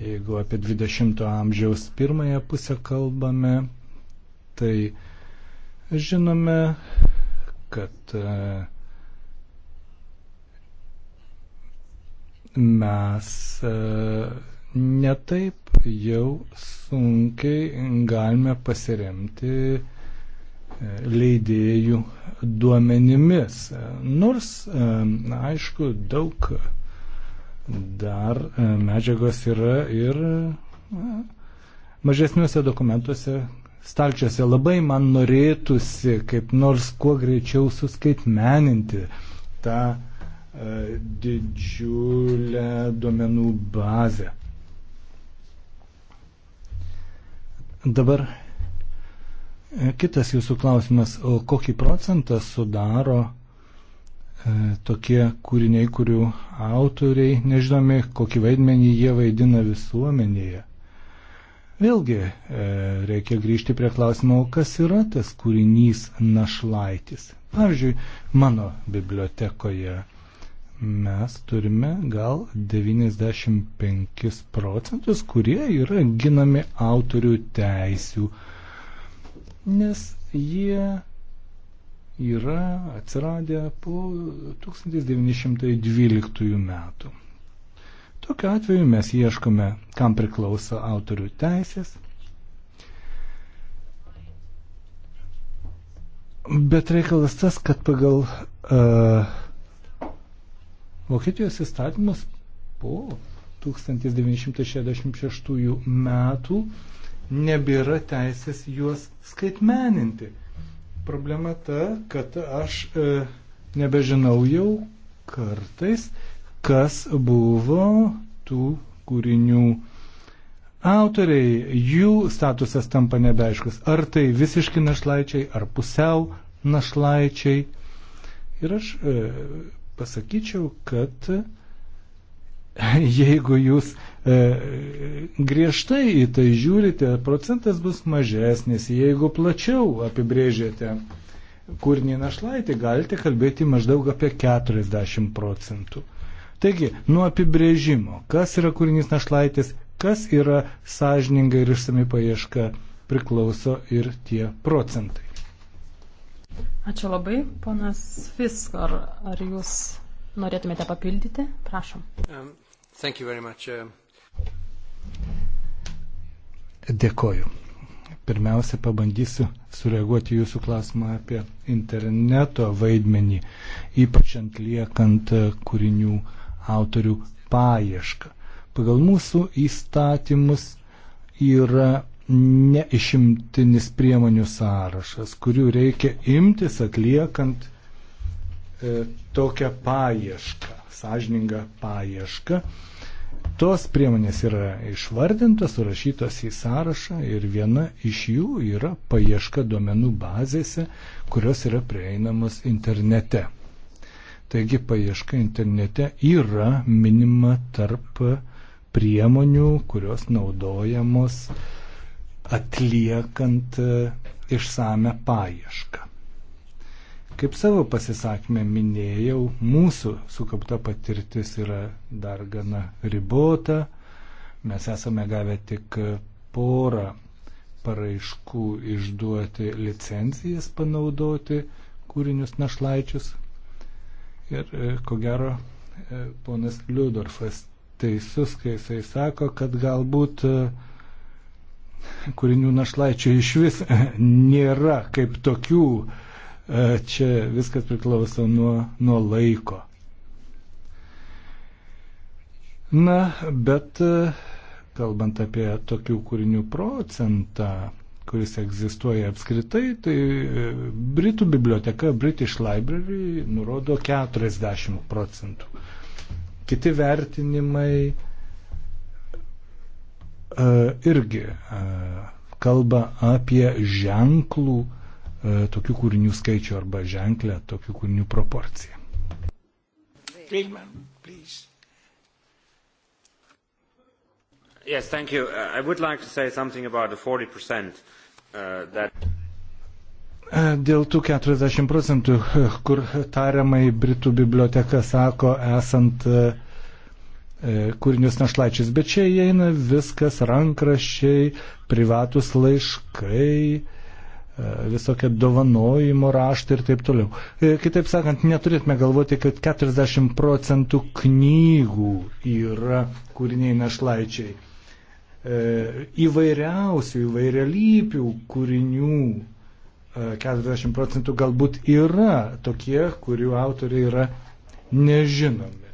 Jeigu apie 20-ojo amžiaus pirmąją pusę kalbame, tai žinome, kad e, mes e, netaip jau sunkiai galime pasiremti e, leidėjų duomenimis. Nors, e, aišku, daug dar e, medžiagos yra ir mažesniuose dokumentuose, stalčiuose. Labai man norėtųsi kaip nors kuo greičiau suskaitmeninti tą didžiulę duomenų bazę. Dabar e, kitas jūsų klausimas, o kokį procentą sudaro e, tokie kūriniai, kurių autoriai nežinomi, kokį vaidmenį jie vaidina visuomenėje. Vėlgi e, reikia grįžti prie klausimo, kas yra tas kūrinys našlaitis. Pavyzdžiui, mano bibliotekoje mes turime gal 95 procentus, kurie yra ginami autorių teisių, nes jie yra atsiradę po 1912 metų. Tokiu atveju mes ieškome, kam priklauso autorių teisės. Bet reikalas tas, kad pagal uh, Vokietijos įstatymas po 1966 metų nebėra teisės juos skaitmeninti. Problema ta, kad aš e, nebežinau jau kartais, kas buvo tų kūrinių autoriai. Jų statusas tampa nebeaiškus. Ar tai visiški našlaičiai, ar pusiau našlaičiai. Ir aš e, pasakyčiau, kad jeigu jūs e, griežtai į tai žiūrite, procentas bus mažesnis. Jeigu plačiau apibrėžėte kūrinį našlaitį, galite kalbėti maždaug apie 40 procentų. Taigi, nuo apibrėžimo, kas yra kūrinys našlaitis, kas yra sąžininga ir išsami paieška, priklauso ir tie procentai. Ačiū labai. Ponas Fiskar, ar jūs norėtumėte papildyti? Prašom. Um, thank you very much. Uh... Dėkoju. Pirmiausia, pabandysiu sureaguoti jūsų klausimą apie interneto vaidmenį, ypač atliekant uh, kūrinių autorių paiešką. Pagal mūsų įstatymus yra neišimtinis priemonių sąrašas, kurių reikia imtis atliekant e, tokią paiešką, sąžiningą paiešką. Tos priemonės yra išvardintos, surašytos į sąrašą ir viena iš jų yra paieška duomenų bazėse, kurios yra prieinamos internete. Taigi paieška internete yra minima tarp priemonių, kurios naudojamos uh, atliekant e, išsame paiešką. Kaip savo pasisakymę minėjau, mūsų sukaupta patirtis yra dar gana ribota. Mes esame gavę tik porą paraiškų išduoti licencijas panaudoti kūrinius našlaičius. Ir e, ko gero, e, ponas Liudorfas teisus, kai jisai sako, kad galbūt uh, kūrinių našlaičių iš vis nėra kaip tokių. E, čia viskas priklauso nuo, nuo laiko. Na, bet e, kalbant apie tokių kūrinių procentą, kuris egzistuoja apskritai, tai e, Britų biblioteka British Library nurodo 40 procentų. Kiti vertinimai E, irgi e, kalba apie ženklų e, tokių kūrinių skaičių arba ženklę tokių kūrinių proporciją. Yes, thank you. Uh, I would like to say something about the 40% uh, that. Dėl tų 40 procentų, kur tariamai Britų biblioteka sako, esant uh, E, kūrinius našlaičius, bet čia įeina viskas - rankrašiai, privatus laiškai, e, visokie dovanojimo raštai ir taip toliau. E, kitaip sakant, neturėtume galvoti, kad 40 procentų knygų yra kūriniai našlaičiai. Įvairiausių, įvairialypių kūrinių 40 procentų galbūt yra tokie, kurių autoriai yra nežinomi.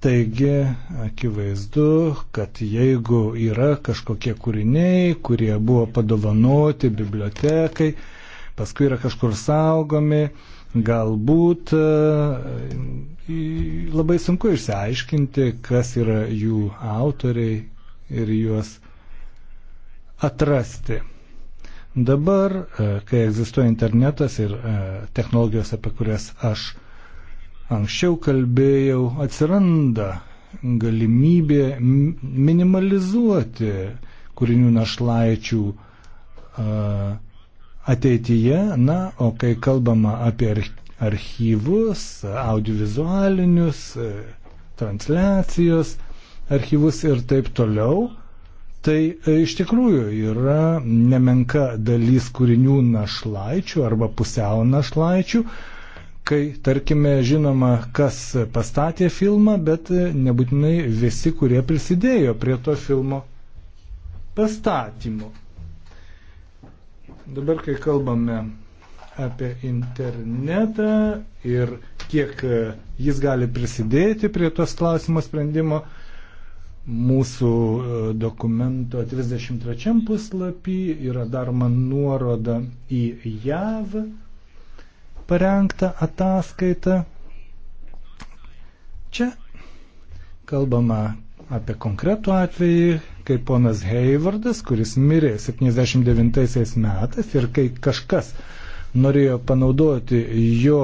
Taigi, akivaizdu, kad jeigu yra kažkokie kūriniai, kurie buvo padovanoti bibliotekai, paskui yra kažkur saugomi, galbūt e, labai sunku išsiaiškinti, kas yra jų autoriai ir juos atrasti. Dabar, e, kai egzistuoja internetas ir e, technologijos, apie kurias aš kalbėjau, anksčiau kalbėjau, atsiranda galimybė minimalizuoti kūrinių našlaičių ateityje. Na, o kai kalbama apie archyvus, audiovizualinius, e, transliacijos, archyvus ir taip toliau, Tai e, iš tikrųjų yra nemenka dalis kūrinių našlaičių arba pusiau našlaičių, kai, tarkime, žinoma, kas pastatė filmą, bet nebūtinai visi, kurie prisidėjo prie to filmo pastatymo. Dabar, kai kalbame apie internetą ir kiek jis gali prisidėti prie tos klausimo sprendimo, mūsų e, dokumento 33 puslapį yra daroma nuoroda į JAV parengtą ataskaitą. Čia kalbama apie konkretų atvejį, kai ponas Heivardas, kuris mirė 79 metais ir kai kažkas norėjo panaudoti jo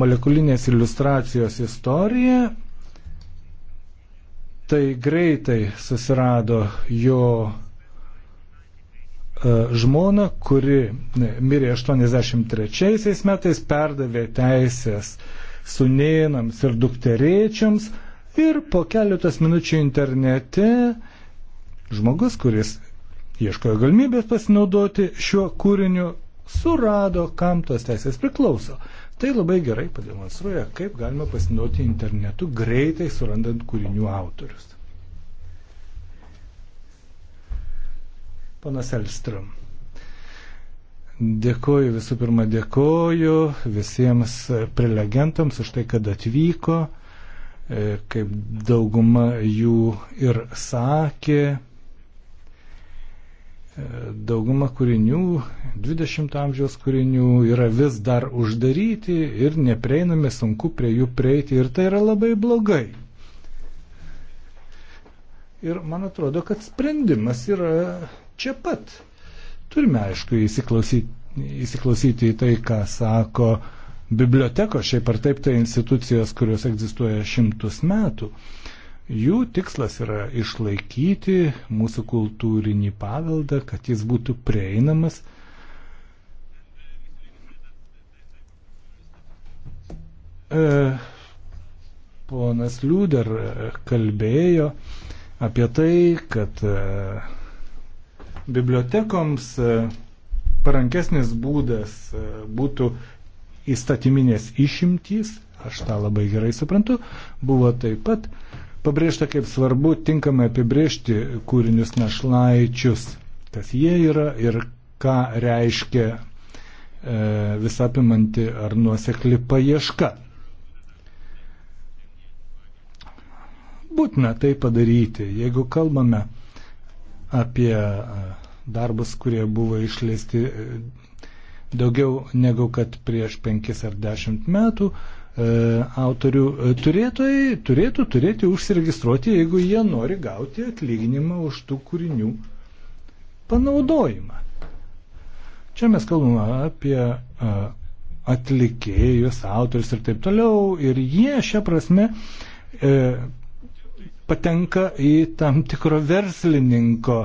molekulinės iliustracijos istoriją, tai greitai susirado jo E, žmoną, kuri e, mirė 83 metais, perdavė teisės sunėnams ir dukterėčiams ir po keletos minučių internete žmogus, kuris ieškojo galimybės pasinaudoti šiuo kūriniu, surado, kam tos teisės priklauso. Tai labai gerai pademonstruoja, kaip galima pasinaudoti internetu greitai surandant kūrinių autorius. Panas Elstrom. Dėkoju visų pirma, dėkoju visiems prelegentams už tai, kad atvyko, e, kaip dauguma jų ir sakė. E, dauguma kūrinių, 20 amžiaus kūrinių yra vis dar uždaryti ir neprieinami, sunku prie jų prieiti ir tai yra labai blogai. Ir man atrodo, kad sprendimas yra čia pat. Turime, aišku, įsiklausyti, įsiklausyti į tai, ką sako biblioteko, šiaip ar taip tai institucijos, kurios egzistuoja šimtus metų. Jų tikslas yra išlaikyti mūsų kultūrinį paveldą, kad jis būtų prieinamas. E, ponas Liūder kalbėjo apie tai, kad e, Bibliotekoms e, parankesnis būdas e, būtų įstatyminės išimtys, aš tą labai gerai suprantu, buvo taip pat pabrėžta, kaip svarbu tinkamai apibrėžti kūrinius našlaičius, kas jie yra ir ką reiškia e, visapimanti ar nuosekli paieška. Būtina tai padaryti, jeigu kalbame apie e, darbus, kurie buvo išleisti e, daugiau negu kad prieš penkis ar dešimt metų, e, autorių turėtojai turėtų turėti užsiregistruoti, jeigu jie nori gauti atlyginimą už tų kūrinių panaudojimą. Čia mes kalbame apie atlikėjus, autorius ir taip toliau. Ir jie šią prasme patenka į tam tikro verslininko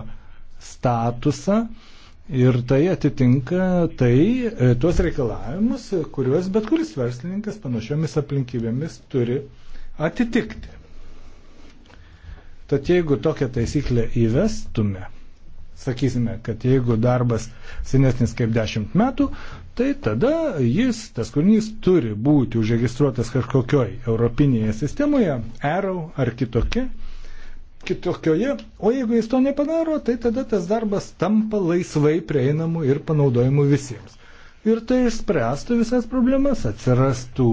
statusą ir tai atitinka tai, e, tuos reikalavimus, kuriuos bet kuris verslininkas panašiomis aplinkybėmis turi atitikti. Tad jeigu tokią taisyklę įvestume, sakysime, kad jeigu darbas senesnis kaip 10 metų, tai tada jis, tas kūrinys, turi būti užregistruotas kažkokioj europinėje sistemoje, ERAU ar kitokia, kitokioje, o jeigu jis to nepadaro, tai tada tas darbas tampa laisvai prieinamu ir panaudojimu visiems ir tai išspręstų visas problemas, atsirastų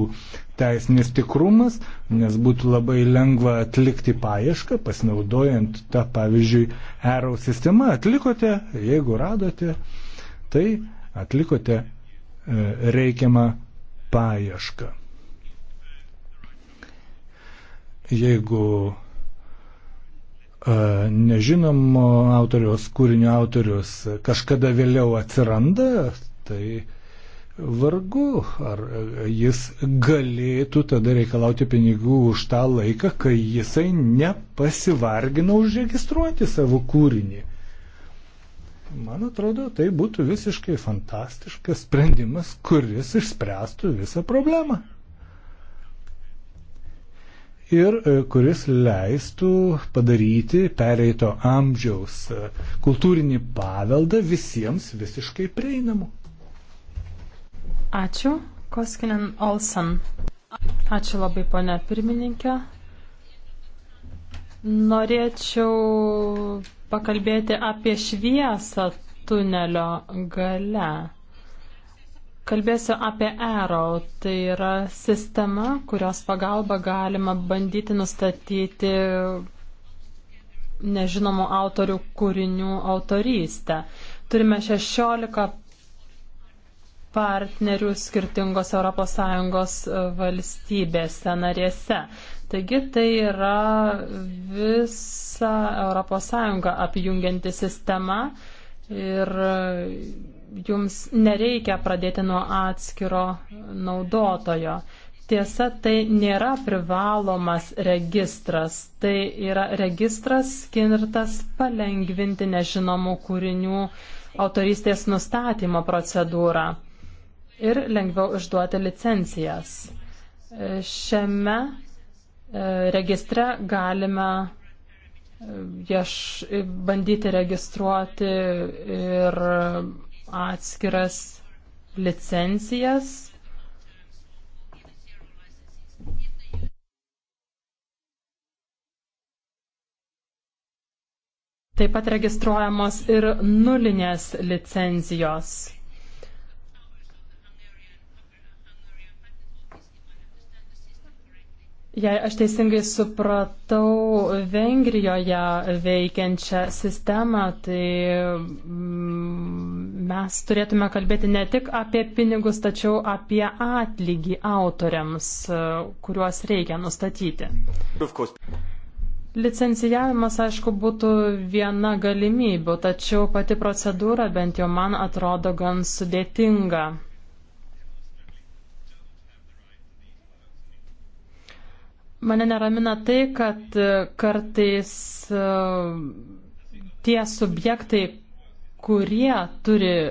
teisinis tikrumas, nes būtų labai lengva atlikti paiešką, pasinaudojant tą, pavyzdžiui, ERAU sistemą. Atlikote, jeigu radote, tai atlikote e, reikiamą paiešką. Jeigu e, nežinomo autoriaus, kūrinio autorius e, kažkada vėliau atsiranda, tai vargu ar e, jis galėtų tada reikalauti pinigų už tą laiką, kai jisai nepasivargino užregistruoti savo kūrinį. Man atrodo, tai būtų visiškai fantastiškas sprendimas, kuris išspręstų visą problemą. Ir e, kuris leistų padaryti pereito amžiaus e, kultūrinį paveldą visiems visiškai prieinamu. Ačiū. Koskinen Olsen. Ačiū labai, ponė pirmininkė. Norėčiau pakalbėti apie šviesą tunelio gale. Kalbėsiu apie ERO, tai yra sistema, kurios pagalba galima bandyti nustatyti nežinomų autorių kūrinių autorystę. Turime 16 partnerių skirtingos ES e, valstybėse narėse. Taigi tai yra visa ES apjungianti sistema ir e, jums nereikia pradėti nuo atskiro naudotojo. Tiesa, tai nėra privalomas registras, tai yra registras skirtas palengvinti nežinomų kūrinių autoristės nustatymo procedūrą ir lengviau išduoti licencijas. Šiame e, registre galime e, ieš, bandyti registruoti ir atskiras licencijas. Taip pat registruojamos ir nulinės licencijos. Jei aš teisingai supratau Vengrijoje veikiančią sistemą, tai mm, mes turėtume kalbėti ne tik apie pinigus, tačiau apie atlygį autoriams, kuriuos reikia nustatyti. Licencijavimas, aišku, būtų viena galimybė, tačiau pati procedūra bent jau man atrodo gan sudėtinga. Mane neramina tai, kad e, kartais e, tie subjektai, kurie turi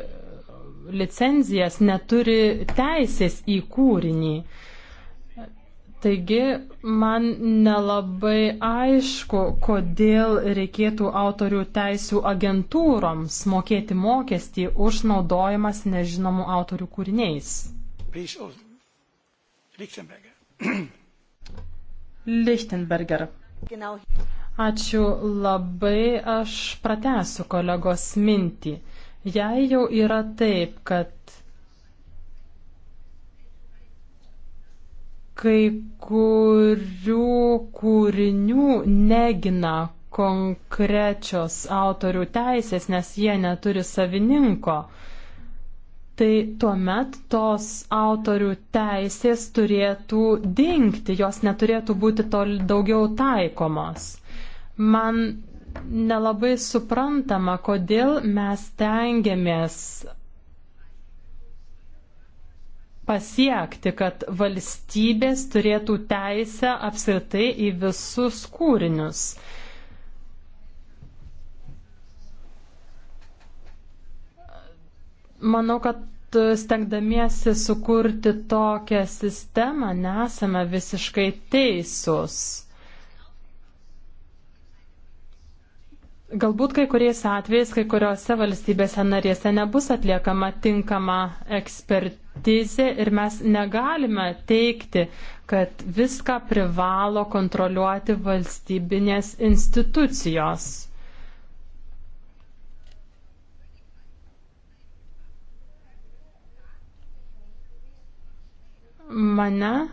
licenzijas, neturi teisės į kūrinį. Taigi man nelabai aišku, kodėl reikėtų autorių teisų agentūroms mokėti mokestį už naudojimas nežinomų autorių kūriniais. Lichtenberger. Lichtenberger. Genau. Ačiū labai, aš pratęsiu kolegos mintį. Jei jau yra taip, kad kai kurių kūrinių negina konkrečios autorių teisės, nes jie neturi savininko, tai tuomet tos autorių teisės turėtų dingti, jos neturėtų būti tol daugiau taikomos. Man nelabai suprantama, kodėl mes tengiamės pasiekti, kad valstybės turėtų teisę apskritai į visus kūrinius. Manau, kad stengdamiesi sukurti tokią sistemą nesame visiškai teisūs. Galbūt kai kuriais atvejais, kai kuriuose valstybėse narėse nebus atliekama tinkama ekspertizė ir mes negalime teikti, kad viską privalo kontroliuoti valstybinės institucijos. Mane,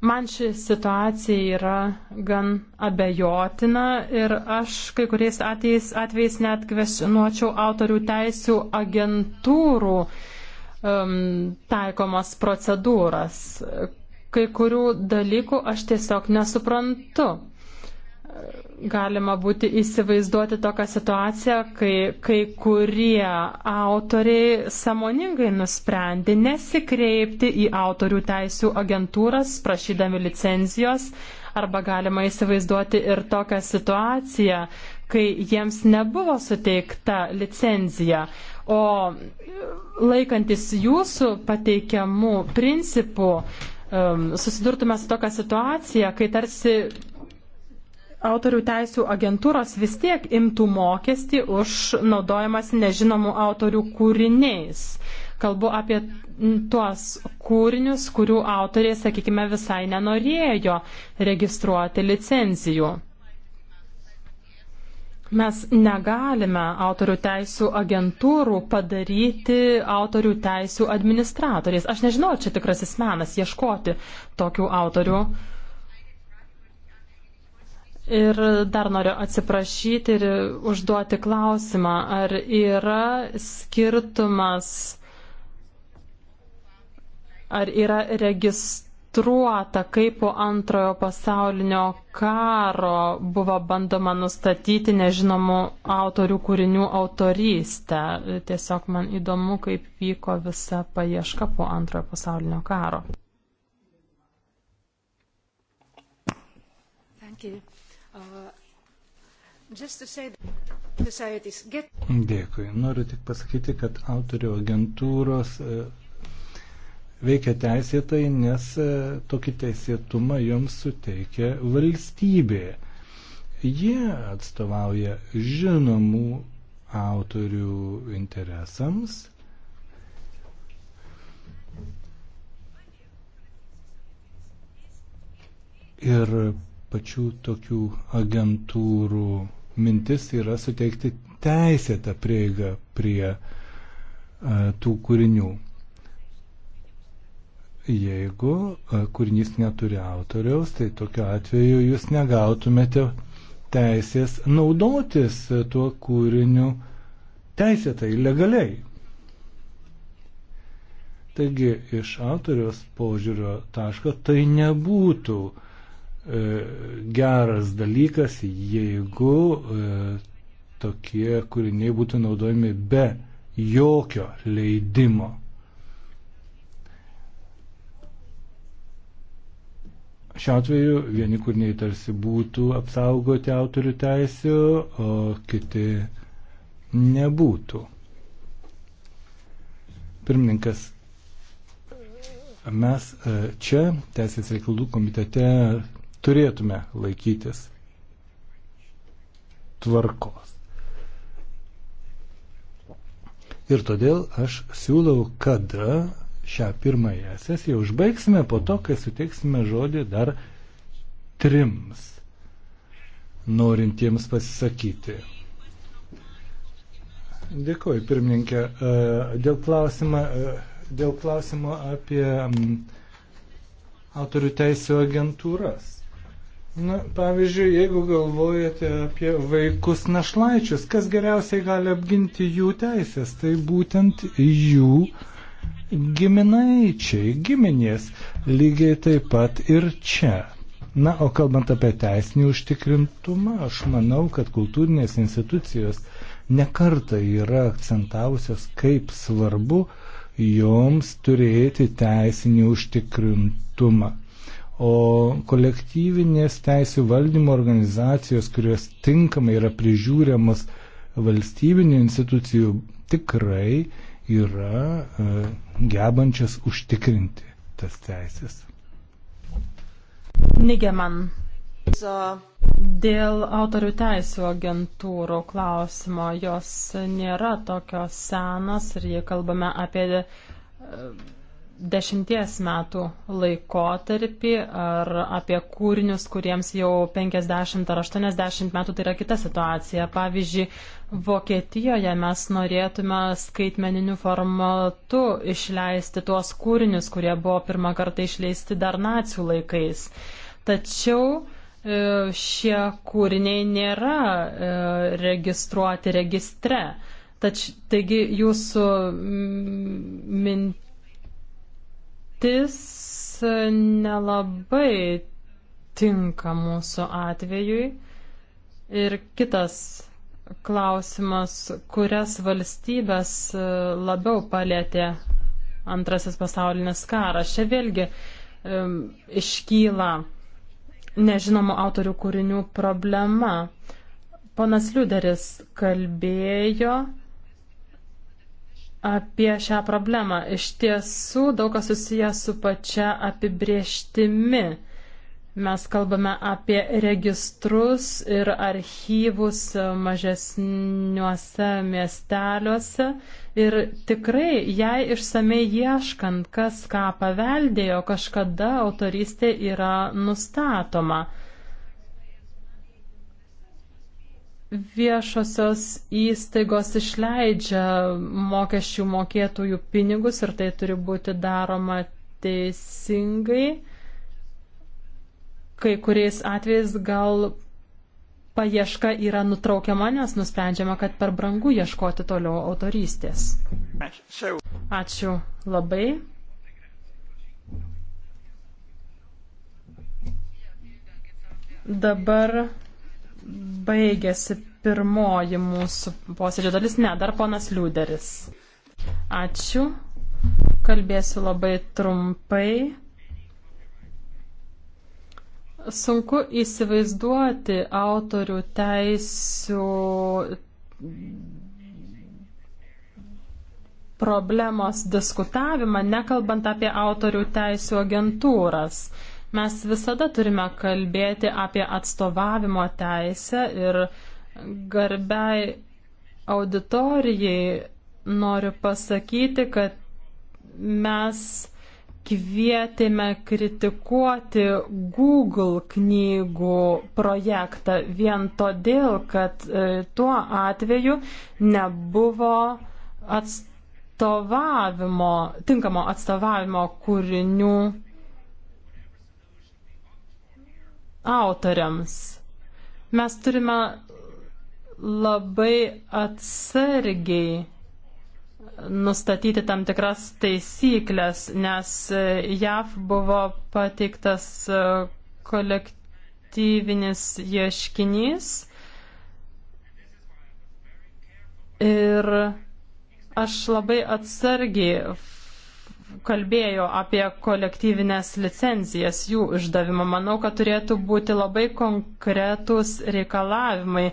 man ši situacija yra gan abejotina ir aš kai kuriais atvejais, atvejais net kvesionuočiau autorių teisų agentūrų um, taikomas procedūras. Kai kurių dalykų aš tiesiog nesuprantu galima būti įsivaizduoti tokią situaciją, kai kai kurie autoriai samoningai nusprendė nesikreipti į autorių teisų agentūras, prašydami licenzijos, arba galima įsivaizduoti ir tokią situaciją, kai jiems nebuvo suteikta licenzija, o laikantis jūsų pateikiamų principų, um, susidurtume su tokia situacija, kai tarsi autorių teisų agentūros vis tiek imtų mokestį už naudojimas nežinomų autorių kūriniais. Kalbu apie tuos kūrinius, kurių autoriai, sakykime, visai nenorėjo registruoti licencijų. Mes negalime autorių teisų agentūrų padaryti autorių teisų administratoriais. Aš nežinau, čia tikrasis menas ieškoti tokių autorių Ir dar noriu atsiprašyti ir užduoti klausimą, ar yra skirtumas, ar yra registruota, kaip po antrojo pasaulinio karo buvo bandoma nustatyti nežinomų autorių kūrinių autorystę. Tiesiog man įdomu, kaip vyko visa paieška po antrojo pasaulinio karo. Thank you. Get... Dėkui. Noriu tik pasakyti, kad autorių agentūros e, veikia teisėtai, nes e, tokį teisėtumą joms suteikia valstybė. Jie atstovauja žinomų autorių interesams. Ir pačių tokių agentūrų mintis yra suteikti teisėtą prieigą prie a, tų kūrinių. Jeigu a, kūrinys neturi autoriaus, tai tokiu atveju jūs negautumėte teisės naudotis tuo kūriniu teisėtai, legaliai. Taigi iš autoriaus požiūrio taško tai nebūtų E, geras dalykas, jeigu e, tokie kūriniai būtų naudojami be jokio leidimo. Šiuo atveju vieni kūriniai tarsi būtų apsaugoti autorių teisių, o kiti nebūtų. Pirmininkas, mes e, čia Teisės reikalų komitete turėtume laikytis tvarkos. Ir todėl aš siūlau, kad šią pirmąją sesiją užbaigsime po to, kai suteiksime žodį dar trims norintiems pasisakyti. Dėkuoju, pirmininkė. E, dėl, klausimą, e, dėl klausimo apie autorių teisų agentūras. Na, pavyzdžiui, jeigu galvojate apie vaikus našlaičius, kas geriausiai gali apginti jų teisės, tai būtent jų giminaičiai, giminės, lygiai taip pat ir čia. Na, o kalbant apie teisinį užtikrintumą, aš manau, kad kultūrinės institucijos nekarta yra akcentavusios, kaip svarbu joms turėti teisinį užtikrintumą. O kolektyvinės teisų valdymo organizacijos, kurios tinkamai yra prižiūriamas valstybinių institucijų, tikrai yra e, gebančias užtikrinti tas teisės. Nigeman. Dėl autorių teisų agentūrų klausimo, jos nėra tokios senos ir jei kalbame apie e, dešimties metų laikotarpį ar apie kūrinius, kuriems jau 50 ar 80 metų, tai yra kita situacija. Pavyzdžiui, Vokietijoje mes norėtume skaitmeniniu formatu išleisti tuos kūrinius, kurie buvo pirmą kartą išleisti dar nacijų laikais. Tačiau e, šie kūriniai nėra e, registruoti registre. Tač, taigi jūsų mintis Patirtis e, nelabai tinka mūsų atvejui. Ir kitas klausimas, kurias valstybės e, labiau palėtė antrasis pasaulinis karas. Čia vėlgi um, iškyla nežinomų autorių kūrinių problema. Ponas Liuderis kalbėjo apie šią problemą. Iš tiesų daug kas susijęs su pačia apibrieštimi. Mes kalbame apie registrus ir archyvus mažesniuose miesteliuose. Ir tikrai, jei išsamei ieškant, kas ką paveldėjo, kažkada autoristė yra nustatoma. viešosios įstaigos išleidžia mokesčių mokėtojų pinigus ir tai turi būti daroma teisingai. Kai kuriais atvejais gal paieška yra nutraukiama, nes nusprendžiama, kad per brangu ieškoti toliau autorystės. Ačiū labai. Dabar baigėsi pirmoji mūsų posėdžio dalis. Ne, dar ponas Liuderis. Ačiū. Kalbėsiu labai trumpai. Sunku įsivaizduoti autorių teisų problemos diskutavimą, nekalbant apie autorių teisų agentūras. Mes visada turime kalbėti apie atstovavimo teisę ir garbiai auditorijai noriu pasakyti, kad mes kvietėme kritikuoti Google knygų projektą vien todėl, kad e, tuo atveju nebuvo atstovavimo, tinkamo atstovavimo kūrinių autoriams. Mes turime labai atsargiai nustatyti tam tikras taisyklės, nes JAV buvo pateiktas kolektyvinis ieškinys ir aš labai atsargiai kalbėjo apie kolektyvinės licenzijas, jų išdavimą. Manau, kad turėtų būti labai konkretūs reikalavimai,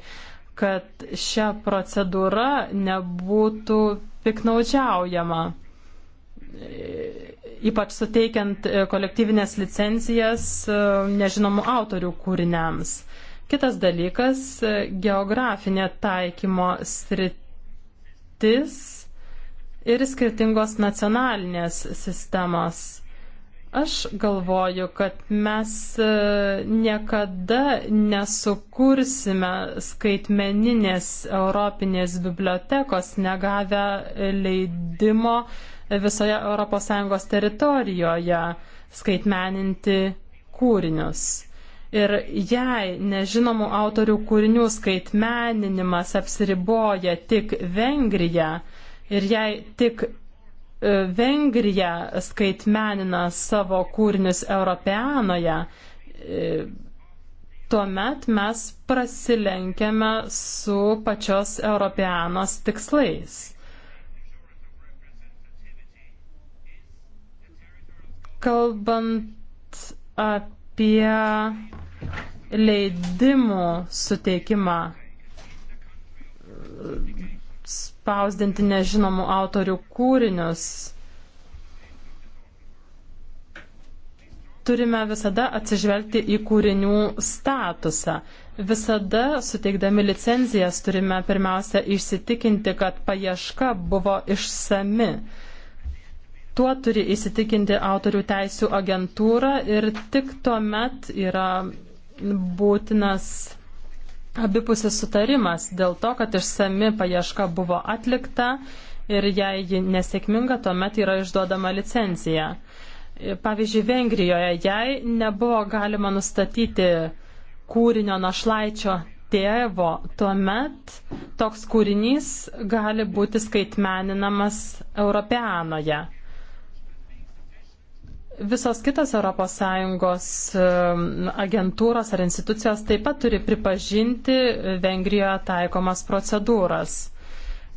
kad šią procedūrą nebūtų piknaudžiaujama. Ypač suteikiant kolektyvinės licencijas e, nežinomų autorių kūriniams. Kitas dalykas e, - geografinė taikymo sritis ir skirtingos nacionalinės sistemos. Aš galvoju, kad mes e, niekada nesukursime skaitmeninės Europinės bibliotekos, negavę leidimo visoje ES teritorijoje skaitmeninti kūrinius. Ir jei nežinomų autorių kūrinių skaitmeninimas apsiriboja tik Vengrija, Ir jei tik e, Vengrija skaitmenina savo kūrinius Europeanoje, e, tuomet mes prasilenkiame su pačios Europeanos tikslais. Kalbant apie leidimų suteikimą spausdinti nežinomų autorių kūrinius. Turime visada atsižvelgti į kūrinių statusą. Visada suteikdami licenzijas turime pirmiausia išsitikinti, kad paieška buvo išsami. Tuo turi įsitikinti autorių teisų agentūra ir tik tuomet yra būtinas abipusis sutarimas dėl to, kad išsami paieška buvo atlikta ir jei ji nesėkminga, tuomet yra išduodama licencija. Pavyzdžiui, Vengrijoje, jei nebuvo galima nustatyti kūrinio našlaičio tėvo, tuomet toks kūrinys gali būti skaitmeninamas Europeanoje visos kitos ES um, agentūros ar institucijos taip pat turi pripažinti Vengrijoje taikomas procedūras.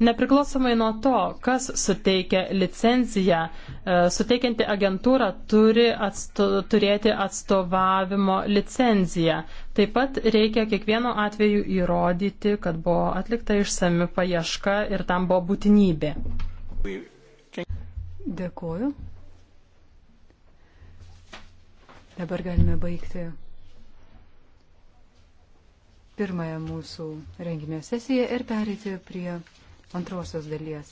Nepriklausomai nuo to, kas suteikia licenciją, e, suteikianti agentūra turi atsto, turėti atstovavimo licenciją. Taip pat reikia kiekvieno atveju įrodyti, kad buvo atlikta išsami paieška ir tam buvo būtinybė. Dėkuoju. Dabar galime baigti pirmąją mūsų renginio sesiją ir pereiti prie antrosios dalies.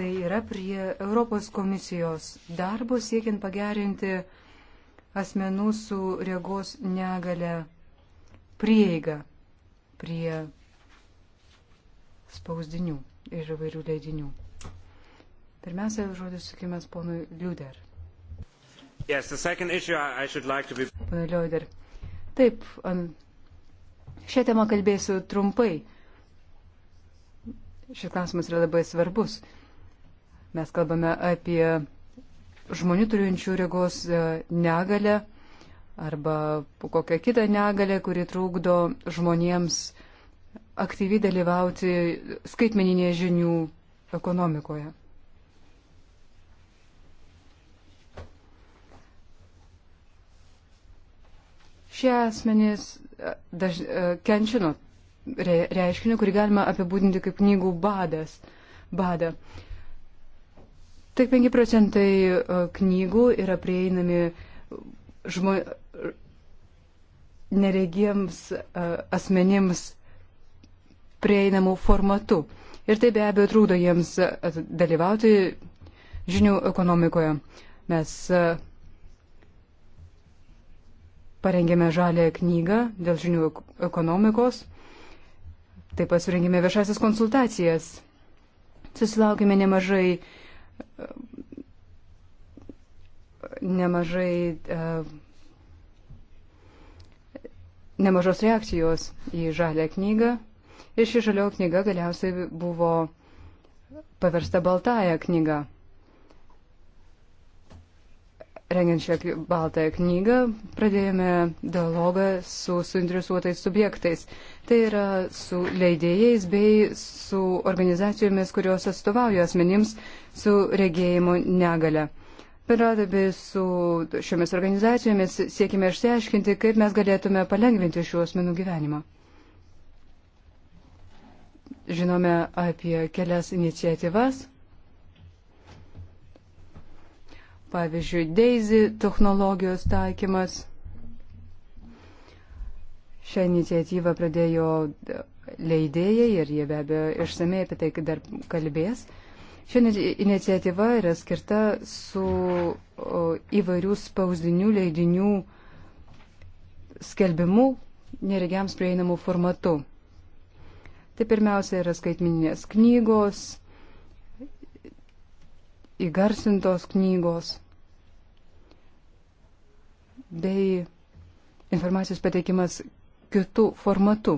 Tai yra prie Europos komisijos darbo siekiant pagerinti asmenų su regos negale prieigą prie spausdinių ir įvairių leidinių. Pirmiausia, žodis sakymas ponui Liuder. Yes, like be... Pane Liuder. Taip, an... šią temą kalbėsiu trumpai. Šis klausimas yra labai svarbus. Mes kalbame apie žmonių turinčių regos e, negalę arba kokią kitą negalę, kuri trūkdo žmonėms aktyviai dalyvauti skaitmeninėje žinių ekonomikoje. Šie asmenys e, daž, e, kenčia nuo re, reiškinio, kurį galima apibūdinti kaip knygų badas, bada. Tik 5 procentai e, knygų yra prieinami žmo, neregiems asmenims prieinamų formatų. Ir tai be abejo trūdo jiems dalyvauti žinių ekonomikoje. Mes uh, parengėme žalę knygą dėl žinių ekonomikos, taip pat surengėme viešasias konsultacijas. Susilaukime nemažai, nemažai, e, nemažos reakcijos į žalę knygą ir ši žalio knyga galiausiai buvo paversta baltąją knygą rengiant šią baltąją knygą, pradėjome dialogą su suinteresuotais subjektais. Tai yra su leidėjais bei su organizacijomis, kurios atstovauja asmenims su regėjimo negale. Bendradarbiai su šiomis organizacijomis siekime išsiaiškinti, kaip mes galėtume palengvinti šių asmenų gyvenimą. Žinome apie kelias iniciatyvas pavyzdžiui, Daisy technologijos taikymas. Šią iniciatyvą pradėjo leidėjai ir jie be abejo išsamei apie tai dar kalbės. Ši iniciatyva yra skirta su įvairių spausdinių leidinių skelbimu neregiams prieinamų formatu. Tai pirmiausia yra skaitmininės knygos, įgarsintos knygos bei informacijos pateikimas kitų formatų.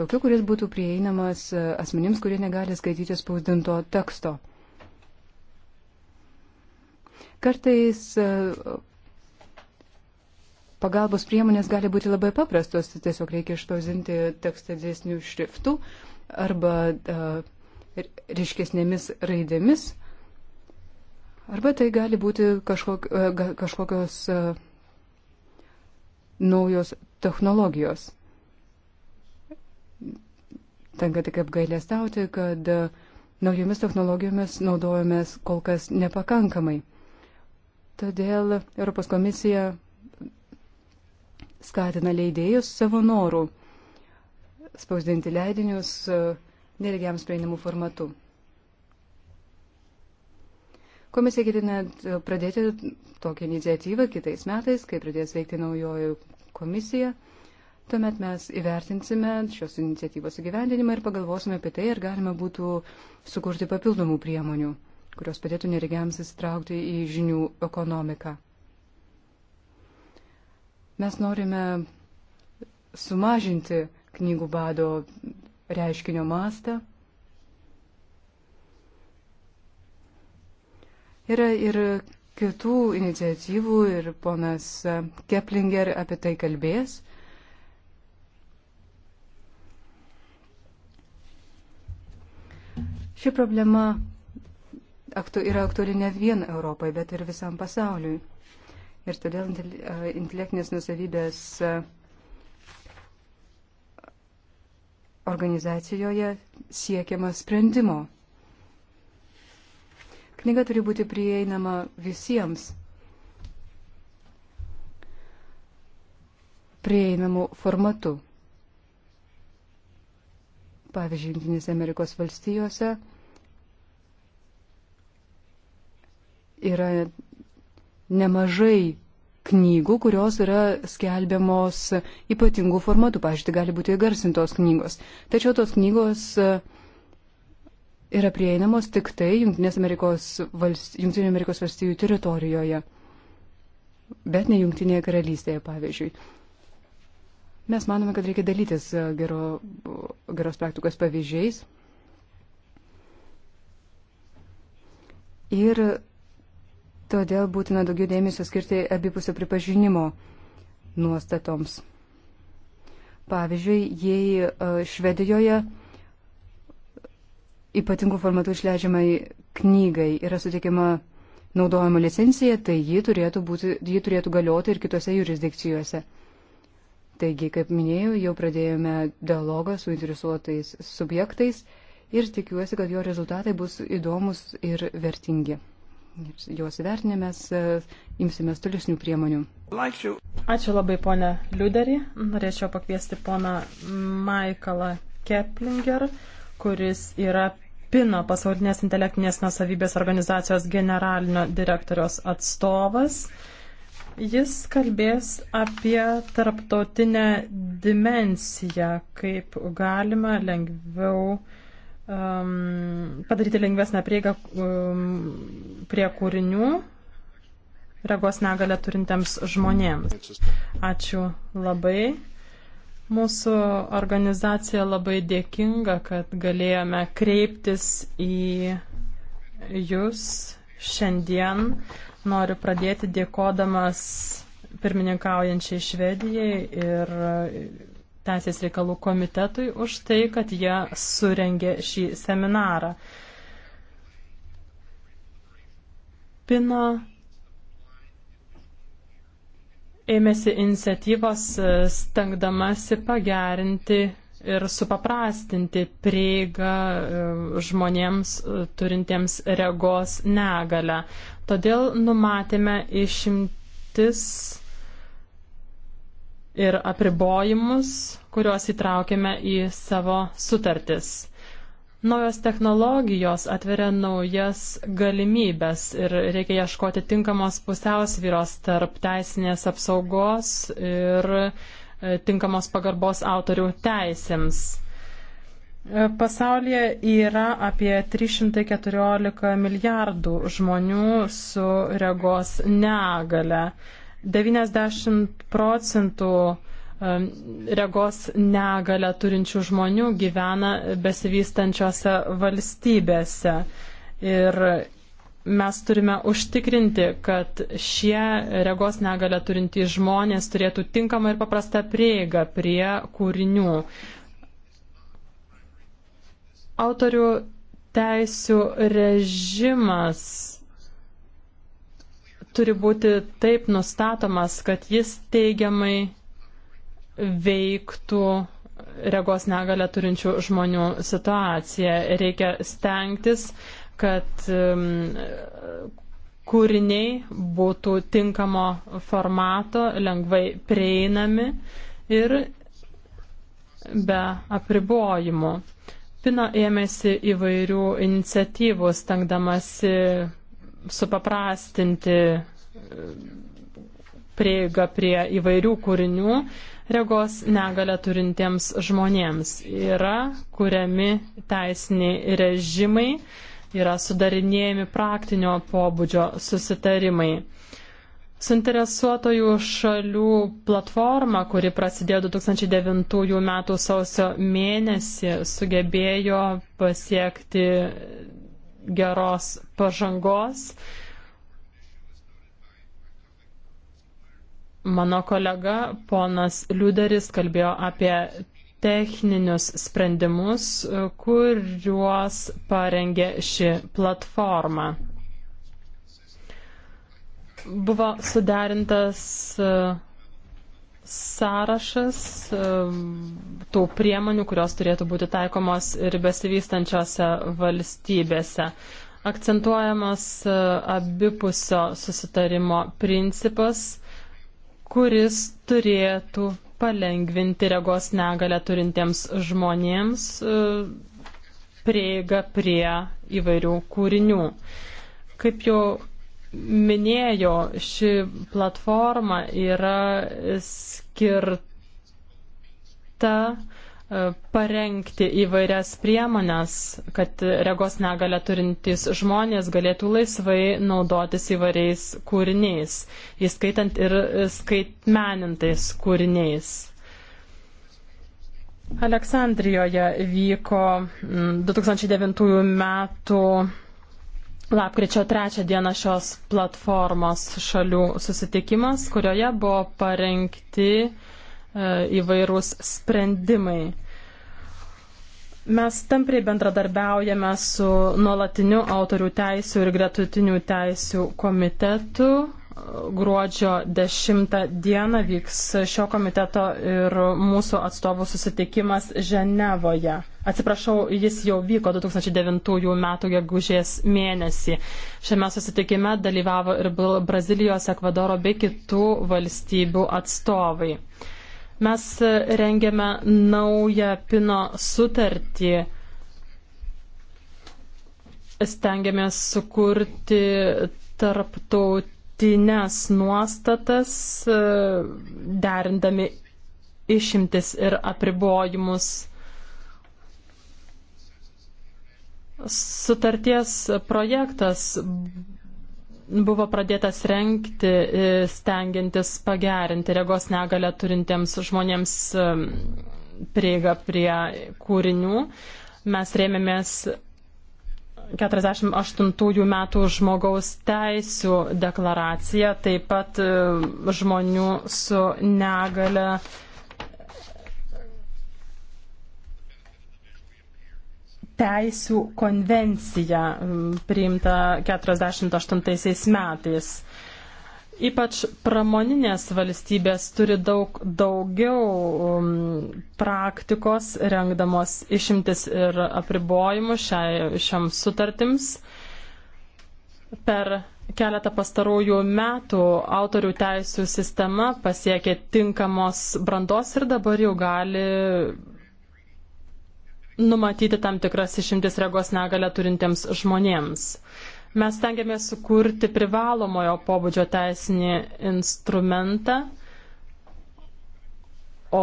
Tokiu, kuris būtų prieinamas e, asmenims, kurie negali skaityti spausdinto teksto. Kartais e, pagalbos priemonės gali būti labai paprastos, tiesiog reikia išspausinti tekstą dėsnių šriftų arba e, ryškesnėmis raidėmis Arba tai gali būti kažkok, e, kažkokios e, naujos technologijos. Tenka tik apgailėstauti, kad e, naujomis technologijomis naudojomės kol kas nepakankamai. Todėl Europos komisija skatina leidėjus savo norų spausdinti leidinius nelegiams prieinamų formatų. Komisija ketina e, pradėti tokią iniciatyvą kitais metais, kai pradės veikti naujoji komisija. Tuomet mes įvertinsime šios iniciatyvos įgyvendinimą ir pagalvosime apie tai, ar galima būtų sukurti papildomų priemonių, kurios padėtų neregiams įsitraukti į žinių ekonomiką. Mes norime sumažinti knygų bado reiškinio mastą Yra ir kitų iniciatyvų ir ponas Keplinger apie tai kalbės. Ši problema aktu, yra aktuali ne vien Europai, bet ir visam pasauliui. Ir todėl intelektinės nusavybės organizacijoje siekiama sprendimo knyga turi būti prieinama visiems prieinamu formatu. Pavyzdžiui, Junktinėse Amerikos valstijose yra nemažai knygų, kurios yra skelbiamos ypatingų formatų. Pavyzdžiui, tai gali būti įgarsintos knygos. Tačiau tos knygos uh, yra prieinamos tik tai Junktinės Amerikos, valst... Junktinės Amerikos valstijų teritorijoje, bet ne Junktinėje karalystėje, pavyzdžiui. Mes manome, kad reikia dalytis e, gero, geros praktikos pavyzdžiais. Ir todėl būtina daugiau dėmesio skirti abipusio pripažinimo nuostatoms. Pavyzdžiui, jei e, Švedijoje uh, ypatingų formatų išleidžiamai knygai yra suteikiama naudojimo licencija, tai ji turėtų, būti, ji turėtų galioti ir kitose jurisdikcijose. Taigi, kaip minėjau, jau pradėjome dialogą su interesuotais subjektais ir tikiuosi, kad jo rezultatai bus įdomus ir vertingi. Ir juos vertinę mes e, imsimės tolesnių priemonių. Ačiū labai, ponė Liuderį. Norėčiau pakviesti poną Maikalą Keplinger, kuris yra Pino pasaulinės intelektinės nusavybės organizacijos generalinio direktoriaus atstovas. Jis kalbės apie tarptautinę dimensiją, kaip galima lengviau um, padaryti lengvesnę prieigą um, prie kūrinių regos negalę turintiems žmonėms. Ačiū labai. Mūsų organizacija labai dėkinga, kad galėjome kreiptis į Jūs šiandien. Noriu pradėti dėkodamas pirmininkaujančiai Švedijai ir Teisės reikalų komitetui už tai, kad jie surengė šį seminarą. Pino ėmėsi iniciatyvos e, stengdamasi pagerinti ir supaprastinti prieigą e, žmonėms e, turintiems regos negalę. Todėl numatėme išimtis ir apribojimus, kuriuos įtraukėme į savo sutartis. Naujos technologijos atveria naujas galimybės ir reikia ieškoti tinkamos pusiausvyros tarp teisinės apsaugos ir e, tinkamos pagarbos autorių teisėms. E, pasaulyje yra apie 314 milijardų žmonių su regos negale. 90 procentų Um, regos negalę turinčių žmonių gyvena besivystančiose valstybėse. Ir mes turime užtikrinti, kad šie regos negalę turintys žmonės turėtų tinkamą ir paprastą prieigą prie kūrinių. Autorių teisų režimas turi būti taip nustatomas, kad jis teigiamai veiktų regos negalę turinčių žmonių situaciją. Reikia stengtis, kad um, kūriniai būtų tinkamo formato, lengvai prieinami ir be apribojimų. Pina ėmėsi įvairių iniciatyvų, stengdamasi supaprastinti um, prieigą prie įvairių kūrinių, regos negalę turintiems žmonėms. Yra kuriami teisiniai režimai, yra sudarinėjami praktinio pobūdžio susitarimai. Suinteresuotojų šalių platforma, kuri prasidėjo 2009 m. sausio mėnesį, sugebėjo pasiekti geros pažangos. Mano kolega ponas Liuderis kalbėjo apie techninius sprendimus, kuriuos parengė ši platforma. Buvo suderintas e, sąrašas e, tų priemonių, kurios turėtų būti taikomos ir besivystančiose valstybėse. Akcentuojamas e, abipusio susitarimo principas kuris turėtų palengvinti regos negalę turintiems žmonėms e, prieigą prie įvairių kūrinių. Kaip jau minėjo, ši platforma yra skirta E, parengti įvairias priemonės, kad regos negalę turintys žmonės galėtų laisvai naudotis įvairiais kūriniais, įskaitant ir skaitmenintais kūriniais. Aleksandrijoje vyko 2009 metų Lapkričio trečią dieną šios platformos šalių susitikimas, kurioje buvo parengti uh, E, įvairūs sprendimai. Mes tampriai bendradarbiaujame su nuolatiniu autorių teisų ir gretutinių teisų komitetu. Gruodžio 10 dieną vyks šio komiteto ir mūsų atstovų susitikimas Ženevoje. Atsiprašau, jis jau vyko 2009 m. gegužės mėnesį. Šiame susitikime dalyvavo ir Brazilijos, Ekvadoro bei kitų valstybių atstovai. Mes rengiame naują pino sutartį. Stengiamės sukurti tarptautinės nuostatas, derindami išimtis ir apribojimus. Sutarties projektas buvo pradėtas renkti, e, stengiantis pagerinti regos negalę turintiems žmonėms e, prieigą prie kūrinių. Mes rėmėmės 48 metų žmogaus teisų deklaracija, taip pat e, žmonių su negale teisių konvencija um, priimta 48 metais. Ypač pramoninės valstybės turi daug daugiau um, praktikos, rengdamos išimtis ir apribojimus šiam sutartims. Per keletą pastarųjų metų autorių teisų sistema pasiekė tinkamos brandos ir dabar jau gali numatyti tam tikras išimtis regos negalę turintiems žmonėms. Mes tengiamės sukurti privalomojo pobūdžio teisinį instrumentą, o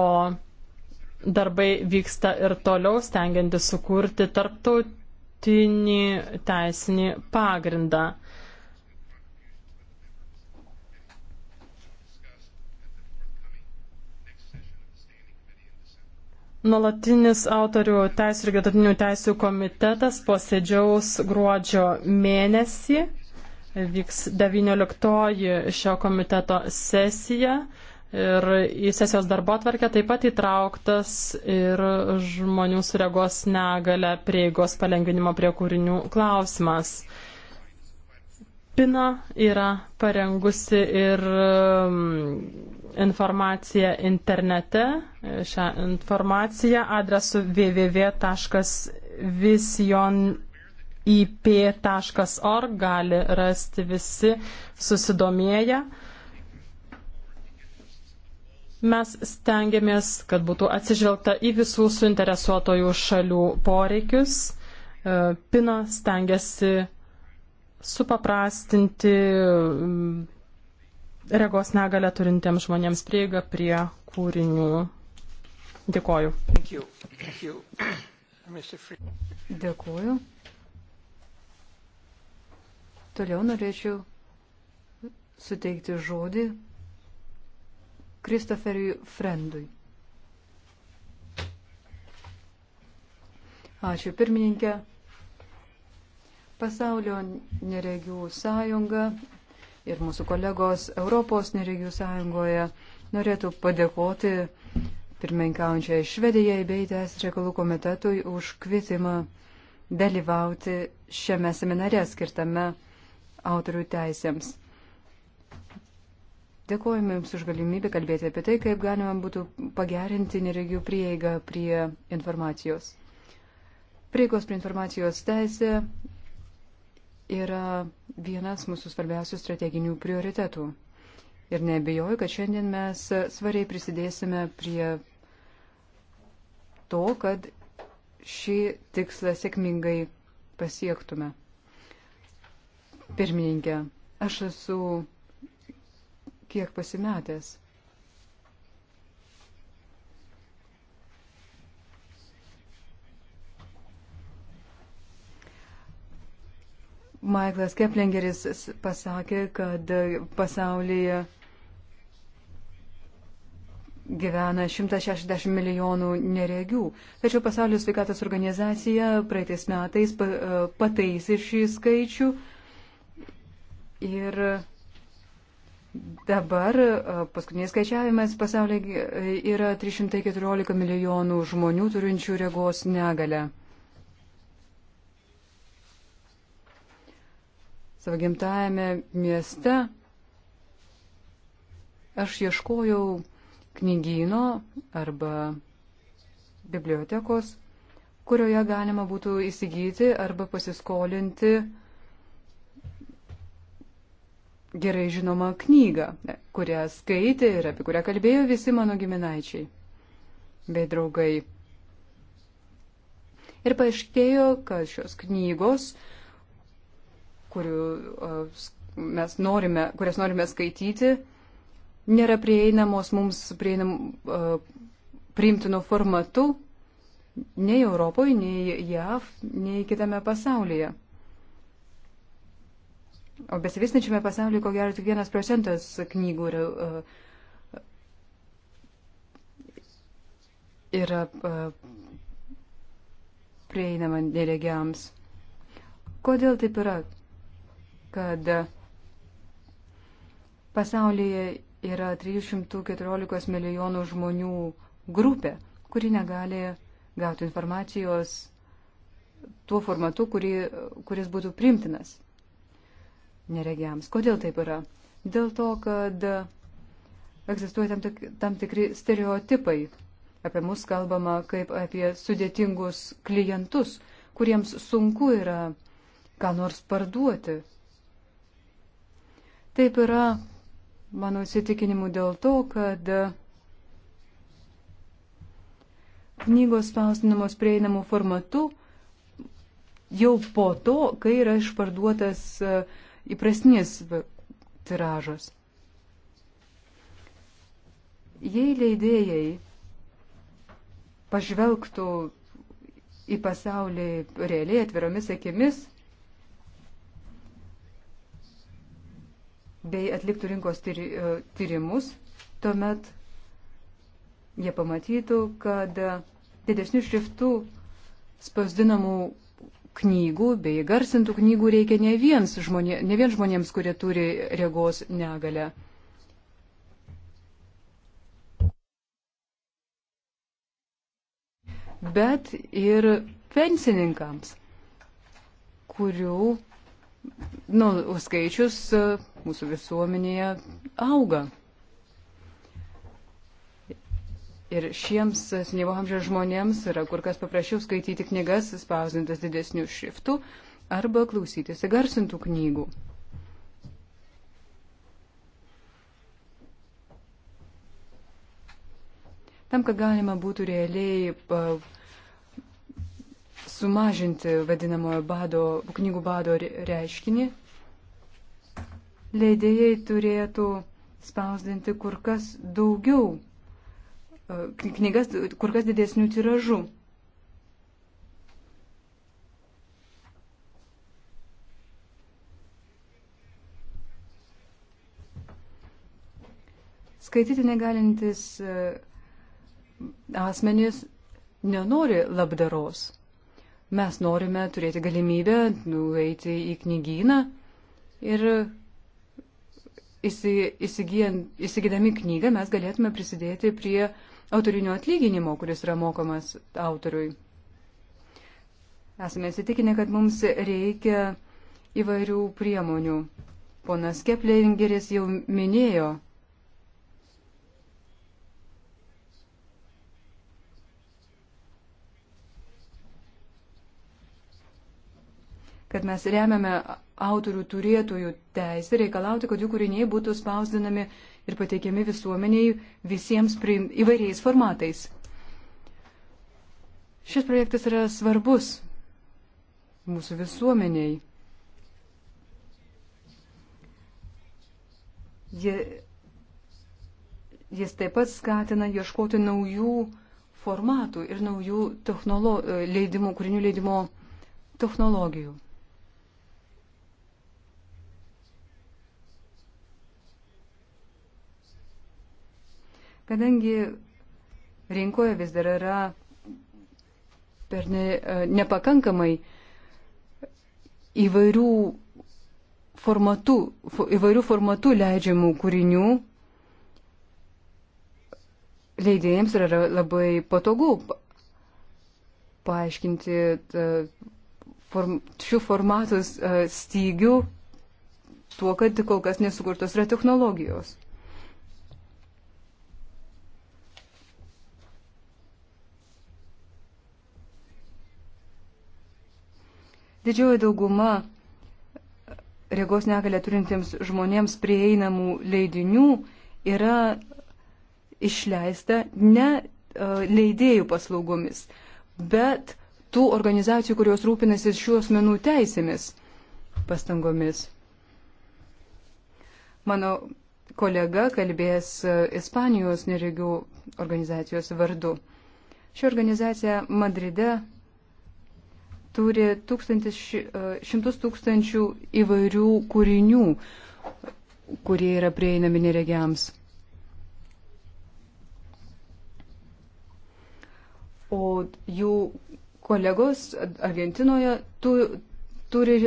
darbai vyksta ir toliau stengianti sukurti tarptautinį teisinį pagrindą. Nuolatinis autorių teisų ir gretutinių teisų komitetas posėdžiaus gruodžio mėnesį. Vyks 19 šio komiteto sesija ir į sesijos darbo atvarkę taip pat įtrauktas ir žmonių su regos negale prieigos palengvinimo prie kūrinių klausimas. Pina yra parengusi ir informaciją internete, šią informaciją adresu www.visionip.org gali rasti visi susidomėję. Mes stengiamės, kad būtų atsižvelgta į visų suinteresuotojų šalių poreikius. E, Pina stengiasi supaprastinti regos negalę turintiems žmonėms prieiga prie kūrinių. Dėkoju. Thank you. Thank you. Dėkoju. Toliau norėčiau suteikti žodį Kristoferiui Frendui. Ačiū pirmininkė. Pasaulio neregių sąjunga ir mūsų kolegos Europos neregių sąjungoje norėtų padėkoti pirmininkaujančiai Švedijai bei Teisės reikalų komitetui už kvietimą dalyvauti šiame seminare skirtame autorių teisėms. Dėkojame Jums už galimybę kalbėti apie tai, kaip galima būtų pagerinti neregių prieigą prie informacijos. Prieigos prie informacijos teisė yra vienas mūsų svarbiausių strateginių prioritetų. Ir nebejoju, kad šiandien mes svariai prisidėsime prie to, kad šį tikslą sėkmingai pasiektume. Pirmininkė, aš esu kiek pasimetęs. Maiklas Keplingeris pasakė, kad pasaulyje gyvena 160 milijonų neregių. Tačiau Pasaulio sveikatos organizacija praeitais metais e, pataisė šį skaičių ir dabar e, paskutinis skaičiavimas pasaulyje e, yra 314 milijonų žmonių turinčių regos negalę. savo gimtajame mieste aš ieškojau knygyno arba bibliotekos, kurioje galima būtų įsigyti arba pasiskolinti gerai žinomą knygą, kurią skaitė ir apie kurią kalbėjo visi mano giminaičiai bei draugai. Ir paaiškėjo, kad šios knygos mes norime, kurias norime skaityti, nėra prieinamos mums prieinam, priimtino formatu nei Europoje, nei JAV, nei kitame pasaulyje. O besivystančiame pasaulyje, ko gero, tik vienas procentas knygų yra, yra prieinama neregiams. Kodėl taip yra? kad pasaulyje yra 314 milijonų žmonių grupė, kuri negali gauti informacijos tuo formatu, kuri, kuris būtų primtinas neregiams. Kodėl taip yra? Dėl to, kad egzistuoja tam, tik, tam tikri stereotipai. Apie mus kalbama kaip apie sudėtingus klientus, kuriems sunku yra ką nors parduoti, Taip yra, mano įsitikinimu, dėl to, kad knygos spausdinamos prieinamų formatų jau po to, kai yra išparduotas e, įprasnis tiražas. Jei leidėjai pažvelgtų į pasaulį realiai atviromis akimis, bei atliktų rinkos e, tyrimus, tuomet jie pamatytų, kad didesnių šriftų spausdinamų knygų bei garsintų knygų reikia ne, žmonė, ne vien žmonėms, kurie turi regos negalę. bet ir pensininkams, kurių nu, skaičius uh, mūsų visuomenėje auga. Ir šiems senyvo amžiaus žmonėms yra kur kas paprasčiau skaityti knygas spausdintas didesnių šriftų arba klausytis įgarsintų knygų. Tam, kad galima būtų realiai sumažinti vadinamojo bado, knygų bado reiškinį, leidėjai turėtų spausdinti kur kas daugiau e, knygas, kur kas didesnių tiražų. Skaityti negalintis e, asmenys nenori labdaros. Mes norime turėti galimybę nueiti į knygyną ir įsigydami knygą mes galėtume prisidėti prie autorinio atlyginimo, kuris yra mokamas autoriui. Esame įsitikinę, kad mums reikia įvairių priemonių. Ponas Keplingeris jau minėjo. kad mes remiame autorių turėtojų teisę reikalauti, kad jų kūriniai būtų spausdinami ir pateikiami visuomeniai visiems priim, įvairiais formatais. Šis projektas yra svarbus mūsų visuomeniai. Jis taip pat skatina ieškoti naujų formatų ir naujų leidimų, kūrinių leidimo technologijų. Kadangi rinkoje vis dar yra per ne, e, nepakankamai įvairių formatų, įvairių formatų leidžiamų kūrinių, leidėjams yra labai patogu paaiškinti tą, e, form, šių formatų e, stygių tuo, kad kol kas nesukurtos yra technologijos. Didžioji dauguma regos negalę turintiems žmonėms prieinamų leidinių yra išleista ne e, leidėjų paslaugomis, bet tų organizacijų, kurios rūpinasi šių asmenų teisėmis pastangomis. Mano kolega kalbės e, Ispanijos neregių organizacijos vardu. Ši organizacija Madride turi tūkstantis, e, šimtus tūkstančių įvairių kūrinių, kurie yra prieinami neregiams. O jų kolegos Argentinoje tu, turi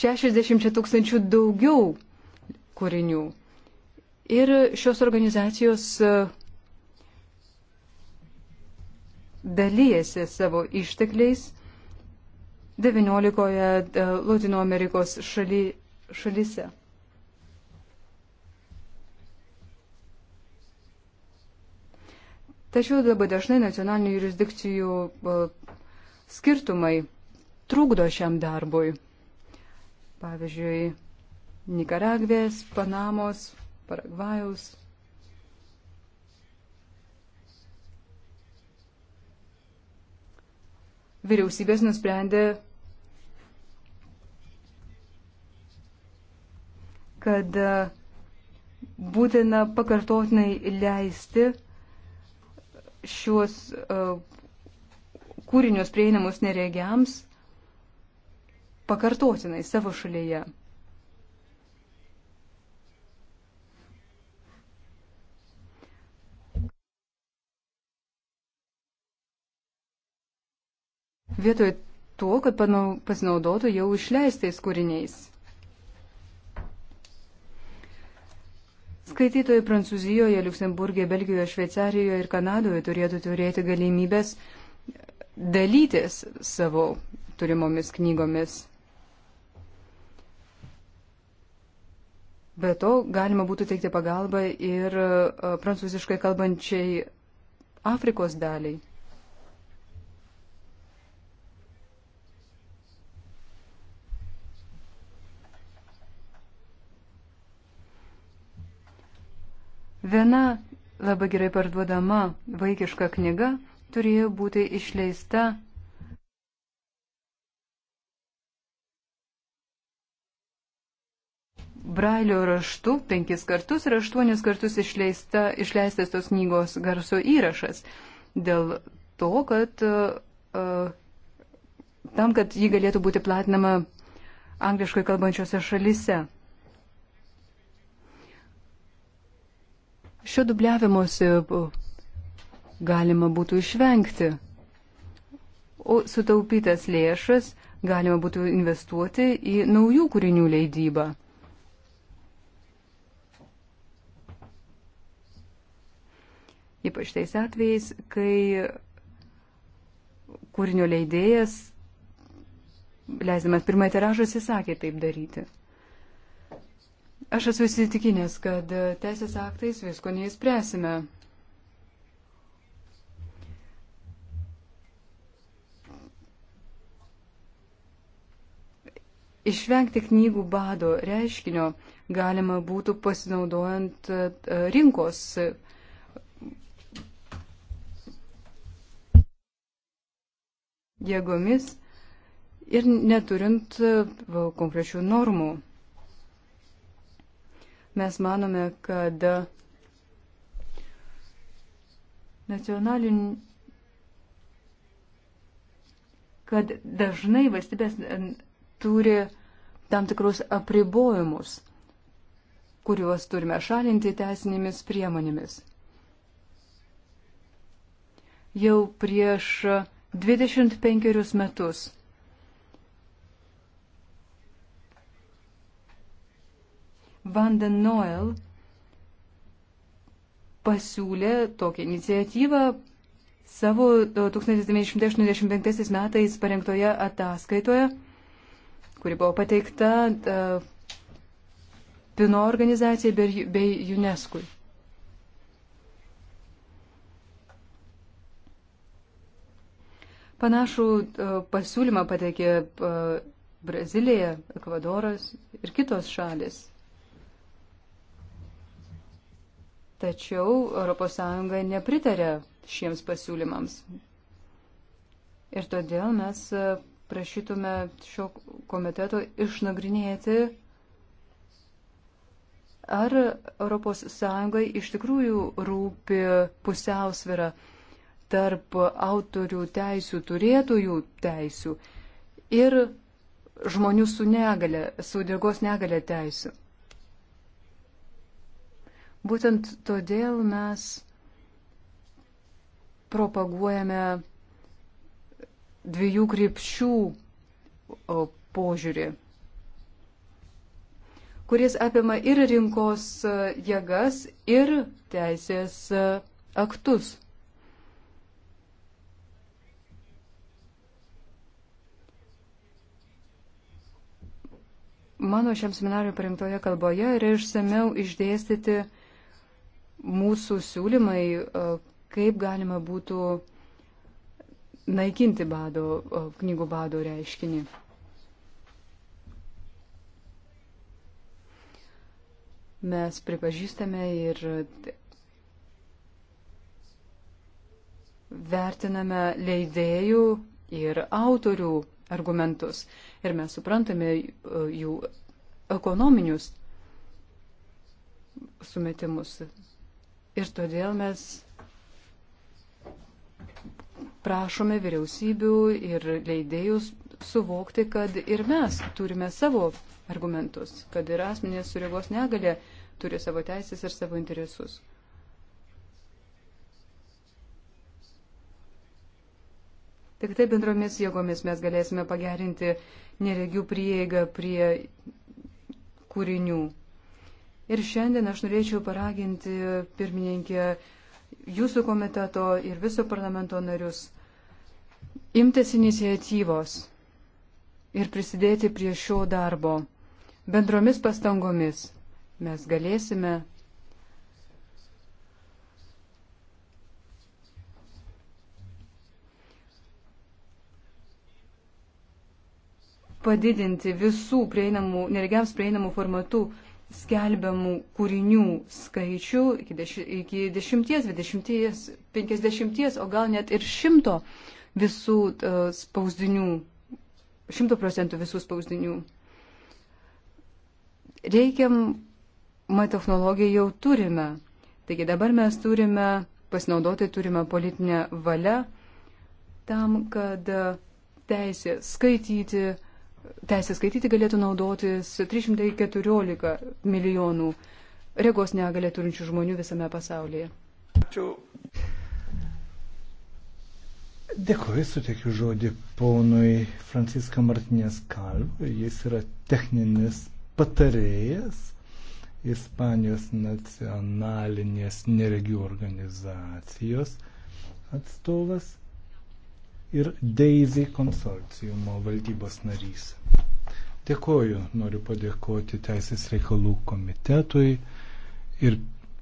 60 tūkstančių daugiau kūrinių. Ir šios organizacijos e, dalyjasi savo ištekliais 19 e, Latino Amerikos šaly, šalyse. Tačiau labai dažnai nacionalinių jurisdikcijų e, skirtumai trukdo šiam darbui. Pavyzdžiui, Nikaragvės, Panamos, Paragvajaus. Vyriausybės nusprendė kad e, būtina pakartotinai leisti šiuos e, kūrinius prieinamus neregiams pakartotinai savo šalyje. Vietoj to, kad pasinaudotų jau išleistais kūriniais. Skaitytojai Prancūzijoje, Luksemburgė, Belgijoje, Šveicarijoje ir Kanadoje turėtų turėti galimybės dalytis savo turimomis knygomis. Be to, galima būtų teikti pagalbą ir e, prancūziškai kalbančiai Afrikos daliai. Viena labai gerai parduodama vaikiška knyga turėjo būti išleista brailio raštu penkis kartus ir aštuonis kartus išleista, išleistas tos knygos garso įrašas. Dėl to, kad uh, tam, kad ji galėtų būti platinama angliškai kalbančiose šalise. Šio dubliavimuose galima būtų išvengti, o sutaupytas lėšas galima būtų investuoti į naujų kūrinių leidybą. Ypač tais atvejais, kai kūrinio leidėjas, leisdamas pirmąjį tiražą, atsisakė taip daryti. Aš esu įsitikinęs, kad teisės aktais visko neįspręsime. Išvengti knygų bado reiškinio galima būtų pasinaudojant e, rinkos jėgomis ir neturint e, konkrečių normų. Mes manome, kad nacionalinių kad dažnai valstybės turi tam tikrus apribojimus, kuriuos turime šalinti teisinėmis priemonėmis. Jau prieš 25 metus Vanden Noel pasiūlė tokią iniciatyvą savo 1985 metais parengtoje ataskaitoje, kuri buvo pateikta Pino organizacijai bei UNESCO. Ui. Panašų pasiūlymą pateikė Brazilija, Ekvadoras ir kitos šalis. Tačiau ES nepritarė šiems pasiūlymams. Ir todėl mes e, prašytume šio komiteto išnagrinėti, ar ES iš tikrųjų rūpi pusiausvėra tarp autorių teisių, turėtojų teisių ir žmonių su negale, su dirgos negale teisių. Būtent todėl mes propaguojame dviejų krypčių požiūrį, kuris apima ir rinkos e, jėgas, ir teisės e, aktus. Mano šiam seminariui parinktoje kalboje yra išsameu išdėstyti mūsų siūlymai, e, kaip galima būtų naikinti bado, e, knygų bado reiškinį. Mes pripažįstame ir vertiname leidėjų ir autorių argumentus. Ir mes suprantame e, jų ekonominius sumetimus. Ir todėl mes prašome vyriausybių ir leidėjus suvokti, kad ir mes turime savo argumentus, kad ir asmenės su regos negalė turi savo teisės ir savo interesus. Tik tai bendromis jėgomis mes galėsime pagerinti neregių prieigą prie kūrinių. Ir šiandien aš norėčiau paraginti pirmininkę jūsų komiteto ir viso parlamento narius imtis iniciatyvos ir prisidėti prie šio darbo. Bendromis pastangomis mes galėsime padidinti visų prieinamų, neregiams prieinamų formatų skelbiamų kūrinių skaičių iki, deš, iki 10, 20, 50, o gal net ir 100 visų uh, spausdinių, 100 procentų visų spausdinių. Reikiamą technologiją jau turime. Taigi dabar mes turime pasinaudoti, turime politinę valią tam, kad e, teisė skaityti, teisę skaityti galėtų naudotis 314 milijonų regos negalę turinčių žmonių visame pasaulyje. Ačiū. Dėkuoju, suteikiu žodį ponui Franciska Martinės Kalvo. Jis yra techninis patarėjas Ispanijos nacionalinės neregių organizacijos atstovas ir Daisy konsorciumo valdybos narys. Dėkoju, noriu padėkoti Teisės reikalų komitetui ir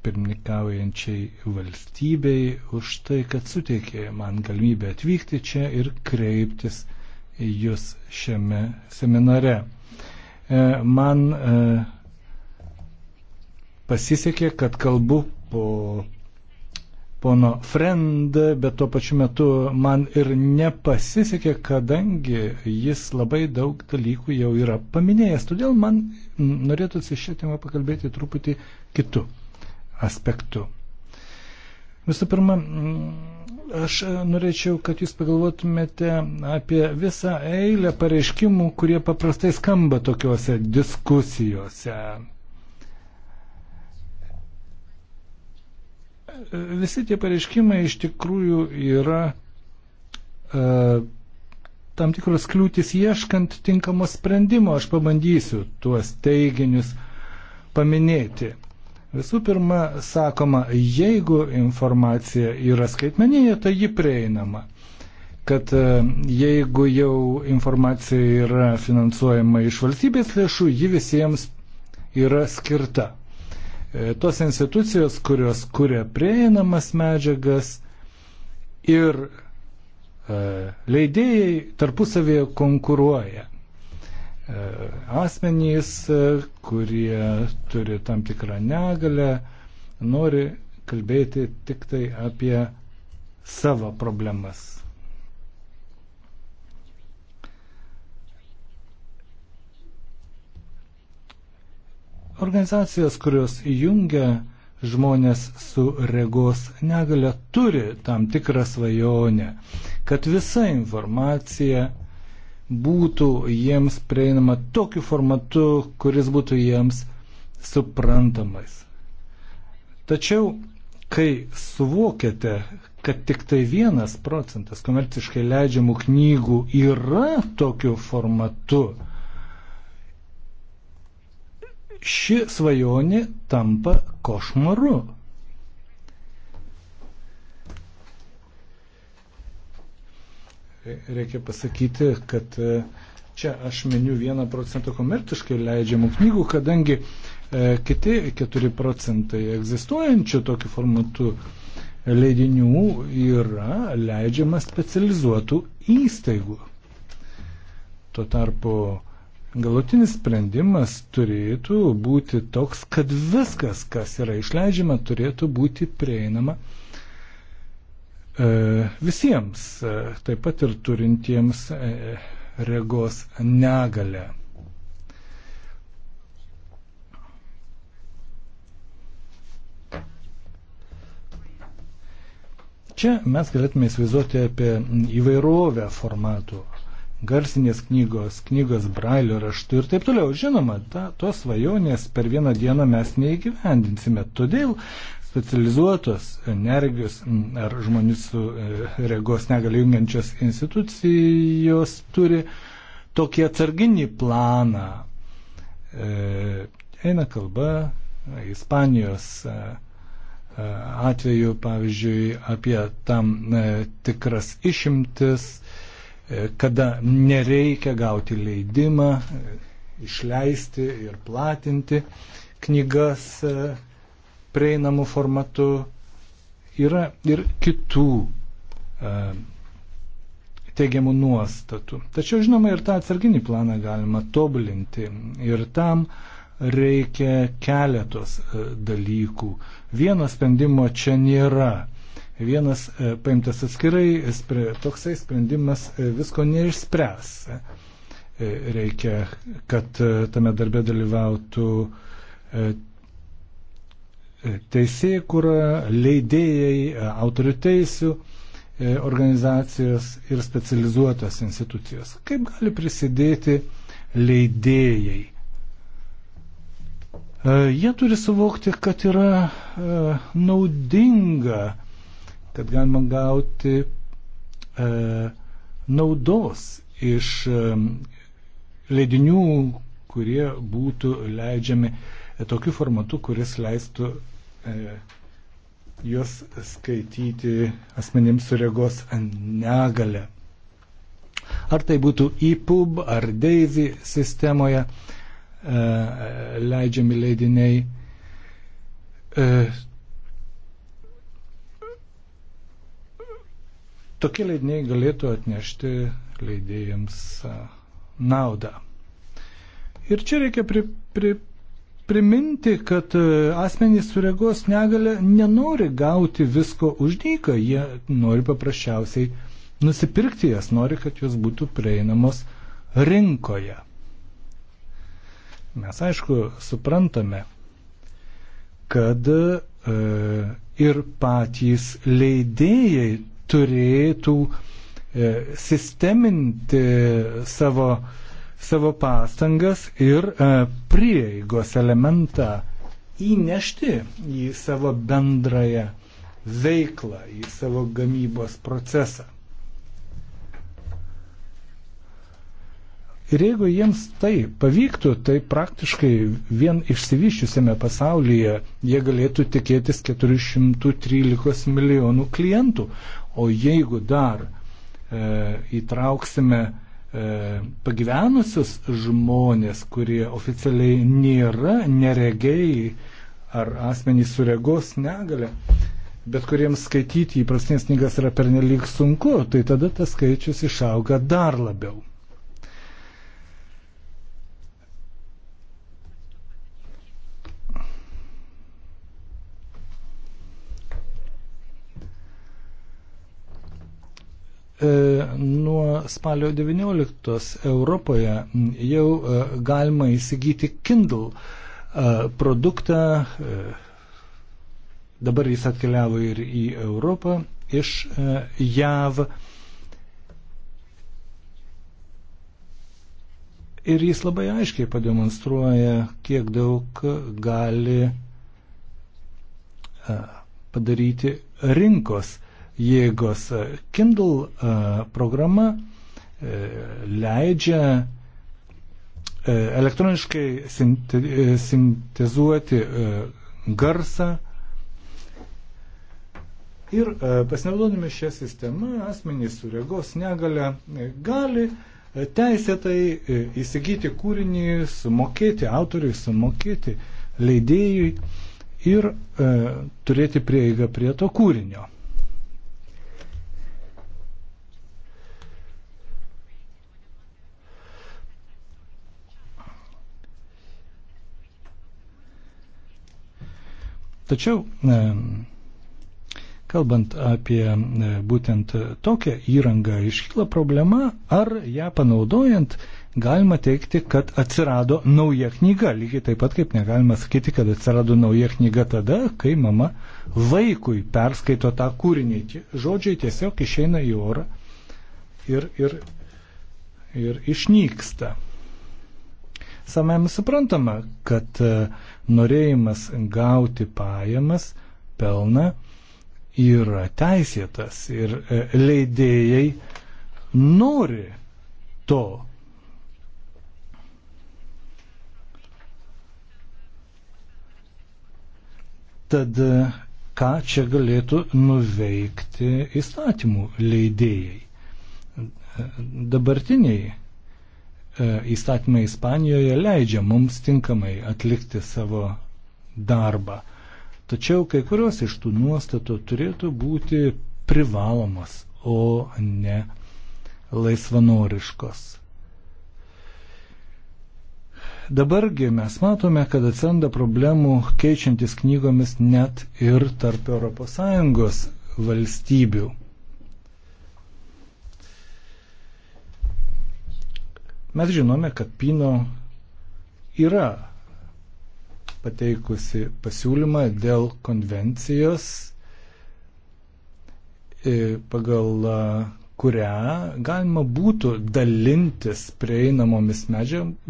pirmininkaujančiai valstybei už tai, kad suteikė man galimybę atvykti čia ir kreiptis į jūs šiame seminare. E, man e, pasisekė, kad kalbu po pono Friend, bet tuo pačiu metu man ir nepasisekė, kadangi jis labai daug dalykų jau yra paminėjęs. Todėl man norėtųsi šią temą pakalbėti truputį kitų aspektų. Visų pirma, aš norėčiau, kad jūs pagalvotumėte apie visą eilę pareiškimų, kurie paprastai skamba tokiuose diskusijose. visi tie pareiškimai iš tikrųjų yra e, tam tikros kliūtis ieškant tinkamo sprendimo. Aš pabandysiu tuos teiginius paminėti. Visų pirma, sakoma, jeigu informacija yra skaitmeninė, tai ji prieinama. Kad e, jeigu jau informacija yra finansuojama iš valstybės lėšų, ji visiems yra skirta. E, tos institucijos, kurios kuria prieinamas medžiagas ir e, leidėjai tarpusavėje konkuruoja. E, asmenys, kurie turi tam tikrą negalę, nori kalbėti tik tai apie savo problemas. Organizacijos, kurios jungia žmonės su regos negale, turi tam tikrą svajonę, kad visa informacija būtų jiems prieinama tokiu formatu, kuris būtų jiems suprantamais. Tačiau, kai suvokiate, kad tik tai vienas procentas komerciškai leidžiamų knygų yra tokiu formatu, ši svajonė tampa košmaru. Reikia pasakyti, kad e, čia aš meniu 1 procentą komerciškai leidžiamų knygų, kadangi e, kiti 4 procentai egzistuojančių tokiu formatu leidinių yra leidžiama specializuotų įstaigų. Tuo tarpu Galutinis sprendimas turėtų būti toks, kad viskas, kas yra išleidžiama, turėtų būti prieinama e, visiems, e, taip pat ir turintiems e, regos negalę. Čia mes galėtume įsivaizduoti apie įvairovę formatų garsinės knygos, knygos brailio raštu ir taip toliau. Žinoma, ta, tos svajonės per vieną dieną mes neįgyvendinsime. Todėl specializuotos energijos mm, ar žmonių su e, regos negali jungiančios institucijos turi tokį atsarginį planą. E, eina kalba Ispanijos e, atveju, pavyzdžiui, apie tam tikras išimtis, E, kada nereikia gauti leidimą, e, išleisti ir platinti knygas e, prieinamų formatų. Yra ir kitų teigiamų nuostatų. Tačiau, žinoma, ir tą atsarginį planą galima tobulinti. Ir tam reikia keletos dalykų. Vieno sprendimo čia nėra vienas e, paimtas atskirai, toksai sprendimas e, visko neišspręs. E, reikia, kad tame darbe dalyvautų teisėjai, kur leidėjai, autorių teisių organizacijos ir specializuotos institucijos. Kaip gali prisidėti leidėjai? Jie turi suvokti, kad yra naudinga kad galima gauti e, naudos iš e, leidinių, kurie būtų leidžiami tokiu formatu, kuris leistų e, juos skaityti asmenims su regos negale. Ar tai būtų EPUB ar DAISY sistemoje e, leidžiami leidiniai. E, Tokie leidiniai galėtų atnešti leidėjams naudą. Ir čia reikia pri, pri, priminti, kad asmenys su regos negale nenori gauti visko už dyką, jie nori paprasčiausiai nusipirkti jas, nori, kad jos būtų prieinamos rinkoje. Mes aišku suprantame, kad e, ir patys leidėjai turėtų e, sisteminti savo, savo pastangas ir e, prieigos elementą įnešti į savo bendrąją veiklą, į savo gamybos procesą. Ir jeigu jiems tai pavyktų, tai praktiškai vien išsivyščiusiame pasaulyje jie galėtų tikėtis 413 milijonų klientų, O jeigu dar e, įtrauksime e, pagyvenusius žmonės, kurie oficialiai nėra neregiai ar asmenys su regos negale, bet kuriems skaityti įprastinės knygas yra pernelyg sunku, tai tada tas skaičius išauga dar labiau. E, nuo spalio 19 Europoje jau e, galima įsigyti Kindle e, produktą. Dabar jis atkeliavo ir į Europą iš JAV. Ir jis labai aiškiai pademonstruoja, kiek daug gali padaryti rinkos jėgos. Kindle e, programa e, leidžia e, elektroniškai sintezuoti garsą. Ir pasinaudodami šią sistemą asmenys su regos negale gali teisėtai įsigyti kūrinį, sumokėti autoriui, sumokėti leidėjui ir e, turėti prieigą prie to kūrinio. Tačiau, e, kalbant apie e, būtent tokią įrangą, iškyla problema, ar ją panaudojant galima teikti, kad atsirado nauja knyga. Lygiai taip pat kaip negalima sakyti, kad atsirado nauja knyga tada, kai mama vaikui perskaito tą kūrinį. Žodžiai tiesiog išeina į orą ir, ir, ir išnyksta. Samėm suprantama, kad e, norėjimas gauti pajamas, pelną yra teisėtas ir e, leidėjai nori to. Tad e, ką čia galėtų nuveikti įstatymų leidėjai? E, dabartiniai E, įstatymai Ispanijoje leidžia mums tinkamai atlikti savo darbą. Tačiau kai kurios iš tų nuostatų turėtų būti privalomos, o ne laisvanoriškos. Dabargi mes matome, kad atsiranda problemų keičiantis knygomis net ir tarp ES valstybių. Mes žinome, kad Pino yra pateikusi pasiūlymą dėl konvencijos, e, pagal kurią galima būtų dalintis prieinamomis e,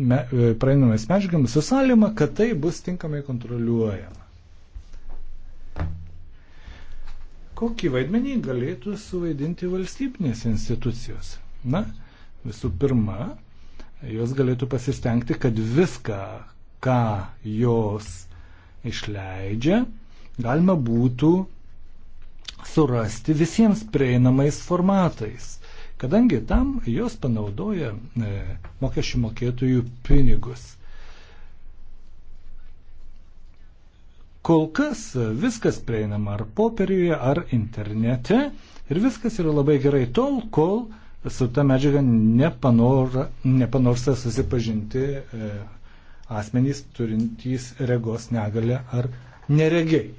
medžiagomis me, su sąlyma, kad tai bus tinkamai kontroliuojama. Kokį vaidmenį galėtų suvaidinti valstybinės institucijos? Na, visų pirma, jos galėtų pasistengti, kad viską, ką jos išleidžia, galima būtų surasti visiems prieinamais formatais, kadangi tam jos panaudoja e, mokesčių mokėtojų pinigus. Kol kas viskas prieinama ar popieriuje, ar internete ir viskas yra labai gerai tol, kol e, su ta medžiaga nepanor, nepanorsta susipažinti e, asmenys turintys regos negalę ar neregiai.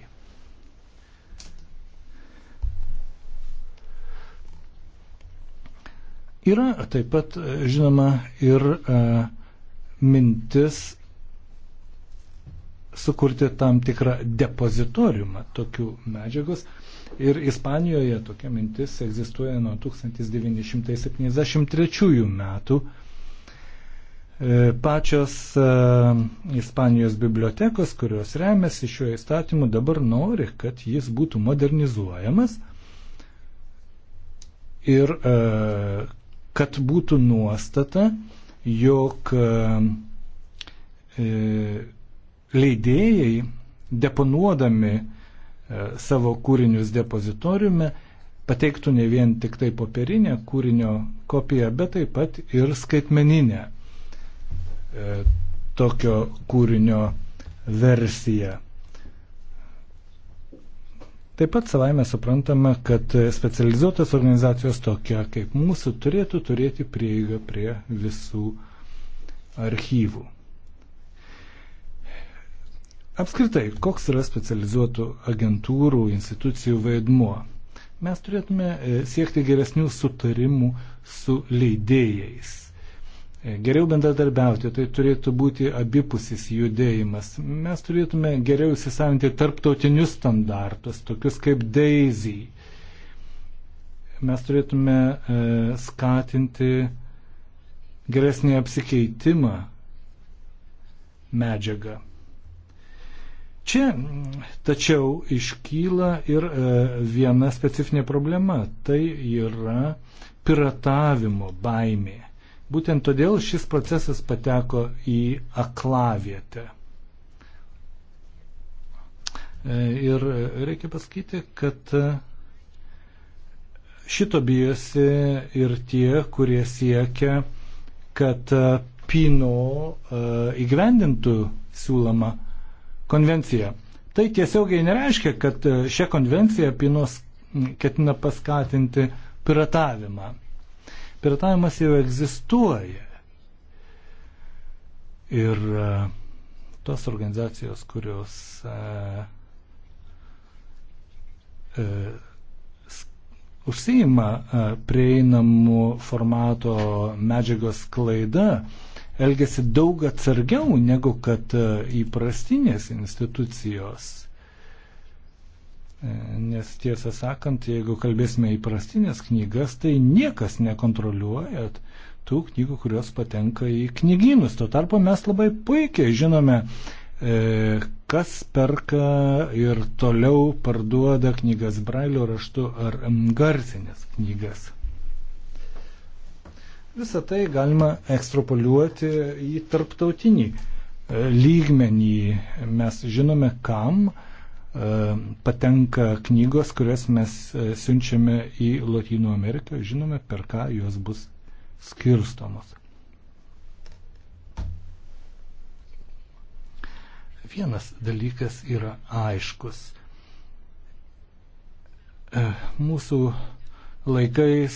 Yra taip pat, e, žinoma, ir e, mintis sukurti tam tikrą depozitoriumą tokių medžiagos, e, Ir Ispanijoje tokia mintis egzistuoja nuo 1973 metų. E, pačios e, Ispanijos bibliotekos, kurios remiasi šiuo įstatymu, dabar nori, kad jis būtų modernizuojamas ir e, kad būtų nuostata, jog leidėjai deponuodami E, savo kūrinius depozitoriume, pateiktų ne vien tik tai popierinę kūrinio kopiją, bet taip pat ir skaitmeninę e, tokio kūrinio versiją. Taip pat savaime suprantama, kad specializuotas organizacijos tokia kaip mūsų turėtų turėti prieigą prie visų archyvų. Apskritai, koks yra specializuotų agentūrų, institucijų vaidmuo? Mes turėtume e, siekti geresnių sutarimų su leidėjais. E, geriau bendradarbiauti, tai turėtų būti abipusis judėjimas. Mes turėtume geriau įsisavinti tarptautinius standartus, tokius kaip DAISY. Mes turėtume e, skatinti geresnį apsikeitimą medžiagą Čia tačiau iškyla ir e, viena specifinė problema - tai yra piratavimo baimė. Būtent todėl šis procesas pateko į aklavietę. E, ir reikia pasakyti, kad e, šito bijosi ir tie, kurie siekia, kad Pino įgyvendintų siūlomą konvenciją. Tai tiesiogiai nereiškia, kad e, šią konvenciją Pinos ketina paskatinti piratavimą. Piratavimas jau egzistuoja. Ir e, tos organizacijos, kurios e, e, užsiima e, prieinamų formato medžiagos klaida, e, elgesi daug atsargiau negu kad e, įprastinės institucijos. E, nes tiesą sakant, jeigu kalbėsime įprastinės knygas, tai niekas nekontroliuoja tų knygų, kurios patenka į knygynus. Tuo tarpu mes labai puikiai žinome, e, kas perka ir toliau parduoda knygas brailio raštu ar garsinės knygas. Visą tai galima ekstrapoliuoti į tarptautinį e, lygmenį. Mes žinome, kam e, patenka knygos, kurias mes e, siunčiame į Latino Ameriką, žinome, per ką jos bus skirstomos. Vienas dalykas yra aiškus. Mūsų laikais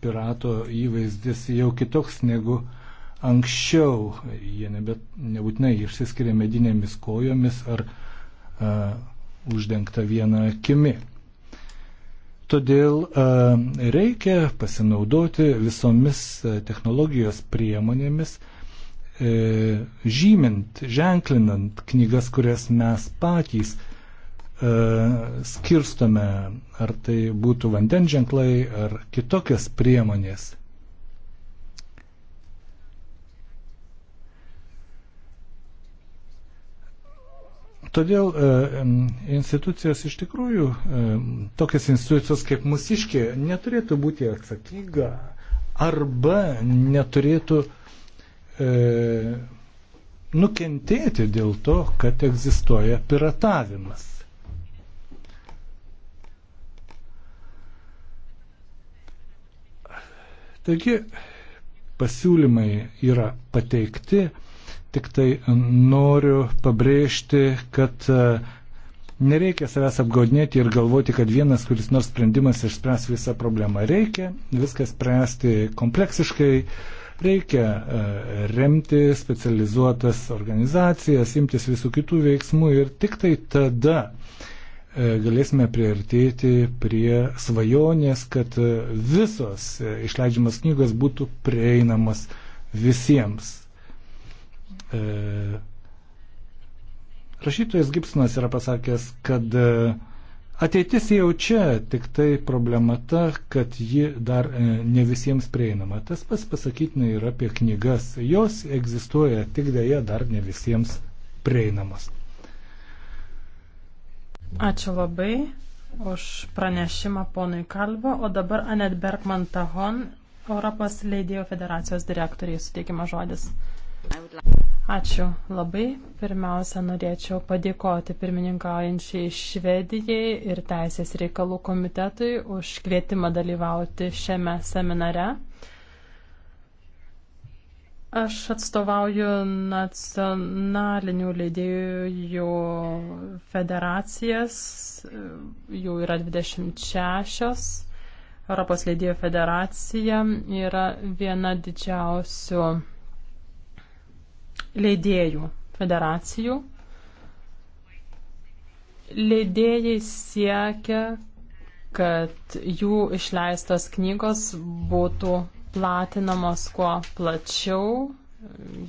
pirato įvaizdis jau kitoks negu anksčiau. Jie nebet, nebūtinai išsiskiria medinėmis kojomis ar a, uždengta viena akimi. Todėl a, reikia pasinaudoti visomis technologijos priemonėmis, e, žymint, ženklinant knygas, kurias mes patys E, skirstome, ar tai būtų vandenženklai, ar kitokios priemonės. Todėl e, institucijos iš tikrųjų, e, tokias institucijos kaip mūsiškė, neturėtų būti atsakinga arba neturėtų e, nukentėti dėl to, kad egzistuoja piratavimas. Taigi pasiūlymai yra pateikti, tik tai noriu pabrėžti, kad e, nereikia savęs apgaudinėti ir galvoti, kad vienas kuris nors sprendimas išspręs visą problemą. Reikia viską spręsti kompleksiškai, reikia e, remti specializuotas organizacijas, imtis visų kitų veiksmų ir tik tai tada E, galėsime priartėti prie svajonės, kad visos e, išleidžiamas knygos būtų prieinamas visiems. E, rašytojas Gibsonas yra pasakęs, kad ateitis jau čia, tik tai problema ta, kad ji dar ne visiems prieinama. Tas pats pasakytina yra apie knygas. Jos egzistuoja, tik dėja dar ne visiems prieinamos. Ačiū labai už pranešimą ponui Kalvo, o dabar Anet Bergman Tahon, Europos leidėjų federacijos direktoriai, suteikima žodis. Ačiū labai. Pirmiausia, norėčiau padėkoti pirmininkaujančiai Švedijai ir Teisės reikalų komitetui už kvietimą dalyvauti šiame seminare. Aš atstovauju nacionalinių leidėjų federacijas, jų yra 26. Europos leidėjų federacija yra viena didžiausių leidėjų federacijų. Leidėjai siekia, kad jų išleistos knygos būtų platinamos kuo plačiau,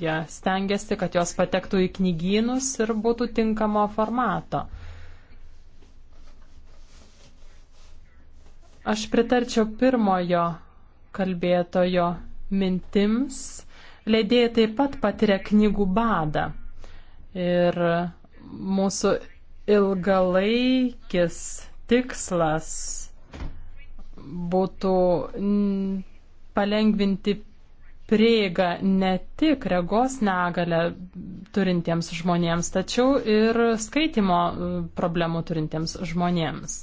jie ja, stengiasi, kad jos patektų į knygynus ir būtų tinkamo formato. Aš pritarčiau pirmojo kalbėtojo mintims. Leidėjai taip pat patiria knygų badą. Ir mūsų ilgalaikis tikslas būtų palengvinti prieigą ne tik regos negalę turintiems žmonėms, tačiau ir skaitimo e, problemų turintiems žmonėms.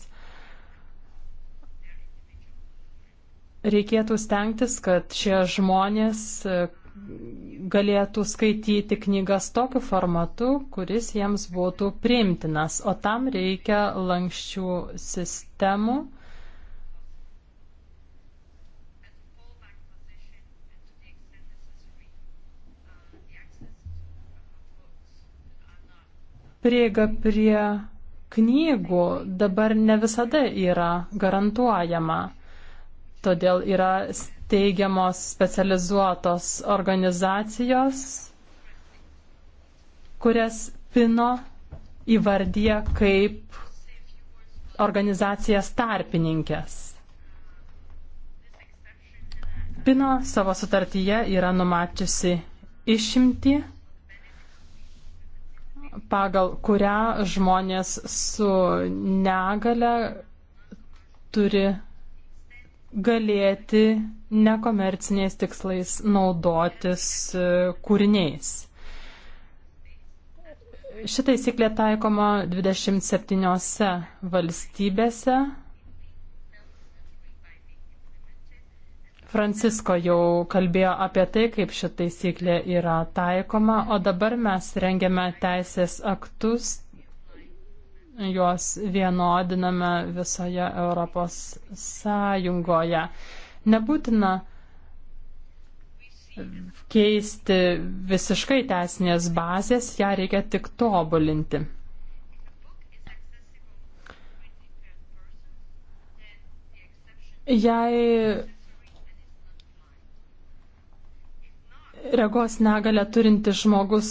Reikėtų stengtis, kad šie žmonės e, galėtų skaityti knygas tokiu formatu, kuris jiems būtų priimtinas, o tam reikia lankščių sistemų prieiga prie knygų dabar ne visada yra garantuojama. Todėl yra steigiamos specializuotos organizacijos, kurias Pino įvardyje kaip organizacijas tarpininkės. Pino savo sutartyje yra numačiusi išimti pagal kurią žmonės su negale turi galėti nekomerciniais tikslais naudotis e, kūriniais. Ši taisyklė taikoma 27 valstybėse Francisko jau kalbėjo apie tai, kaip ši taisyklė yra taikoma, o dabar mes rengiame teisės aktus, juos vienodiname visoje Europos Sąjungoje. Nebūtina keisti visiškai teisinės bazės, ją reikia tik tobulinti. Jei regos negalę turintis žmogus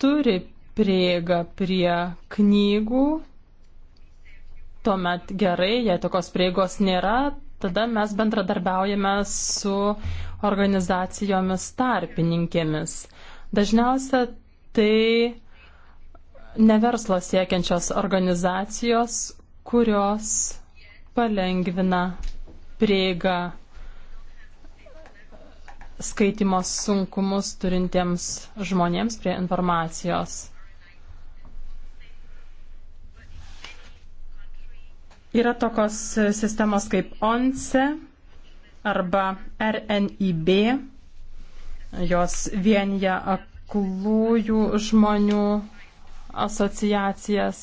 turi prieigą prie knygų, tuomet gerai, jei tokios prieigos nėra, tada mes bendradarbiaujame su organizacijomis tarpininkėmis. Dažniausia tai neverslo siekiančios organizacijos, kurios palengvina prieigą skaitimo sunkumus turintiems žmonėms prie informacijos. Yra tokios sistemos kaip ONCE arba RNIB, jos vienyje aklųjų žmonių asociacijas.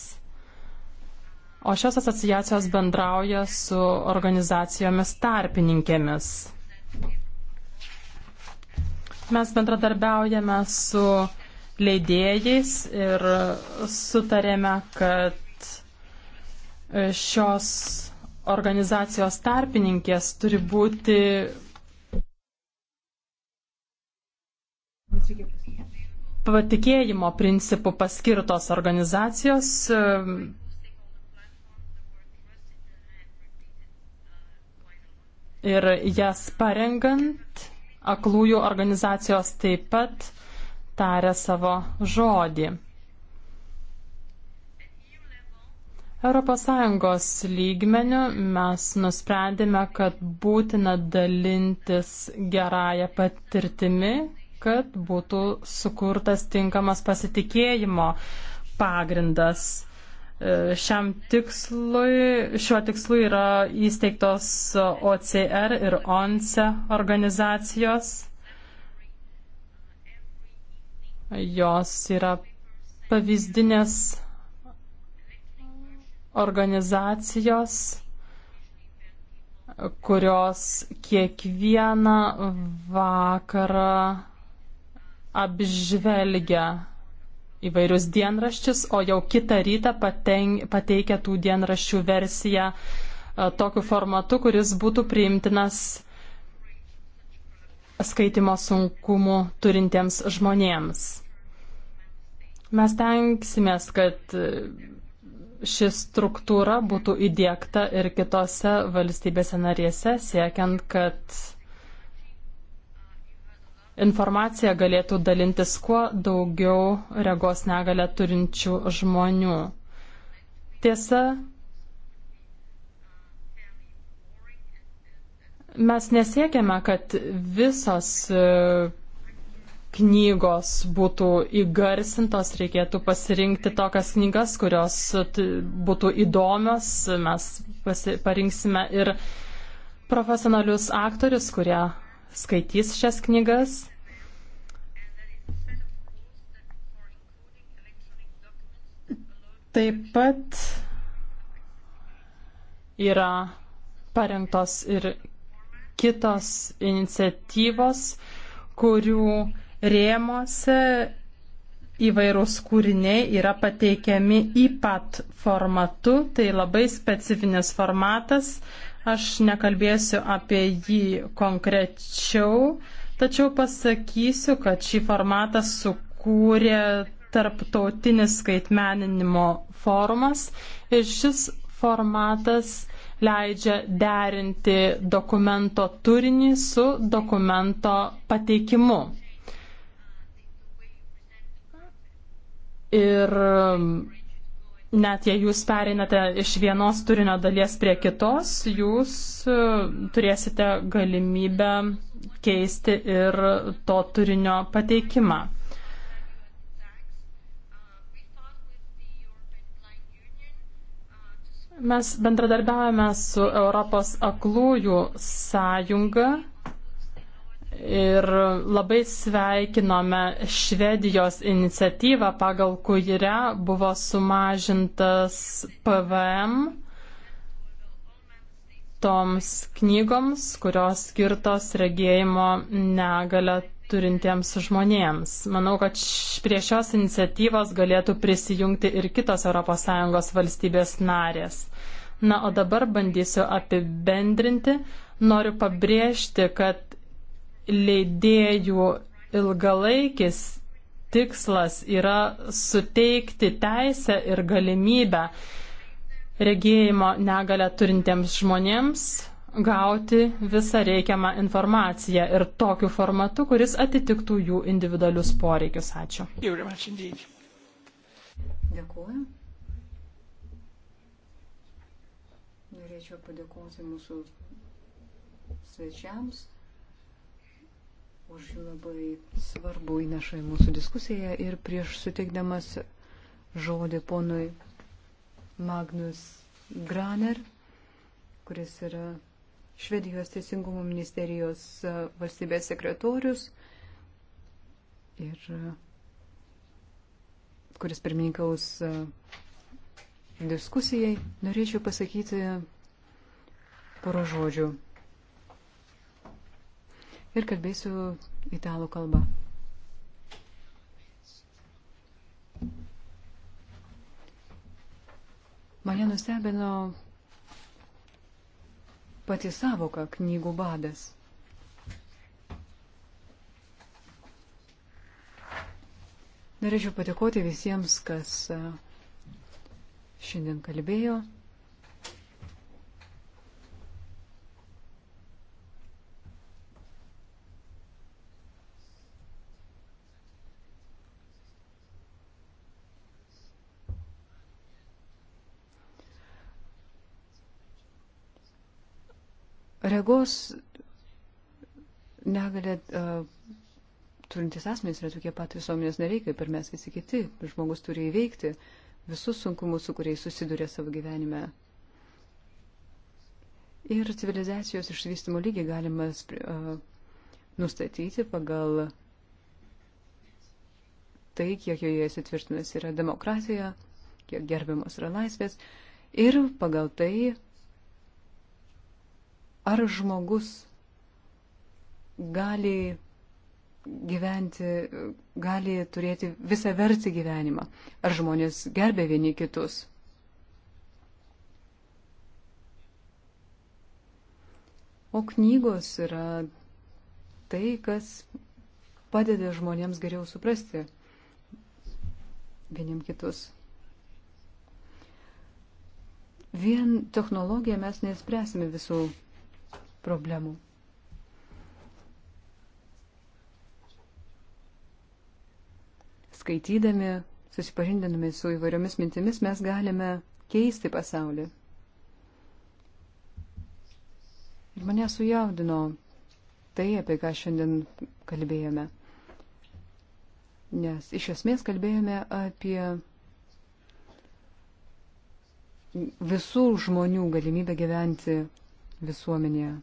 O šios asociacijos bendrauja su organizacijomis tarpininkėmis. Mes bendradarbiaujame su leidėjais ir sutarėme, kad šios organizacijos tarpininkės turi būti. Patikėjimo principų paskirtos organizacijos ir jas parengant aklųjų organizacijos taip pat tarė savo žodį. ES lygmenių mes nusprendėme, kad būtina dalintis gerąją patirtimi, kad būtų sukurtas tinkamas pasitikėjimo pagrindas. Šiam tikslui, šiuo tikslu yra įsteigtos OCR ir ONCE organizacijos. Jos yra pavyzdinės organizacijos, kurios kiekvieną vakarą apžvelgia įvairius dienraščius, o jau kitą rytą pateikia tų dienraščių versiją e, tokiu formatu, kuris būtų priimtinas skaitimo sunkumų turintiems žmonėms. Mes tenksimės, kad e, ši struktūra būtų įdėkta ir kitose valstybėse narėse, siekiant, kad informacija galėtų dalintis kuo daugiau regos negalę turinčių žmonių. Tiesa, mes nesiekiame, kad visos e, knygos būtų įgarsintos, reikėtų pasirinkti tokias knygas, kurios e, būtų įdomios. Mes parinksime ir profesionalius aktorius, kurie skaitys šias knygas. Taip pat yra parengtos ir kitos iniciatyvos, kurių rėmose įvairūs kūriniai yra pateikiami įpat formatu, tai labai specifinis formatas. Aš nekalbėsiu apie jį konkrečiau, tačiau pasakysiu, kad šį formatą sukūrė tarptautinis skaitmeninimo forumas ir šis formatas leidžia derinti dokumento turinį su dokumento pateikimu. Ir um, net jei jūs pereinate iš vienos turinio dalies prie kitos, jūs um, turėsite galimybę keisti ir to turinio pateikimą. Mes bendradarbiavame su Europos aklųjų sąjunga ir labai sveikinome Švedijos iniciatyvą, pagal kurią buvo sumažintas PVM toms knygoms, kurios skirtos regėjimo negalę turintiems žmonėms. Manau, kad prie šios iniciatyvos galėtų prisijungti ir kitos ES valstybės narės. Na, o dabar bandysiu apibendrinti. Noriu pabrėžti, kad leidėjų ilgalaikis tikslas yra suteikti teisę ir galimybę regėjimo negalę turintiems žmonėms gauti visą reikiamą informaciją ir tokiu formatu, kuris atitiktų jų individualius poreikius. Ačiū. Dėkuoju. Norėčiau padėkoti mūsų svečiams už jų labai svarbu įnašą į mūsų diskusiją ir prieš suteikdamas žodį ponui Magnus Graner, kuris yra Švedijos teisingumo ministerijos e, valstybės sekretorius, ir, e, kuris pirmininkaus e, diskusijai, norėčiau pasakyti porą žodžių. Ir kalbėsiu italų kalbą. Mane nustebino pati savoka knygų badas. Norėčiau patikoti visiems, kas šiandien kalbėjo. Regos negalė e, turintys asmenys yra tokie pat visuomenės nariai, kaip ir mes visi kiti. Žmogus turi įveikti visus sunkumus, su kuriais susiduria savo gyvenime. Ir civilizacijos išsivystimo lygį galima uh, nustatyti pagal tai, kiek joje įsitvirtinęs yra demokratija, kiek gerbiamos yra laisvės ir pagal tai, Ar žmogus gali gyventi, gali turėti visą vertį gyvenimą? Ar žmonės gerbė vieni kitus? O knygos yra tai, kas padeda žmonėms geriau suprasti vieniem kitus. Vien technologiją mes nespręsime visų problemų. Skaitydami, susipažindami su įvairiomis mintimis, mes galime keisti pasaulį. Ir mane sujaudino tai, apie ką šiandien kalbėjome. Nes iš esmės kalbėjome apie visų žmonių galimybę gyventi visuomenėje.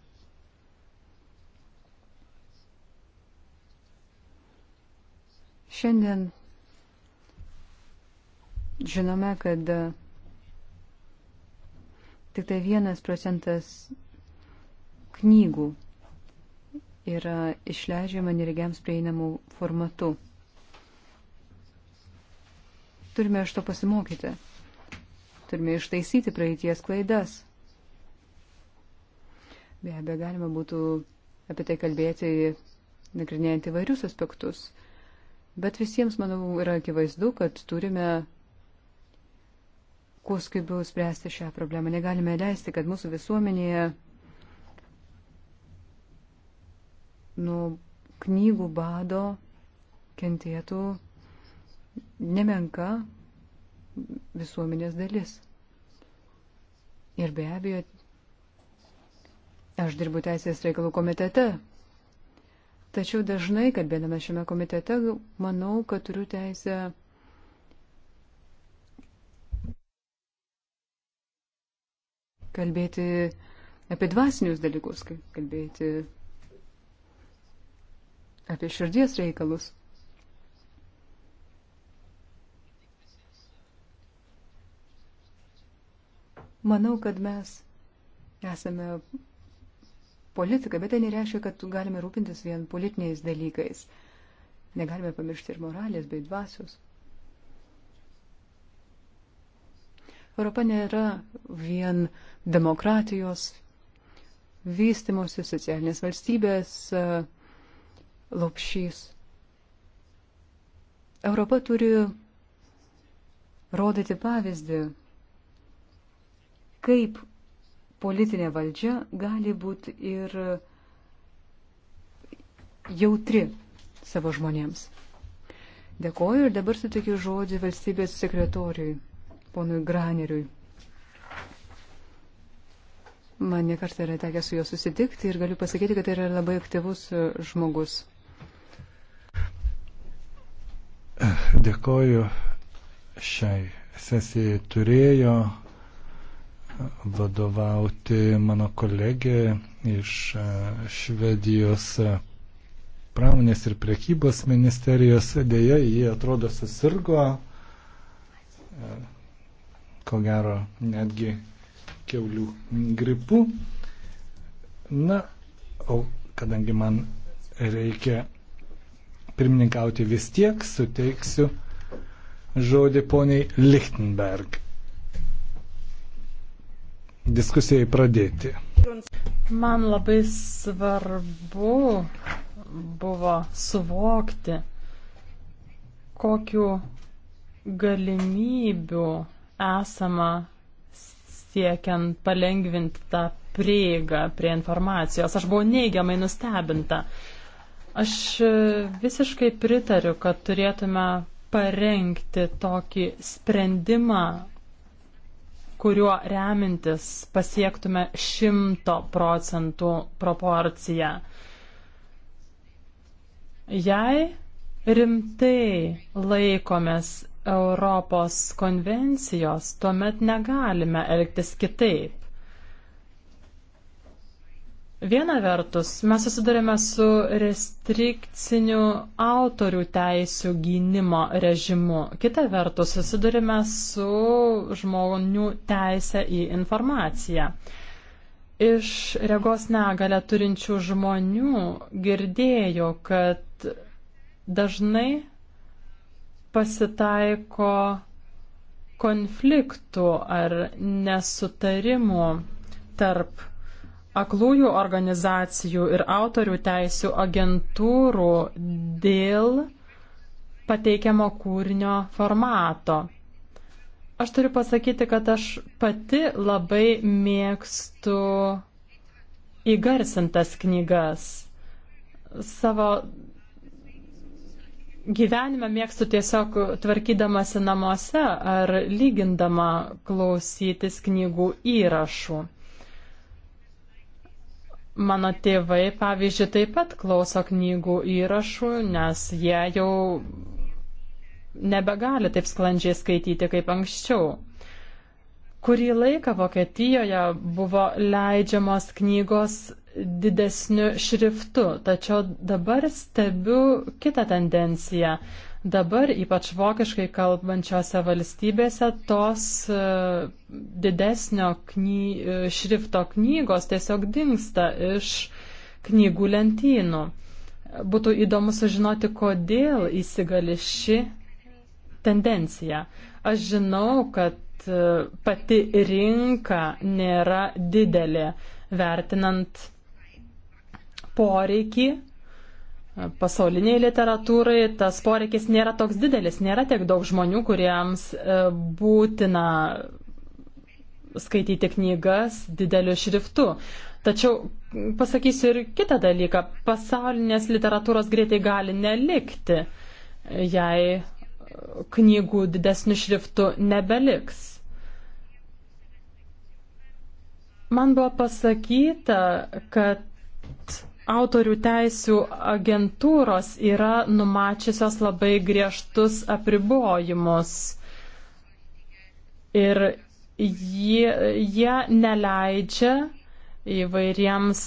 Šiandien žinome, kad tik tai vienas procentas knygų yra išleidžiama neregiams prieinamų formatų. Turime iš to pasimokyti. Turime ištaisyti praeities klaidas. Be abejo, galima būtų apie tai kalbėti, nagrinėjant įvairius aspektus. Bet visiems, manau, yra akivaizdu, kad turime kuo skubiau spręsti šią problemą. Negalime leisti, kad mūsų visuomenėje nuo knygų bado kentėtų nemenka visuomenės dalis. Ir be abejo, aš dirbu Teisės reikalų komitete, Tačiau dažnai, kalbėdama šiame komitete, manau, kad turiu teisę. Kalbėti apie dvasinius dalykus, kalbėti apie širdies reikalus. Manau, kad mes esame politiką, bet tai nereiškia, kad galime rūpintis vien politiniais dalykais. Negalime pamiršti ir moralės bei dvasios. Europa nėra vien demokratijos, vystimosi, socialinės valstybės e, lopšys. Europa turi rodyti pavyzdį, kaip politinė valdžia gali būti ir jautri savo žmonėms. Dėkoju ir dabar sutikiu žodį valstybės sekretoriui, ponui Graneriui. Man nekartą yra tekę su juo susitikti ir galiu pasakyti, kad tai yra labai aktyvus žmogus. Dėkoju šiai sesijai turėjo vadovauti mano kolegė iš e, Švedijos pramonės ir prekybos ministerijos. Dėja, jie atrodo susirgo, e, ko gero netgi keulių gripu. Na, o kadangi man reikia pirmininkauti vis tiek, suteiksiu žodį poniai Lichtenberg diskusijai pradėti. Man labai svarbu buvo suvokti, kokiu galimybių esama siekiant palengvinti tą prieigą prie informacijos. Aš buvau neigiamai nustebinta. Aš visiškai pritariu, kad turėtume parengti tokį sprendimą, kuriuo remintis pasiektume 100 procentų proporciją. Jei rimtai laikomės Europos konvencijos, tuomet negalime elgtis kitaip. Viena vertus, mes susidurėme su restrikciniu autorių teisų gynimo režimu. Kita vertus, susidurėme su žmonių teisė į informaciją. Iš regos negalę turinčių žmonių girdėjo, kad dažnai pasitaiko konfliktų ar nesutarimų tarp aklųjų organizacijų ir autorių teisių agentūrų dėl pateikiamo kūrinio formato. Aš turiu pasakyti, kad aš pati labai mėgstu įgarsintas knygas. Savo gyvenime mėgstu tiesiog tvarkydamasi namuose ar lygindama klausytis knygų įrašų. Mano tėvai, pavyzdžiui, taip pat klauso knygų įrašų, nes jie jau nebegali taip sklandžiai skaityti kaip anksčiau. Kurį laiką Vokietijoje buvo leidžiamos knygos didesniu šriftu, tačiau dabar stebiu kitą tendenciją. Dabar, ypač vokiškai kalbančiose valstybėse, tos e, didesnio kny, e, šrifto knygos tiesiog dinksta iš knygų lentynų. Būtų įdomu sužinoti, kodėl įsigali ši tendencija. Aš žinau, kad e, pati rinka nėra didelė, vertinant poreikį pasauliniai literatūrai tas poreikis nėra toks didelis, nėra tiek daug žmonių, kuriems e, būtina skaityti knygas dideliu šriftu. Tačiau pasakysiu ir kitą dalyką. Pasaulinės literatūros greitai gali nelikti, jei knygų didesnių šriftų nebeliks. Man buvo pasakyta, kad Autorių teisų agentūros yra numačiusios labai griežtus apribojimus ir jie, jie neleidžia įvairiems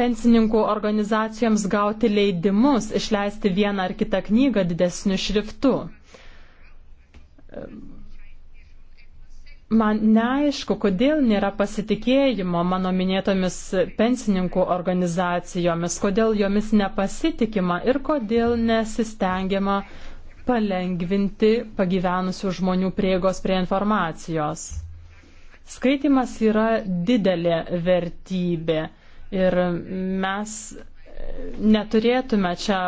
pensininkų organizacijoms gauti leidimus išleisti vieną ar kitą knygą didesniu šriftu. Man neaišku, kodėl nėra pasitikėjimo mano minėtomis pensininkų organizacijomis, kodėl jomis nepasitikima ir kodėl nesistengiama palengvinti pagyvenusių žmonių prieigos prie informacijos. Skaitimas yra didelė vertybė ir mes neturėtume čia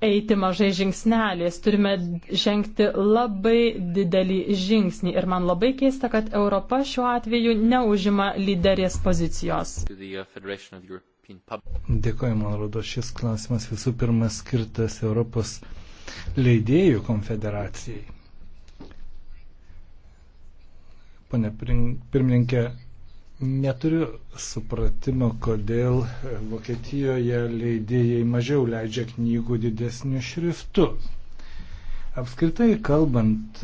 eiti mažai žingsneliais, turime žengti labai didelį žingsnį. Ir man labai keista, kad Europa šiuo atveju neužima lyderės pozicijos. Dėkoju, man rodo, šis klausimas visų pirma skirtas Europos leidėjų konfederacijai. Pane pirmininkė, Neturiu supratimo, kodėl Vokietijoje leidėjai mažiau leidžia knygų didesniu šriftu. Apskritai kalbant,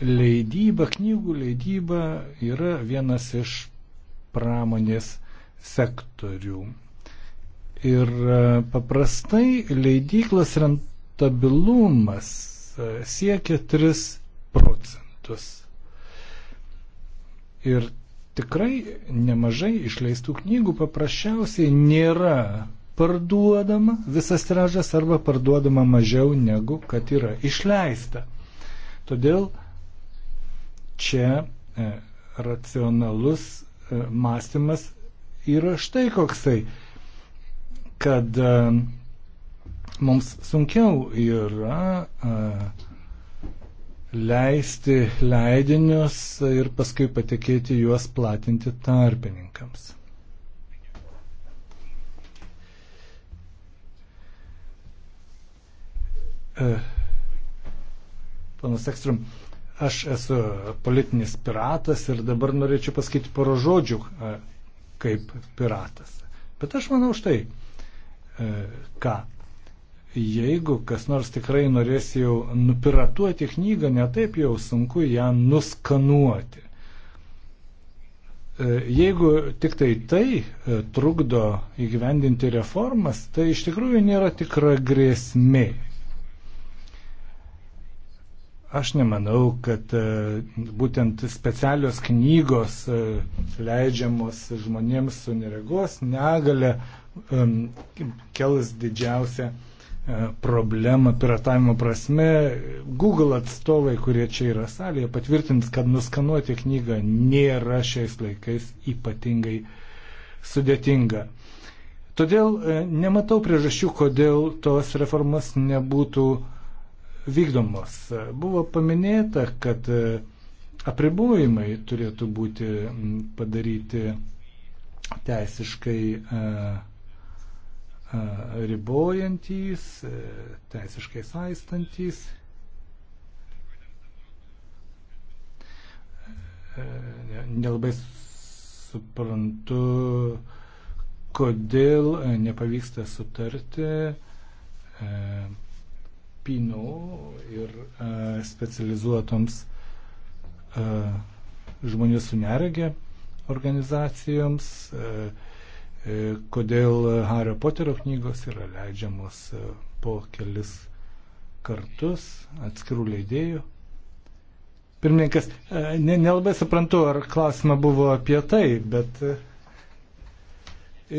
leidyba, knygų leidyba yra vienas iš pramonės sektorių. Ir e, paprastai leidyklas rentabilumas e, siekia 3 procentus. Ir tikrai nemažai išleistų knygų paprasčiausiai nėra parduodama visas tiražas arba parduodama mažiau negu kad yra išleista. Todėl čia e, racionalus e, mąstymas yra štai koksai, kad e, mums sunkiau yra leisti leidinius ir paskui patikėti juos platinti tarpininkams. E, Panas Ekstrom, aš esu politinis piratas ir dabar norėčiau pasakyti poro žodžių e, kaip piratas. Bet aš manau štai, e, ką jeigu kas nors tikrai norės jau nupiratuoti knygą, netaip jau sunku ją nuskanuoti. E, jeigu tik tai tai e, trukdo įgyvendinti reformas, tai iš tikrųjų nėra tikra grėsmė. Aš nemanau, kad e, būtent specialios knygos leidžiamos žmonėms su neregos negale kels didžiausią E, problemą piratavimo prasme. Google atstovai, kurie čia yra salėje, patvirtins, kad nuskanuoti knygą nėra šiais laikais ypatingai sudėtinga. Todėl e, nematau priežasčių, kodėl tos reformos nebūtų vykdomos. Buvo paminėta, kad e, apribojimai turėtų būti padaryti teisiškai uh, ribojantys, e, teisiškai saistantys. E, nelabai suprantu, kodėl e, nepavyksta sutarti Pino ir specializuotoms žmonių su neregė organizacijoms. E, E, kodėl Hario Poterio knygos yra leidžiamos e, po kelis kartus atskirų leidėjų. Pirmininkas, e, ne, nelabai suprantu, ar klausimą buvo apie tai, bet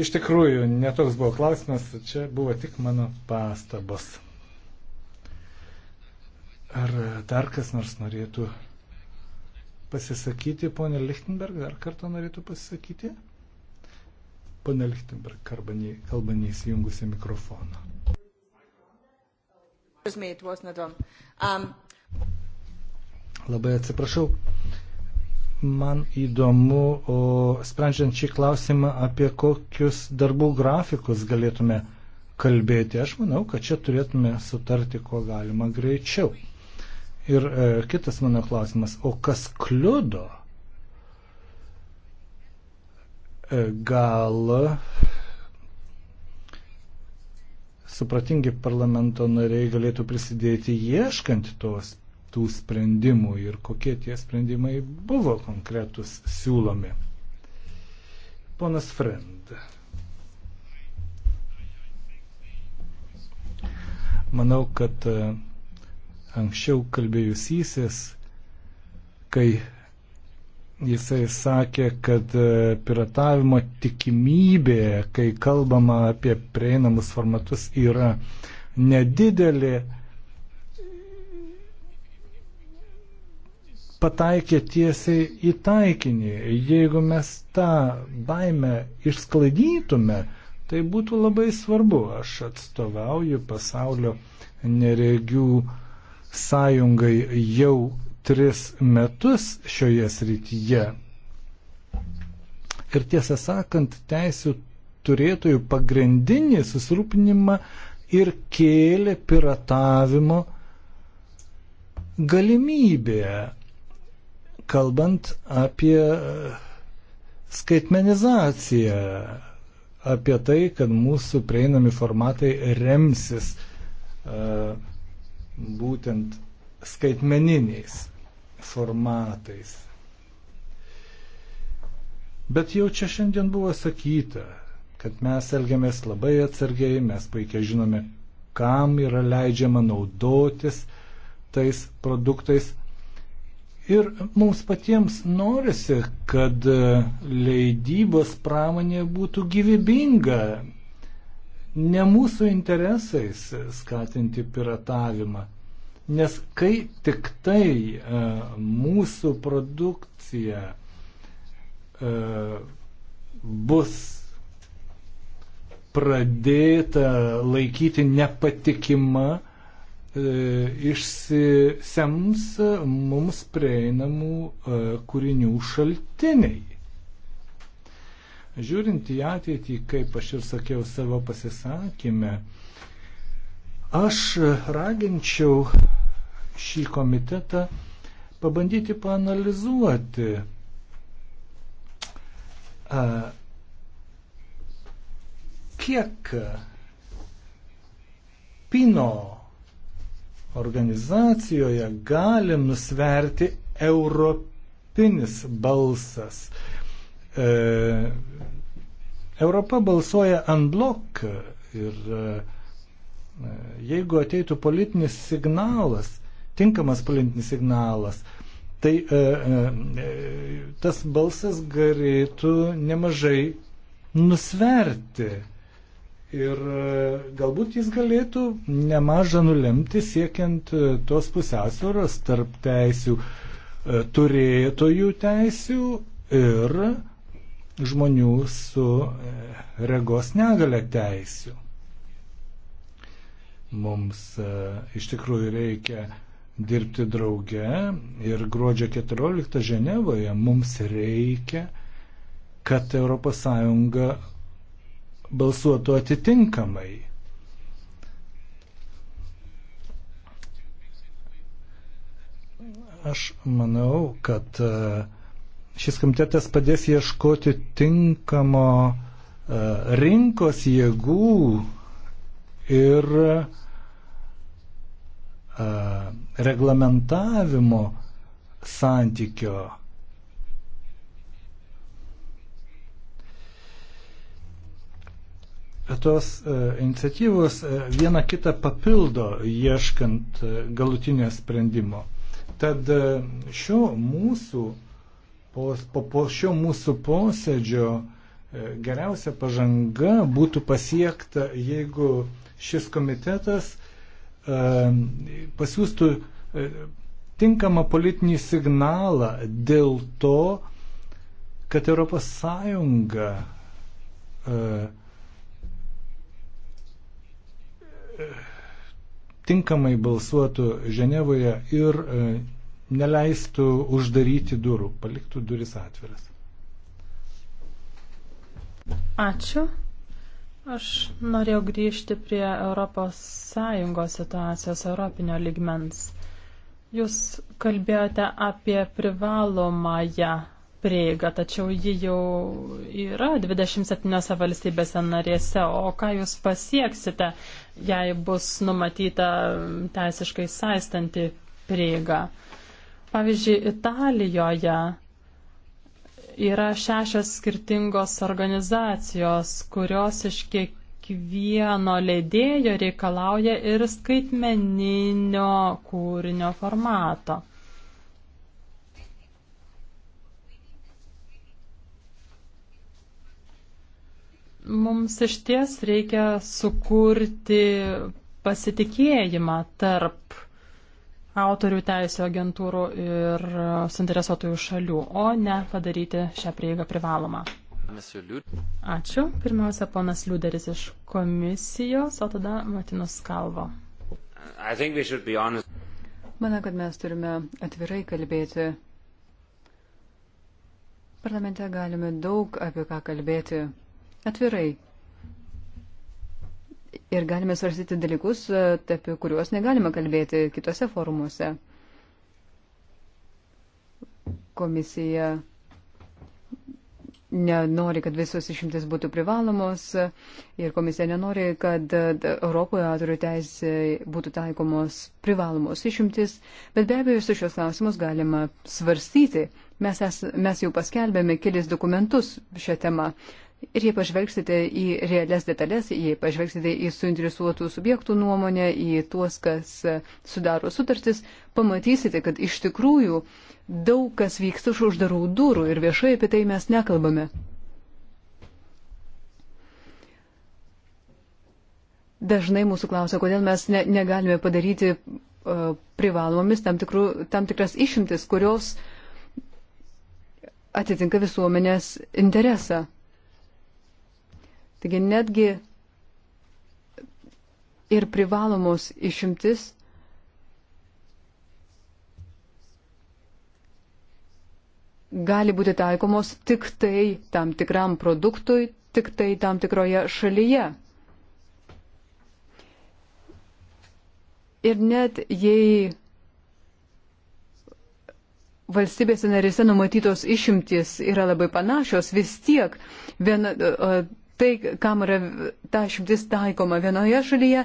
iš tikrųjų netoks buvo klausimas, čia buvo tik mano pastabos. Ar dar kas nors norėtų pasisakyti, ponė Lichtenberg, dar kartą norėtų pasisakyti? Pane Lichtenberg, kalba neįsijungusi mikrofoną. Um, Labai atsiprašau. Man įdomu, o sprendžiant šį klausimą, apie kokius darbų grafikus galėtume kalbėti. Aš manau, kad čia turėtume sutarti, ko galima greičiau. Ir e, kitas mano klausimas, o kas kliudo Gal supratingi parlamento nariai galėtų prisidėti ieškant tos, tų sprendimų ir kokie tie sprendimai buvo konkretus siūlomi. Ponas Friend. Manau, kad e, anksčiau kalbėjusysis, kai Jisai sakė, kad e, piratavimo tikimybė, kai kalbama apie prieinamus formatus, yra nedidelė. Pataikė tiesiai į taikinį. Jeigu mes tą baimę išsklaidytume, tai būtų labai svarbu. Aš atstovauju pasaulio neregių sąjungai jau tris metus šioje srityje. Ir tiesą sakant, teisų turėtojų pagrindinį susirūpinimą ir kėlė piratavimo galimybė, kalbant apie skaitmenizaciją, apie tai, kad mūsų prieinami formatai remsis e, būtent skaitmeniniais formatais. Bet jau čia šiandien buvo sakyta, kad mes elgiamės labai atsargiai, mes puikiai žinome, kam yra leidžiama naudotis tais produktais. Ir mums patiems norisi, kad leidybos pramonė būtų gyvybinga, ne mūsų interesais skatinti piratavimą. Nes kai tik tai e, mūsų produkcija e, bus pradėta laikyti nepatikima, e, išsisems mums prieinamų kūrinių šaltiniai. Žiūrint į ateitį, kaip aš ir sakiau savo pasisakymę, Aš e, raginčiau šį komitetą pabandyti panalizuoti, e, kiek Pino organizacijoje gali nusverti europinis balsas. E, Europa balsuoja ant blok ir e, Jeigu ateitų politinis signalas, tinkamas politinis signalas, tai e, e, e tas balsas galėtų nemažai nusverti. Ir e, galbūt jis galėtų nemažą nulemti siekiant e, tos pusiausvėros tarp teisių turėtojų teisių ir žmonių su regos negale teisių. Mums e, iš tikrųjų reikia dirbti drauge ir gruodžio 14 Ženevoje mums reikia, kad ES balsuotų atitinkamai. Aš manau, kad e, šis komitetas padės ieškoti tinkamo e, rinkos jėgų ir uh, E, reglamentavimo santykio. Tos e, iniciatyvos e, viena kitą papildo ieškant galutinio sprendimo. Tad šio mūsų, po, po šio mūsų posėdžio geriausia pažanga būtų pasiekta, jeigu šis komitetas Ehm, pasiūstų e, tinkamą politinį signalą dėl to, kad ES e, e, tinkamai balsuotų Ženevoje ir neleistų uždaryti durų, paliktų duris atviras. Ačiū. Aš norėjau grįžti prie ES situacijos europinio ligmens. Jūs kalbėjote apie privalomąją prieigą, tačiau ji jau yra 27 valstybėse narėse. O ką jūs pasieksite, jei bus numatyta teisiškai saistanti prieiga? Pavyzdžiui, Italijoje Yra šešios skirtingos organizacijos, kurios iš kiekvieno leidėjo reikalauja ir skaitmeninio kūrinio formato. mums iš ties reikia sukurti pasitikėjimą tarp autorių teisų agentūrų ir e, suinteresuotųjų šalių, o ne padaryti šią prieigą privalomą. Ačiū. Pirmiausia, ponas Liuderis iš komisijos, o tada Matinus Kalvo. Manau, kad mes turime atvirai kalbėti. Parlamente galime daug apie ką kalbėti. Atvirai ir galime svarstyti dalykus, e, apie kuriuos negalime kalbėti kitose forumuose. Komisija nenori, kad visos išimtis būtų privalomos ir komisija nenori, kad e, Europoje autorių teisė būtų taikomos privalomos išimtis, bet be abejo, su šios klausimus galima svarstyti. Mes, es, mes jau paskelbėme kelis dokumentus šią temą. Ir jei pažvelgsite į realias detalės, jei pažvelgsite į suinteresuotų subjektų nuomonę, į tuos, kas sudaro sutartis, pamatysite, kad iš tikrųjų daug kas vyksta už uždarų durų ir viešai apie tai mes nekalbame. Dažnai mūsų klausia, kodėl mes ne, negalime padaryti uh, privalomomis tam, tikrų, tam tikras išimtis, kurios atitinka visuomenės interesą. Taigi netgi ir privalomos išimtis gali būti taikomos tik tai tam tikram produktui, tik tai tam tikroje šalyje. Ir net jei valstybėse narėse numatytos išimtis yra labai panašios, vis tiek viena, tai, kam yra ta šimtis taikoma vienoje šalyje,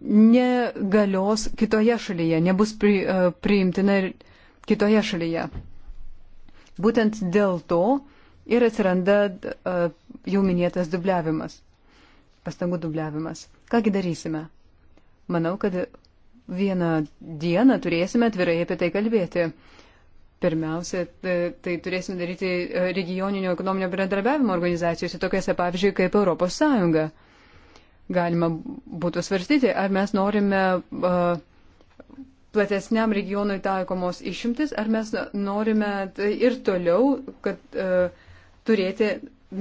negalios kitoje šalyje, nebus pri, e, priimtina ir kitoje šalyje. Būtent dėl to ir atsiranda e, jau minėtas dubliavimas, pastangų dubliavimas. Kągi darysime? Manau, kad vieną dieną turėsime atvirai apie tai kalbėti. Pirmiausia, tai, tai turėsime daryti e, regioninio ekonominio bendradarbiavimo organizacijose, tokiuose pavyzdžiui kaip Europos Sąjunga. Galima būtų svarstyti, ar mes norime uh, platesniam regionui taikomos išimtis, ar mes norime tai ir toliau, kad uh, turėti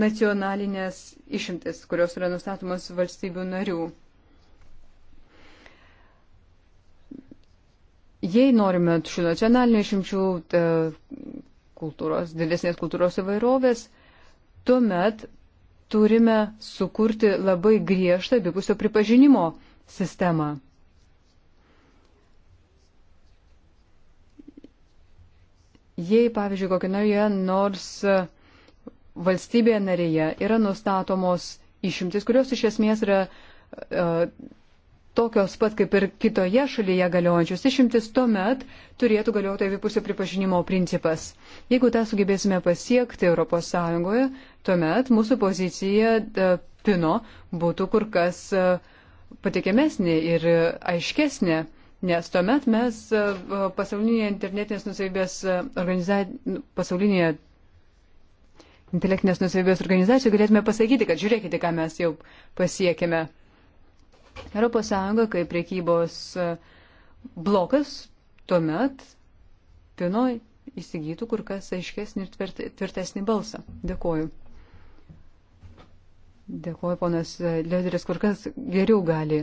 nacionalinės išimtis, kurios yra nustatomos valstybių narių. Jei norime šių nacionalinių išimčių e, kultūros, didesnės kultūros įvairovės, tuomet turime sukurti labai griežtą abipusio pripažinimo sistemą. Jei, pavyzdžiui, kokioje nors valstybėje narėje yra nustatomos išimtis, kurios iš esmės yra uh, tokios pat kaip ir kitoje šalyje galiojančios išimtis, tuomet turėtų galioti abipusio pripažinimo principas. Jeigu tą sugebėsime pasiekti ES, tuomet mūsų pozicija e, pino būtų kur kas e, patikimesnė ir aiškesnė. Nes tuomet mes e, pasaulinėje internetinės nusavybės organizacijoje, pasaulinėje intelektinės nusavybės organizacijoje galėtume pasakyti, kad žiūrėkite, ką mes jau pasiekime. ES kaip priekybos e, blokas tuomet Pino įsigytų kur kas aiškesnį ir tvirtesnį balsą. Dėkoju. Dėkoju, ponas e, Lederis, kur kas geriau gali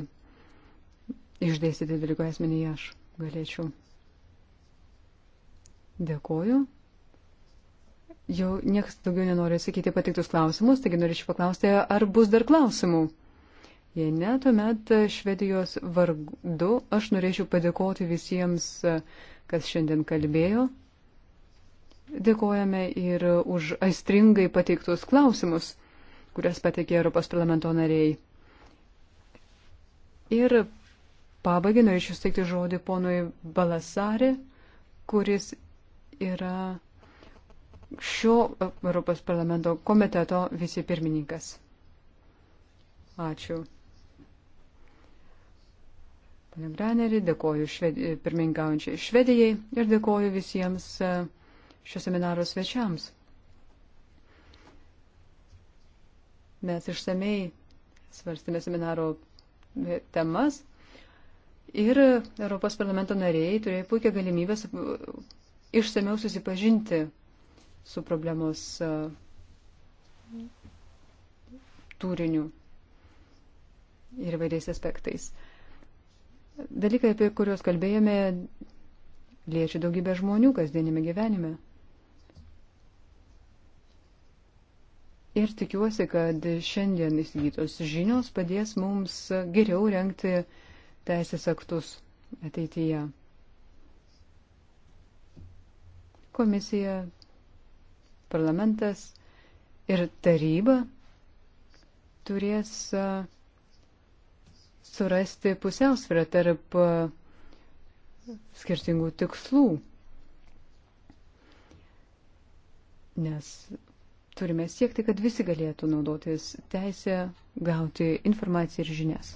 išdėstyti dalyko esmenį, aš galėčiau. Dėkoju. Jau niekas daugiau nenori sakyti patiktus klausimus, taigi norėčiau paklausti, ar bus dar klausimų. Jei ne, tuomet Švedijos vardu aš norėčiau padėkoti visiems, kas šiandien kalbėjo. Dėkojame ir už aistringai pateiktus klausimus, kurias pateikė Europos parlamento nariai. Ir pabaigai norėčiau steikti žodį ponui Balasari, kuris yra šio Europos parlamento komiteto vicepirmininkas. Ačiū. Pane Brennerį, dėkoju švedi, pirmingaujančiai Švedijai ir dėkoju visiems e, šio seminaro svečiams. Mes išsamei svarstėme seminaro temas ir Europos parlamento nariai turėjo puikią galimybę išsameu susipažinti su problemos e, turiniu ir vairiais aspektais. Dalykai, apie kuriuos kalbėjome, liečia daugybę žmonių kasdienime gyvenime. Ir tikiuosi, kad šiandien įsigytos žinios padės mums geriau renkti teisės aktus ateityje. Komisija, parlamentas ir taryba turės uh, surasti pusiausvyrą tarp e, skirtingų tikslų. Nes turime siekti, kad visi galėtų naudotis teisę gauti informaciją ir žinias.